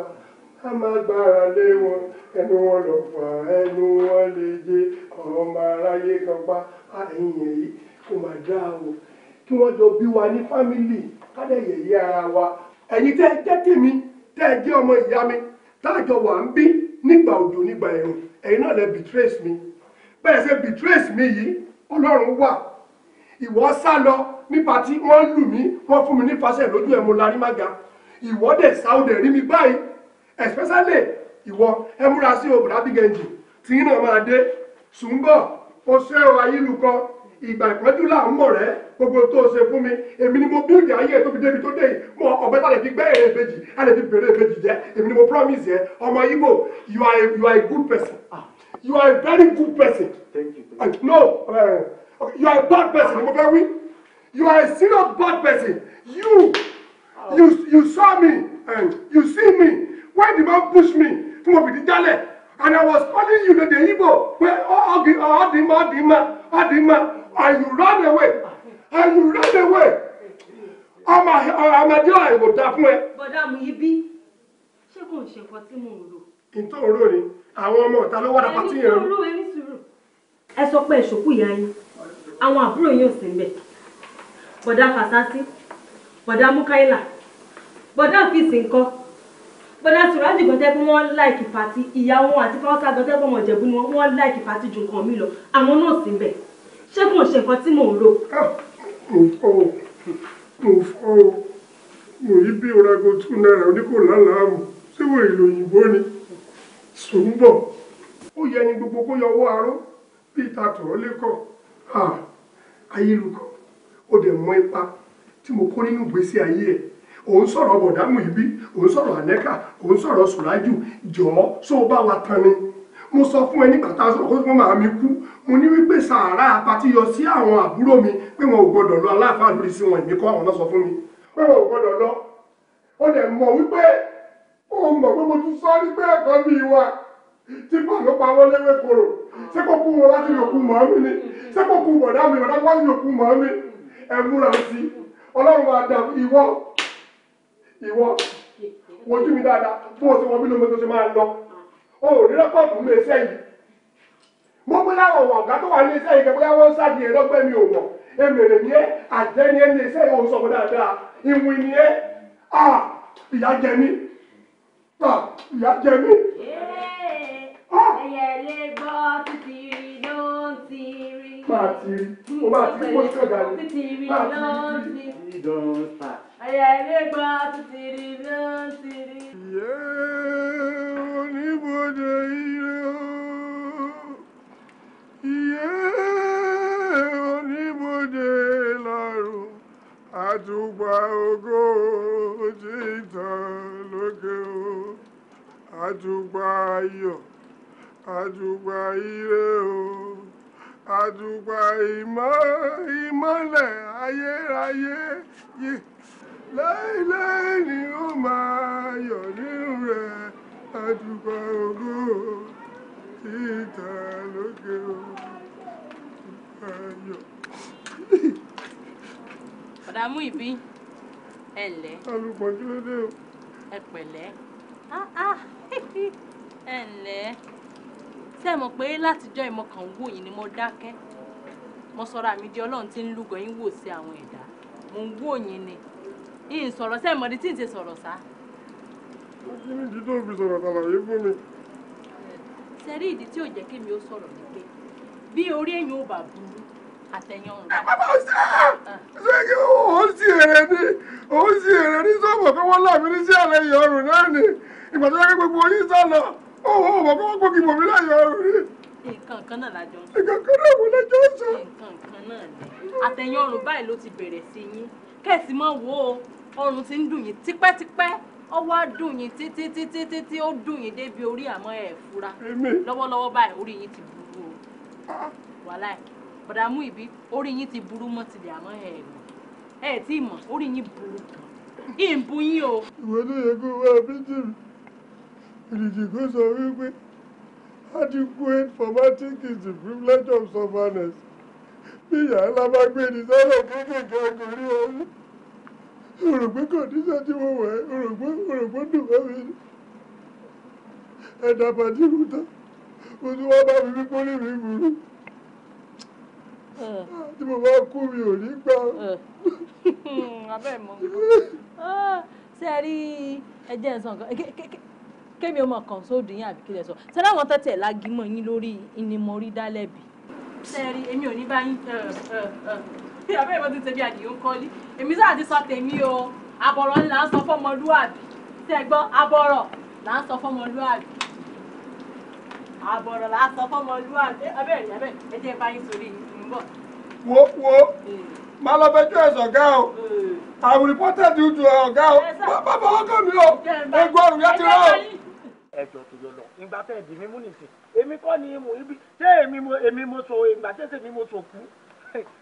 a máa gbára lé wọn ẹnu wọn lọ fà ẹnu wọn lè jẹ ọmọ aráyé kan bá a ẹ̀yìn èyí kò máa dá o kí wọ́n jọ bí wa ní fámìlì kádẹ ara wa ẹ̀yin tẹ́ ẹ jẹ́ tèmi tẹ́ ẹ jẹ́ ọmọ ìyá mi táàjọ wà ń bí nígbà òjò nígbà ẹ̀rùn ẹ̀yin náà lẹ betrace mi bẹ́ẹ̀ ṣe betrace mi yìí ọlọ́run wà ìwọ sá lọ nípa tí wọ́n lù mí wọ́n fún mi nífàṣẹ lójú ẹ̀ mo larí má ga ìwọ dẹ̀ sáwọ́ dẹ̀ rí mi báyìí especially ìwọ ẹ múra sí obìnrin abigenji tí yín náà máa dé ṣùgbọ́n o ṣé o ayélujára ìgbà ìpọ́njú là ń mọ̀ rẹ́ gbogbo tó ṣe fún mi èmi ni mo bíúdì ayé tó fi débi tó dé yìí mo ọ̀bẹ tá lè fi gbẹ́ èrè ìbejì á lè fi bèrè ìbejì jẹ́ èmi ni mo promise yẹ ọmọ Igbo you are a you are a good person ah, you are a very good person thank you thank you no uh, you are a bad person mo fẹ́ wí you are a serious bad person you ah. you you saw me uh, you see me when the man push me tí mo fi di jálẹ̀ and I was calling you the Igbo pé ọ́ oh, ọ́ oh, oh, di ma ọ́ di ma ọ́ di ma and you run away and you run away ọmọ ọmọdé ọ̀hìn kò dá fún ẹ. bọ́dà mi yí bí ṣé kò ń ṣe nǹkan tí mò ń lò. ìtọ́ òru ni àwọn ọmọ ọ̀tá ló wádà pàtí yẹn. ẹni sùúrù ẹni sùúrù. ẹ sọ pé ìṣòkú ìyá yín àwọn àbúrò yín ò sí mbẹ bọ́dà fàṣásí bọ́dà múkáìlà bọ́dà fìsì nǹkan bọ́dà sùrájì gọ́tẹ́ pé wọ́n láìkì pàtí ìyá wọn àti fáwọ́sà gọ́tẹ́ pé wọ́n jẹ̀bú wọn wọ́n láìkì pàtí ju nǹkan mi lọ àwọn náà sí mbẹ̀ ṣé kò ṣe nǹkan tí mò ń rò. Ah, mo fọ́ o mo fọ́ o mo yí bí orago tún náírà oníkò lálàámù ṣé wo èlò òyìnbó ni sùn bọ̀ ó yẹ ni gbogbo kó yọ owó aró bíi tàtọ̀ lẹ́kọ̀ ah, ayélujọ ó dẹ̀ mọ ipa tí mo kó nínú ìgbésí ayé ẹ̀ òun sọ̀rọ̀ bọ̀dámù yìí bí òun sọ̀rọ̀ ànẹ́kà òun sọ̀rọ̀ sùrájù jọ̀ọ́ sóò bá wa tan ni mo sọ fún ẹ nígbà tá a sọ̀rọ̀ kó tó máa mi kú mo ní wípé sàárà àpàtì yọ sí àwọn àbúrò mi pé wọn ò gbọdọ̀ lọ aláàfáà lórí sí wọn ìmíkọ́ àwọn náà sọ fún mi pé wọn ò gbọdọ̀ lọ ó dẹ̀ mọ̀ wípé ó mọ̀ pé mo tún sọ wípé ẹ̀kọ́ mi wà tí bá ló pa wọ́n léwé koro ṣé kò kú wọn láti yòókù mọ́ mi ni ṣé kò kú bọ̀dá mi bọ̀dá wọ́n yòókù mọ́ mi ẹ múra sí ọlọ́run máa ìwọ ìwọ wojú mi dáadáa bó o ṣe wọ́n bí lómi tó ṣe máa lọ o ò rí rẹ́kọ̀dù ní iṣẹ́ yìí mo mú láwọn ọ̀wọ̀ ọ̀gá tó wà ní iṣẹ́ yìí kẹ́kẹ́ wọ́n sáàdì ẹ̀ lọ́gbẹ́ mi ò wọ̀ ni ẹ́ àjẹ́ ni ẹ́ ní iṣẹ́ yìí òun sọ̀rọ̀ dáadáa ìwìn ni ẹ́ à ìyá jẹ mí à ìyá jẹ mí. ẹyẹ lè gbọ́ títí rí ló ń ti rí. máa ti rí mo máa ti rí mo ti rí títí rí ló ń ti rí. ẹyẹ lè gbọ́ títí rí ló ń ti rí àtùpà ògo ti tàn lókè o àtùpà ayọ̀ àtùpà ire o àtùpà ìmọ̀ ìmọ́lẹ̀ ayérayé yìí láéláé ni ó máa yọ̀ nínú rẹ̀ àdùpà ògo títa ìbí ẹ lẹ̀. alùpùpù kí ló dé o. ẹ pẹ̀lẹ́ ah, ah. ẹ ǹlẹ́ ṣé ẹ mọ̀ pé látijọ́ ìmọ̀kàn wò yín ni mo dákẹ́ mo sọ̀rọ̀ àmì di ọlọ́run tí ń lúgọ yín wò sí àwọn ẹ̀dá mo ń wò yín ni ìyìn sọ̀rọ̀ ṣé ẹ di tí ì ti sọ̀rọ̀ sáà kí ni ìdí tó fi sọ̀rọ̀ ṣàlàyé fún mi. sẹ́rí ìdí tí ò jẹ́ kí mi ó sọ̀rọ̀ ni pé bí orí èèyàn ò bá burú àtẹ̀yìn ọ̀run. àbá ṣe ṣé kí òun sì èrè ní òun sì èrè ní sọ́ọ̀bù pé wọ́n làmì ní sí àlẹ́yìn ọ̀run náà ni ìgbà tó yẹ kí gbogbo yín sá lọ òun ò mọ̀ pé wọ́n gbógi bòmí láyọ̀ ọ̀run ni. nǹkan kan náà lájọ ń sọ. nǹkan kan ọrùn ti ń dùn yín tipẹ́tipẹ́ ó wá dùn yín títí títí títí ó dùn yín débi orí àmọ́ ẹ̀ fura lọ́wọ́lọ́wọ́ báyìí orí yín ti burú o wàhálà ẹ̀ bàdàmú ìbí orí yín ti burú mọ́ tilẹ̀ àmọ́ ẹ̀ mọ̀ ẹ̀ tí mọ̀ orí yín burú gan ìbú yín o. ìwé ló yẹ kó wá bíjì ìrìjì kó sọ wípé adequate formatting is the privilege of sovereignty bí ìyá ńlá bá gbé ní sọ́nà kéékèèké ọkùnrin ọ̀hún òrògbé kọ̀díṣà tí mo wà òrògbé òrògbé dùn bá mi ẹ̀dà pàtí kù tán mo tún wá bá mi fi pólí mi gbùrú ah, tí mo bá kú mi ò ní gbà. abẹ́ mọ̀ nǹkan ah, ṣe ẹ rí ẹjẹ́ ẹ̀ sàn kan kémi ọmọ kan sóòdù yín àbí kílẹ̀ sọ ṣe láwọn tẹ́tẹ̀ lágímọ̀ yín lórí ìnimọ̀rí dálẹ́bi. ṣe rí èmi ò ní bá yín abẹ́rẹ́ bó ti ṣe àdìyó ń kọ́lí èmi sáà ti sọ tèmi o àbọ̀rọ̀ ni ń sọ fọ́mọlúàbí tẹ́gbọ́n àbọ̀rọ̀ là ń sọ fọ́mọlúàbí àbọ̀rọ̀ là ń sọ fọ́mọlúàbí abẹ́rẹ́ abẹ́rẹ́ ẹ jẹ́ báyìí sórí ìmúbọ̀. wo wo má lọ fẹjọ́ ẹsọ ọgá o àwọn rìpọ́tẹ̀ ti ju ọgá o bàbá ọkọ mi o egbò ọrùn yẹn ti rọ o. ẹjọ́ tó yọ lọ ìgbà tẹ ẹdì mímú nìsín èmi kọ́ ni mo ibi ṣé èmi mo èmi mo so ìgbà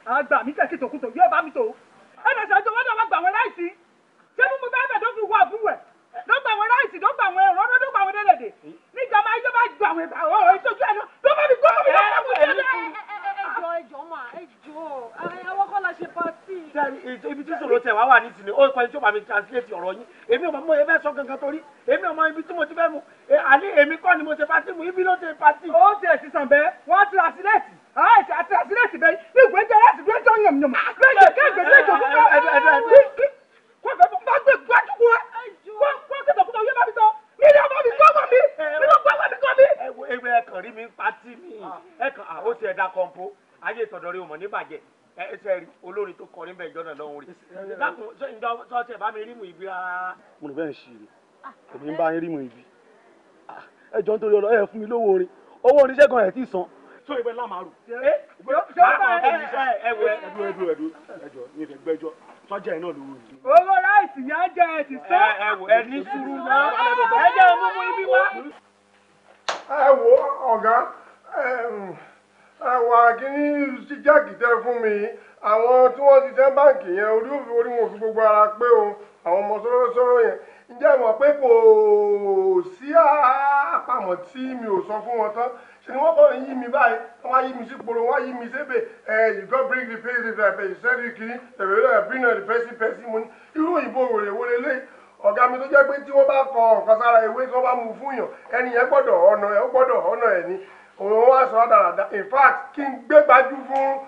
àgbà mi tẹ̀ sí tòkútò yóò bá mi tò ẹ bẹ̀ sọ́jọ́ wọ́n náà wọ́n gbà wọn láìsí ṣé mímú bẹ́ẹ̀ bẹ̀ tó fi wọ àbúrò ẹ̀ ló gbà wọn láìsí ló gbà wọn ẹ̀rọ ló gbà wọn délẹ̀dẹ̀ níjọba ẹjọ́ bá gbà wọn ìbà ìtọ́jú ẹ̀ lọ ló bá mi gbọ́ mi lọ́wọ́ ẹjọ́ àwọn kọ́ la ṣe pàtì. sẹ́ni ibi tí sòrò tẹ̀ wá wà ní ìsìn ní ó kọ́ ẹni tí ó bá mi translate ọ̀rọ̀ yín èmi ọmọ mo fẹ́ sọ gangan torí èmi ọmọ ibi tí mo ti fẹ́ mu àní èmi kọ́ ni mo ṣe pàtì mu ibi ló ṣe pàtì. ó ti ẹ̀ sísan bẹ́ẹ̀ wọ́n translate àìsàn translate bẹ́ẹ̀ ní ìwé jẹ́ láti gbé tó yànmùyànmù gbẹ́jọ kẹ́gbẹ́ gbẹ́jọ kúkọ́ mi ẹ kàn rí mi pati mi ẹ kàn ó ti ẹ̀ da kọ́ńpó ayé tọ̀dọ̀ rí ọmọ níbàjẹ́ ẹ ẹsẹ̀ rí olórin tó kọrin bẹ́ẹ̀ jọ́nà lọ́hùn rí dákun ìjọ sọ́ọ̀tì bá mi rímù ibi rárá. mo ní bẹ́ẹ̀ ń ṣe rè èmi ah, ń bá yín rímù ibi ah, ẹ jọ nítorí ọlọ ẹ fún mi lówó orin owó oníṣẹ́ gan ẹ̀ tí ì san. tó ìbẹ́ lámàrú. ẹ ẹ wẹ ẹ dúró ẹ dúró ẹ dúró ẹ jọ mi fẹ́ gbẹ́jọ́ sọ́jà ẹ̀ náà lówó yìí. owó ráìsì yá jẹ ẹ ti sọ. ẹ eh, eh, wò ẹ ní sùúrù náà eh, ẹ jẹ́ ọmọ ibi wá. ẹ wo ọ̀gá mm ẹwà kìíní ti jákìtẹ fún mi àwọn tí wọ́n ti tẹ báǹkì yẹn orí òfin orí wọn fi gbogbo ara pé o àwọn ọmọ sọ̀rọ̀sọ̀rọ̀ yẹn ǹjẹ́ mọ̀ pé kò sí àpamọ́ tí mi ò sọ fún wọn tán ṣe ni wọ́n bọ̀ ń yí mi báyìí wọ́n á yí mi sí poro wọ́n á yí mi sébè ẹ̀ you go bring the pay the pay the kiri tẹ̀wé lọ́yà bring the person person mo irú òyìnbó wèrè wọlé lé ọ̀gá mi tó jẹ́ pé tí wọ́n bá kọ nǹkan sára ìwé tí wọ́n bá mú fún yàn ẹni yẹn gbọ́dọ̀ ọ̀nà ẹ̀ ó gbọ́dọ̀ ọ̀nà ẹ̀ ni òun wá sọ dáradára in fact kí n gbé gbajú fún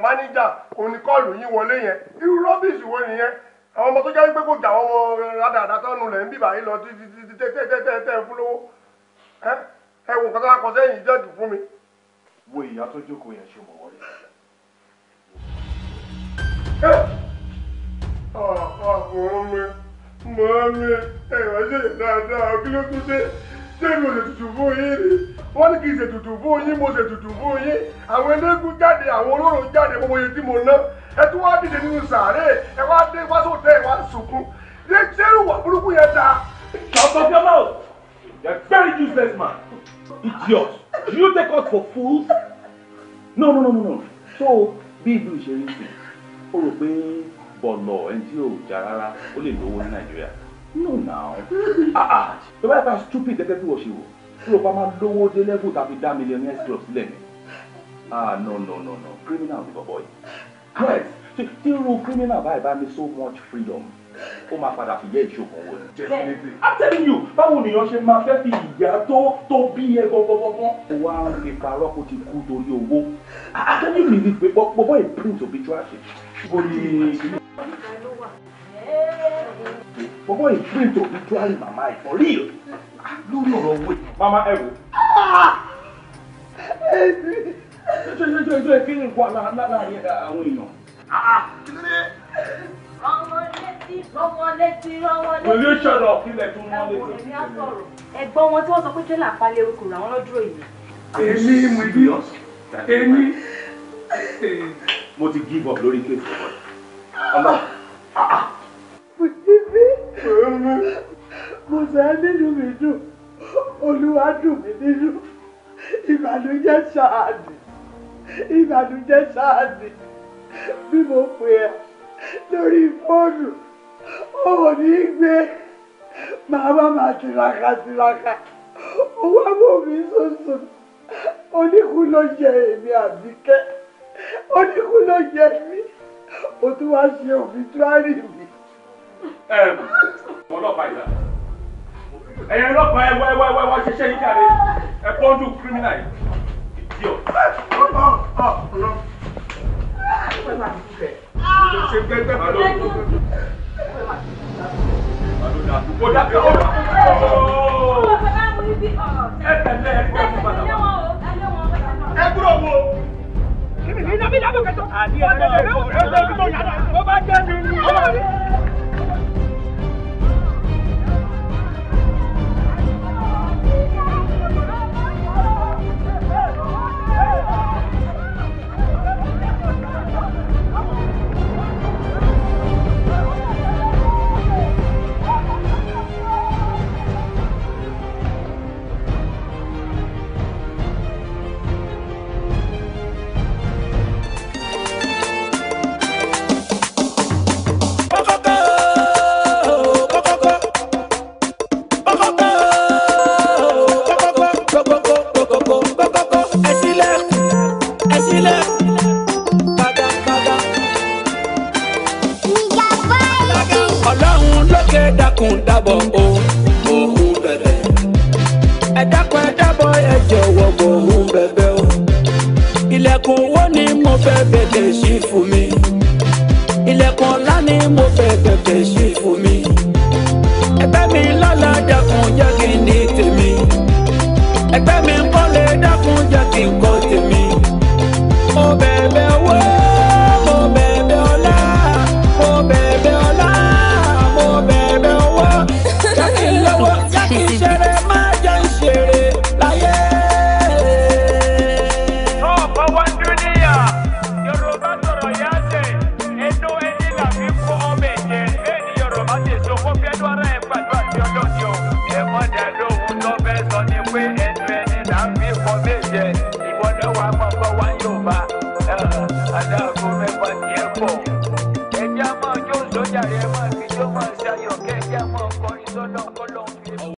mánéjà oníkọ́ọ̀lù yín wọlé yẹn irú rọ́bìsì wo nìyẹn àwọn ọmọ tó jẹ́ pé kò jà àwọn ọmọ tọ́nu rẹ̀ ń bíbà yìí lọ títí tẹ́tẹ́tẹ́tẹ́ fún lówó ẹ wò kọ́tà kọ́ sẹ́yìn fún mi. wo ìyá tó jókòó yẹn ṣe mọ̀ mi mọ̀ mi ẹ̀rọ dáadáa kí ló tún sẹ́mi ò lè tutù fún yín ni wọ́n ní kì í ṣe tutù fún yín mo ṣe tutù fún yín àwọn eléégún jáde àwọn olóró jáde gbogbo yẹn tí mo ná ẹ tún wá dìde nínú sàárè ẹ wá dé wá sóòtẹ́ ẹ wá sunkún ṣé sẹ́rù wà burúkú yẹn ta. shut up your mouth you are very useless man idiot do you take us for fools no no no no no so bí ìlú ìṣeré ṣe ó rò pé bọ̀lọ̀ ẹni tí ò já rárá ó lè lówó ní nàìjíríà no now ah ah tó bá yẹ stupid gẹ́gẹ́ bí wọ́n ṣe wọ̀ kúrò pa máa lówó dé level that tàbí damn millionaires club sílẹ̀ ni ah no no no no criminal ni boy. yìí yes tí irú criminal báyìí buy me so much freedom ó máa padà fi yẹ ìṣòkan owó ni. I'm telling you I báwo nìyẹn ṣe máa fẹ́ fi ìyá tó tó bí ẹ gbọ́ngbọ́ngbọ́n. wá ń fi parọ́ kó ti kú torí owó àtẹ́yìn mi ni pé bọ́bọ́ ìprint òbí tó àṣẹ. Bọ̀bọ̀ yìí fún ìtò nítorí màmá ẹ̀ for real. Ah, lórí ọ̀rọ̀ owó yìí. Màmá ẹ wò. Ṣé ṣé ṣé ṣé kí ni wà láàárín àwọn èèyàn? Ah, ah, ọmọ létí, ọmọ létí, ọmọ létí. Pẹ̀lú ìṣọ̀rọ̀ kílẹ̀ tó mọ́ létí. Ẹ̀gbọ́n wọn tí wọ́n sọ pé tẹ́lẹ̀ àpalẹ̀ orúkọ làwọn lọ́dúró yìí. Èmi mo bí ọ̀. Èmi. Mo ti give up lórí kéèkì ọ̀rọ̀. Ọlọ́run. ọ̀sẹ̀ nínú mi dùn olúwa dùn mí nínú ìbànújẹ́ ṣáàdì ìbànújẹ́ ṣáàdì bí mo pè ẹ́ lórí fóònù ò ní gbé màá má máa tiraka tiraka ó wá mọ̀ mí sọ̀sọ̀ oníkú ló jẹ èmi àbíkẹ́ oníkú ló jẹ mí ó tún wá ṣe òbí tíwárì mi. ọlọ́pàá ìlànà ẹ̀yin ọlọ́pàá ẹ̀wọ́ ẹ̀wọ́ ẹ̀wọ́ ẹ̀wọ́ ṣẹṣẹ́ yín jáde ẹ̀ pọ́ńdù kírímìnà yìí ìdí ọ̀. ẹ kúrò wo. Ibi ni ibi ni abokẹ́tọ̀. Àdìyẹ ló ń bọ̀. Ó bá jẹ́ mi ni. Bye. ilẹ̀kùn owó ni mo fẹ́ bẹ̀tẹ̀ sí fún mi ilẹ̀kùn ọlá ni mo fẹ́ bẹ̀tẹ̀ sí fún mi ẹgbẹ́ mi lọ́la dákun jẹ́ kí n ní tèmi ẹgbẹ́ mi ń kọ́lé dákun jẹ́ kí kọ́.